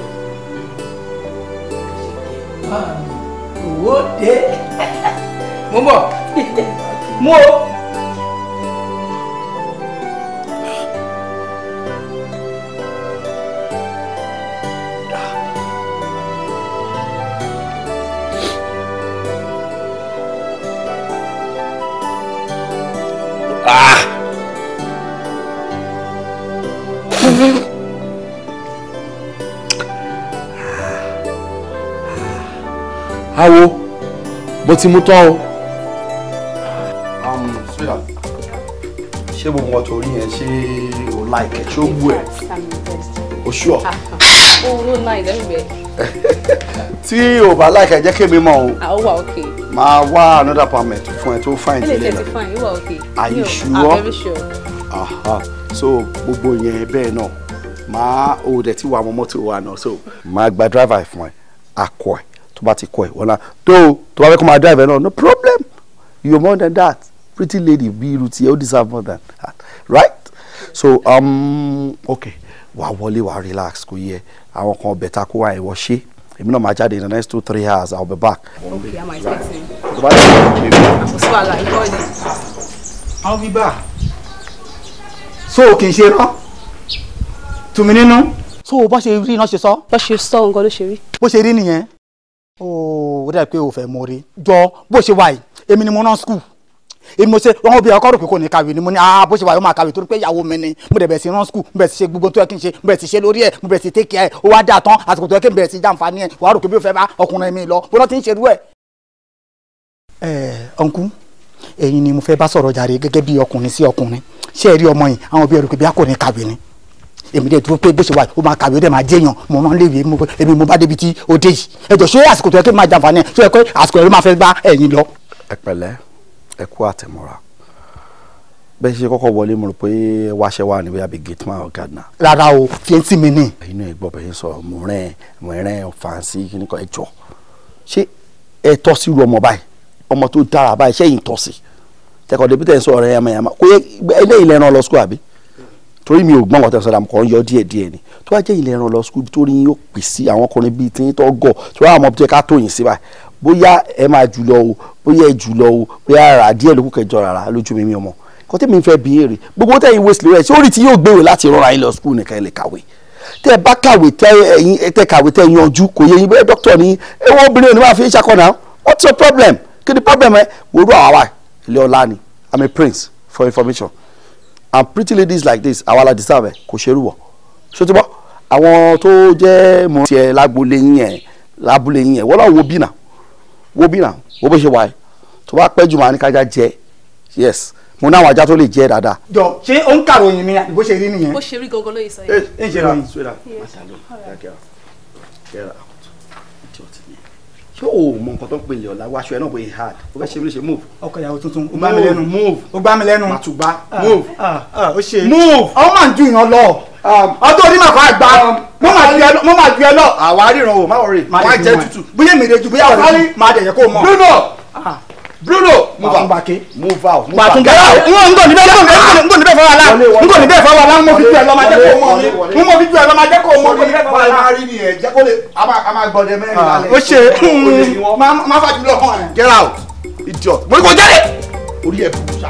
owó dé mo bọ mo. awo mo ti mú tán o. Um, sóyà ṣé gbogbo ọtọ orí yẹn ṣé o láìkẹ ṣé o wù ẹ o ṣú ọ. oorun ló náà ìdẹ́rù bẹ́ẹ̀. tí o bá láìkẹ jẹ́ kémi mọ̀ o. àwọn ah, wà òkè. máa wá another apartment fún ẹ tó fine délé lọ. ẹ lè tẹ̀sí fine ìwà òkè. àyè ṣú i'm very sure. Aha. so gbogbo yẹn bẹ́ẹ̀ náà máa o dẹ̀ ti wà mọ́mọ́ tó wà náà so máa gba driver fún ẹ akọ ẹ tó bá ti kọ ẹ̀ wọ́n la tó tó bá fẹ́ kó máa drive ẹ̀ náà no problem you more than that pretty lady bí irú tiẹ̀ ó deserve more than that right so um, okay wàá wọlé wàá relax kò yẹ àwọn kan ọbẹ̀ ta kó wá ẹ̀wọ̀ ṣe èmi náà máa jáde in the next two three hours i will be back. okay i'm expecting. tó bá ti kọ́ mi. àlà ìkọ́ ni. i'll be back. so kì í ṣe rán tùmí nínú. so bó ṣe rí iná ṣe sọ. bó ṣe sọ nǹkan ló ṣe rí. bó ṣe rí nìyẹn ó dà pé o fẹ́ mọ rí jọ bó ṣe wà yìí èmi ni mo rán skul èmi mo ṣe wọn bí ọkọ rò pé kò ní kàwé ni mo ní ah, bó ṣe wà yìí ó máa kàwé torí pé ìyàwó mi ni mo dẹ̀ bẹ̀rẹ̀ sí rán skul mo bẹ̀rẹ̀ sí ṣe gbogbo tó yẹ kí n ṣe mo bẹ̀rẹ̀ sí ṣe lórí ẹ̀ mo bẹ̀rẹ̀ sí take ẹ̀ ó wá dà tán àsìkò tó yẹ kí n bẹ̀rẹ̀ sí jàǹfààní ẹ̀ wàá rò pé bí o fẹ́ bá ọkùnrin mi lọ bó lọ́ ti ń ṣerú ẹ̀. ẹ èmi dẹ̀ dúró pé bó ṣe wà ó máa kàwé dẹ̀ máa jẹ́yàn mo máa ń léwèé mo èmi mo bá débi tí ó dé yìí ẹ jọ ṣé àsìkò tó yẹ kí n máa jàǹfààní ẹ ṣé ẹ kọ́ àsìkò ẹ̀rọ máa fẹ́ gbá ẹ̀yìn lọ. ẹ pẹ̀lẹ́ ẹ kú àtẹ̀mọ́ra bẹ́ẹ̀ ṣe kọ́kọ́ wọlé mo rò pé wáṣẹ wà níbi àbí gateman or gardener. rárá o fiẹ́ntì mi ni. inú ẹ gbọ́ bẹ́ẹ̀ sọ mo rẹ́n mo rẹ́n fàǹsì kí ni kan ẹ jọ ṣé ẹ tọ́ sí irú ọmọ báyìí ọmọ tó dára báyìí ṣẹ́yìn tọ́ sí tẹkọ̀dé bí tẹ̀ ń sọ ọ̀rẹ́ yamayama kò yẹ eléyìí lẹ́ran lọ sukú àbí torí mi ò gbọ́n wọn tẹ̀sán àmọ́ kọ́ ń yọ díẹ̀ díẹ̀ ni tó bá jẹ́ ilẹ̀ ẹran lọ skul torí yín ó pè sí àwọn ọkùnrin bíi tí ń tọ́ gọ̀ tó bá mọ̀ bí ká tó yìn sí báyìí bóyá ẹ máa jù lọ o bóyá ẹ jù lọ o bóyá ara díẹ̀ ló kù kẹjọ rárá lójú mi mi ọmọ kọ́ tẹ́mi fẹ́ béèrè gbogbo tẹ̀yìn waste lórí ẹ̀ ṣé orí tí yóò gbèrò láti rọra yín lọ skul nìkan ẹ lè kàwé tẹ́ ẹ bá kàwé tẹ́ ẹ̀yin tẹ́ kàwé tẹ́ yanjú kò yẹ yín bẹ́ẹ̀ dókítà ni ẹ̀wọ̀n obìnrin òní máa fi ń ṣakọ̀nà what's your problem kí ni problem ẹ wòlú àwa ilé ọlá ni i'm a prince for information and pretty ladies like this àwa la deserve ẹ kò ṣerú wọ sotibọ àwọn tó jẹ́ mọ tiẹ̀ lágbolé yín ẹ̀ lábúlé yín ẹ̀ wọ́n náà wo bí nà wo bí wo bó ṣe wà tó bá pẹ́ jù máa ní jẹ yes mo náwọn ajá tó lè jẹ dáadáa. jọ ṣé ó ń kàròyìn mi àbí bó ṣe rí nìyẹn. bó ṣe rí gọgọ ló sọ yẹn. ẹ ẹ ń ṣe ra ṣe ra ṣé o mọ nǹkan tó ń pèlè ọ̀la wáṣọ ẹ náà bóyá hard o fẹ́ ṣe mi ṣe move. ọkọ ìyàwó tuntun o gbá mi lẹ́nu move o gbá mi lẹ́nu màtúgbà ah, move o ah, ah, ṣe move àwọn máa ń ju ìyàn lọ um, ọdún orí màkà àgbà um, mo máa ju ẹ lọ àwa ríran o má wọrí má jẹ tútù bóyá mi lè ju bóyá wọlé má dẹ̀ yẹ kó mọ. Bruno Bruno Màtúbàké. Move out. Màtúbà n kò ní bẹ́ẹ̀ n kò ní bẹ́ẹ̀ fọwọ́ alá n kò ní bẹ́ẹ̀ fọwọ́ alá n mọ fíjú ẹ lọ́mọ jẹ́ kó mọ mi n mọ fíjú ẹ lọ́mọ jẹ́ kó mọ mi n kò ní bẹ́ẹ̀ rí ni ẹ jẹ́ kó lè a máa gbọ́dẹ mẹ́rin lálẹ́. Ó ṣe máa fàájú lọ́kàn ẹ̀. Get out idiot. Mo ní kò jáde. Orí ẹ̀ kù sá.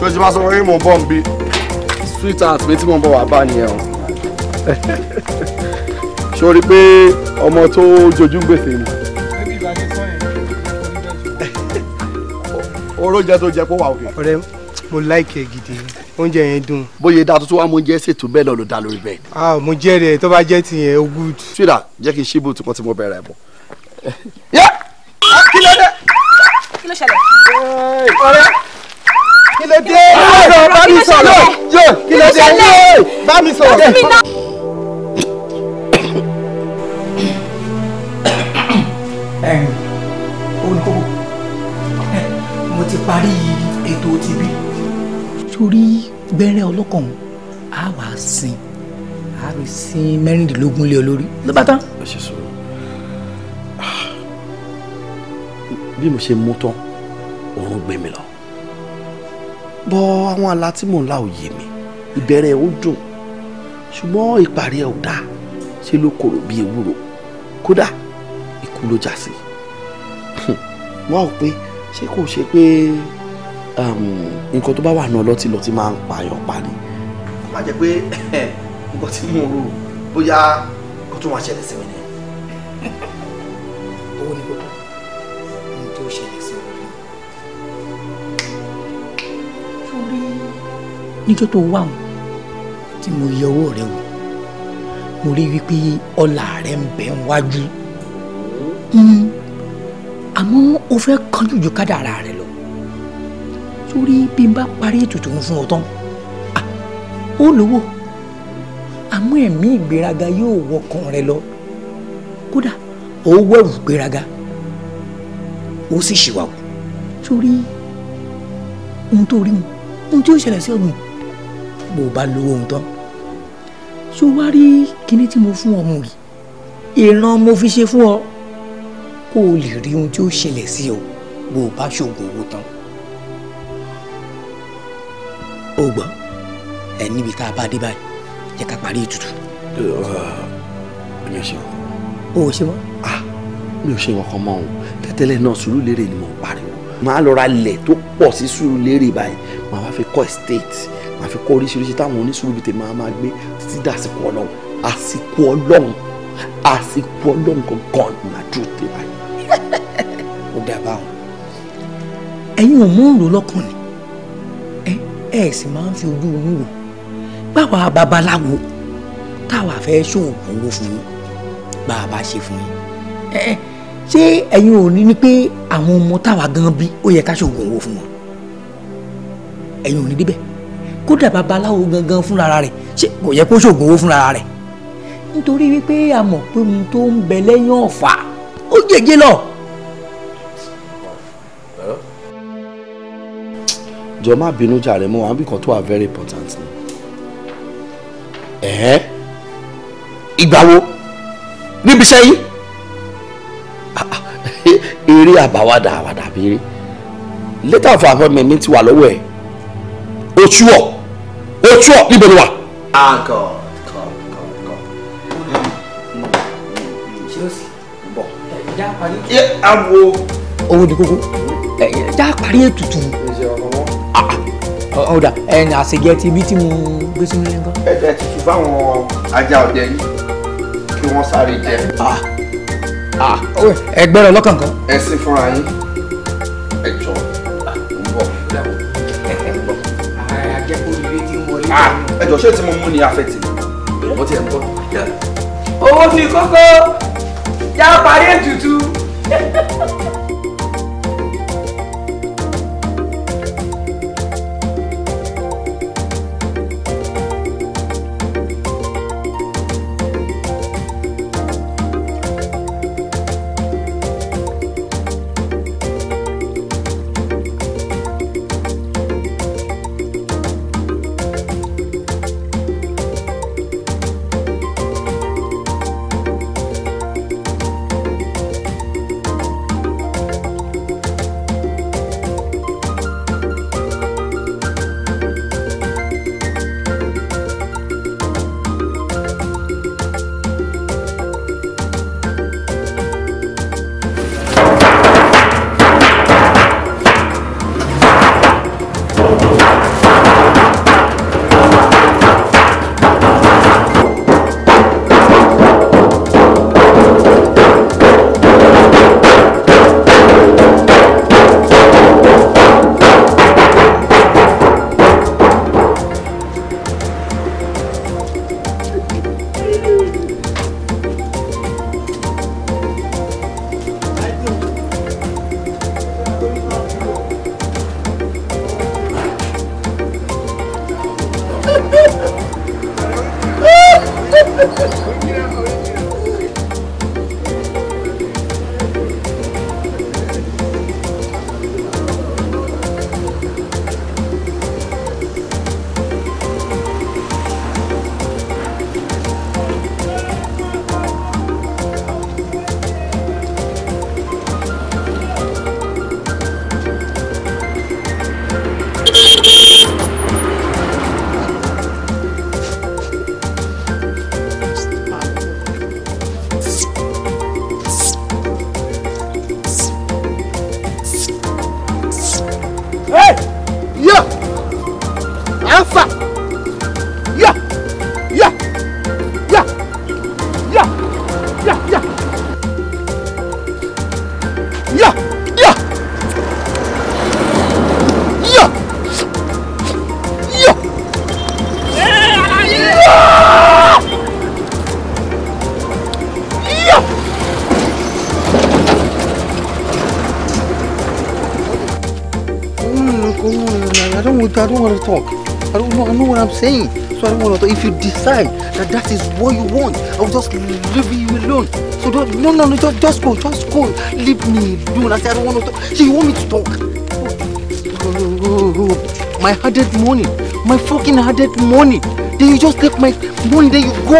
Ṣé o ti máa sọ wọlé mò ń bọ̀ ń bí? Sweet heart mi tí mo ń bọ̀ wá bá nìyẹn o. Ṣé o rí pé ọmọ tó jojú gbèsè ni? oróúnjẹ tó jẹ kó wà òkè. ọ̀rẹ́ mo láìkẹ́ gidi oúnjẹ yẹn dùn. bóyá dáa tuntun wa mo jẹ́ ṣètò bẹ́ẹ̀ náà ló dá lórí bẹ́ẹ̀. a mo jẹ́ rẹ̀ tó bá jẹ́ tiyẹn o good. sweetheart jẹ́ kí n ṣí bùtù kan tí mo bẹ̀rẹ̀ bọ̀. kí ló dé. kí ló ṣẹlẹ̀. ọ̀rẹ́ kí ló dé. bá mi sọ̀rọ̀ kí ló dé. bá mi sọ̀rọ̀. ẹ̀rìn parí ètò tìbí. torí gbẹ́rẹ́ ọlọ́kàn á wàá sin á fi sin mẹ́rìndínlógún lé olórí ló bá tán. ẹ ṣe sọ̀rọ̀ bí mo ṣe mú tán oorun gbé mi lọ bọ àwọn àlá tí mò ń lá òye mi ìbẹ̀rẹ̀ ó dùn ṣùgbọ́n ìparí ẹ̀ ò dáa ṣe ló korò bí ewúro kódà ikú ló já sí wọn ò pé ṣé kò ṣe pé um, nǹkan tó bá wà náà lọ́tí lọ́tí máa ń pààyàn pa ni. a máa jẹ pé nǹkan tí mo rò bóyá kó tún máa ṣẹlẹ̀ sí mi ni. owó ni kókó ohun tó ṣẹlẹ̀ sí mi. torí níjọ́ tó wà wọ́n tí mo yẹ owó rẹ̀ wò mo rí wípé ọlá rẹ̀ ń bẹ wájú àmọ́ o fẹ́ kanjú ju kádàrá rẹ lọ sórí bí n bá parí ètùtù fún ọ tán ó lówó àmọ́ ẹ̀mí ìgbéraga yóò wọkàn rẹ lọ kódà ó wẹ̀rù gbéraga ó sì ṣìwàwù sórí ohun tó rí mu ohun tí ó ṣẹlẹ̀ sí ọ̀gbìn bó o bá lówó ohun tán ṣó wá rí kinní tí mo fún ọmọ yìí ìran mo fi ṣe fún ọ kó o lè rí ohun tí ó ṣẹlẹ̀ sí ọ bó o bá ṣoògùn owó tán. o gbọ́ ẹ níbi tá a bá dé báyìí jẹ́ ká parí ètùtù. mi ò ṣe wọ́n. o ò ṣe wọ́n. mi ò ṣe wọ́n kan mọ́ o tẹ́tẹ́lẹ̀ náà Sùúrùlérè ni mo pariwo màá lọ ra ilẹ̀ tó pọ̀ sí Sùúrùlérè báyìí màá wá fi kọ́ estate màá fi kọ́ oríṣiríṣi táwọn onísùúrù bìtẹ̀ máa máa gbé títí dàsìkò ọlọ́run àsìkò ọlọ́run àsìkò ọlọ́run gangan ni màá dúró báyìí dà báwọn ẹ̀yin ò mú un rò lọ́kàn ni ẹ ẹ sì máa ń fi ojú inú wò báwa babaláwo táwa fẹ́ ṣoògùn owó fún yín bá a bá ṣe fún yín ẹ ṣé ẹ̀yin ò ní ni pé àwọn ọmọ táwa gan bí ó yẹ ká ṣoògùn owó fún wọn ẹ̀yin ò ní débẹ̀ kódà babaláwo gangan fúnra rẹ̀ ṣé kò yẹ kó ṣoògùn owó fúnra rẹ̀ nítorí wípé a mọ̀ pé ohun tó ń bẹ lẹ́yìn ọ̀fà ó jẹ́jẹ́ lọ. jọ má bínú jàre mo wà níbi kan tó wà very important ni. ẹ̀hẹ́ ìgbà wo níbi iṣẹ́ yìí eré àbáwádà àwàdà abéré later of appointment mi ti wà lọ́wọ́ ẹ̀ ojú ọ̀ ojú ọ̀ níbo ni wà. àgọ̀ kọ̀ kọ̀ kọ̀ ṣé o sì bọ̀ ẹ̀ já parí. ẹ awo. owó di kókó ẹ já parí ètùtù ọ̀dà ẹ̀yìn àṣejẹ ti ibi tí mo gbé sínú ilé nǹkan. ẹ̀jẹ̀ ti fi fáwọn ajá ọ̀dẹ yìí kí wọ́n sáré jẹ. ẹgbẹ́ rẹ lọ́kànkan. ẹ sí fúnra yín ẹ jọ ń bọ̀ ìyàwó ń bọ̀. àjẹkù ilé tí mo rí. ẹ jọ ṣé tí mo mú ni àfẹ́tì mo ti ẹ̀ ń bọ̀ ìyá. owó fi kókó já parí ètùtù. I don't want to talk. I don't know, I know what I'm saying. So I don't want to talk. If you decide that that is what you want, I will just leave you alone. So don't, no, no, no, just, just go, just go. Leave me alone. I said, I don't want to talk. See, you want me to talk? Oh, oh, oh. My hardest money. My fucking hardest money. Then you just take my money, then you go.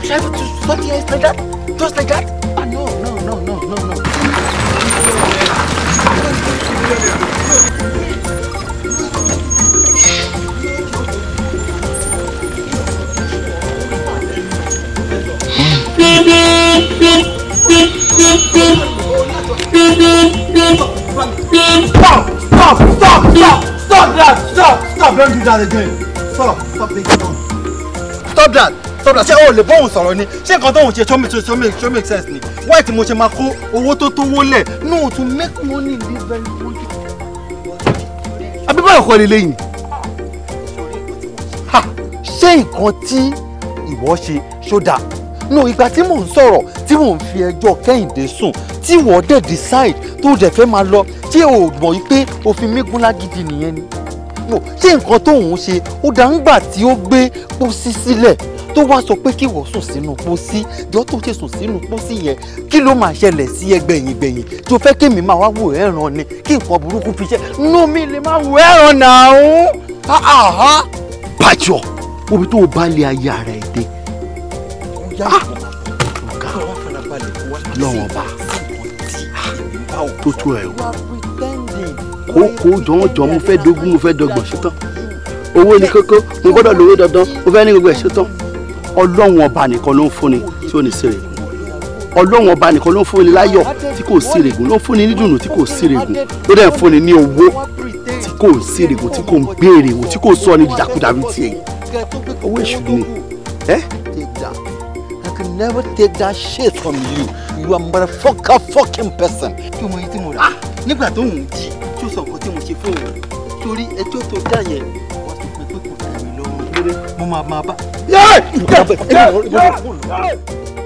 Just, just like that. Just like that. don't do that again. Stop, stop Stop that. Stop that. Say oh, lè bọ́hùn sọ̀rọ̀ ni? Say nǹkan tóun ṣe chome chome ṣó make sense ni? Why ti mo ṣe máa kó to tó tówó lẹ̀? No, to make money is very important. Abíbáyọ̀ kọ́ lélẹ́yìn. Ṣé nǹkan tí ìwọ ṣe ṣó dáa? no ìgbà tí mò ti mo tí mò ń fi ẹjọ́ kẹ́hìndé sùn tí wọ́n dẹ̀ decide tó dẹ̀ fẹ́ máa lọ tí o mọ̀ pé òfin mígúnlá gidi nìyẹn ni tí nǹkan tóun ṣe ó dá ń gbà tí ó gbé pósí sílẹ̀ tó wá sọ pé kí wọ́n sùn sínú pósí jọ tó ṣe sùn sínú pósí yẹn kí ló máa ṣẹlẹ̀ sí ẹ gbẹ̀yìn gbẹ̀yìn tó fẹ́ kí mi máa wá wò ẹ̀ràn ni kí nǹkan burúkú fi ṣe nú mi lè máa wò ẹ̀ràn náà. bàjọ́ omi tó o bá lé ayé ara ẹ̀ dé. Ah. lọ́wọ́ bá tó tó ẹ̀ o ó kó jọ̀wọ́jọ̀ mo fẹ́ dógún mo fẹ́ dọ́gbọ̀n ṣetán owó ni kókó mo gbọ́dọ̀ lówó dandan mo fẹ́ ní gbogbo ẹ̀ ṣetán ọlọ́run ọba nìkan ló ń fúnni tí ó ní sèrè ọlọ́run ọba nìkan ló ń fúnni láyọ̀ tí kò sí règùn ló ń fúnni nídùnnú tí kò sí règùn ló dẹ̀ ń fúnni ní owó tí kò sí règùn tí kò ń béèrè wò tí kò sọ ní dìdàkudà bíi tiẹ̀ owó èṣù ni ẹ́. I can never take that shit from you. You are a motherfucker fucking person. Kí tún sọ nǹkan tí mo ṣe fún òun torí ẹjọ́ tó dá yẹn wọ́n ti pẹ́ pé kò tẹ̀lé lọ́wọ́ mo máa máa bá. yẹ́ẹ̀ yẹ́ẹ̀ yẹ́ẹ̀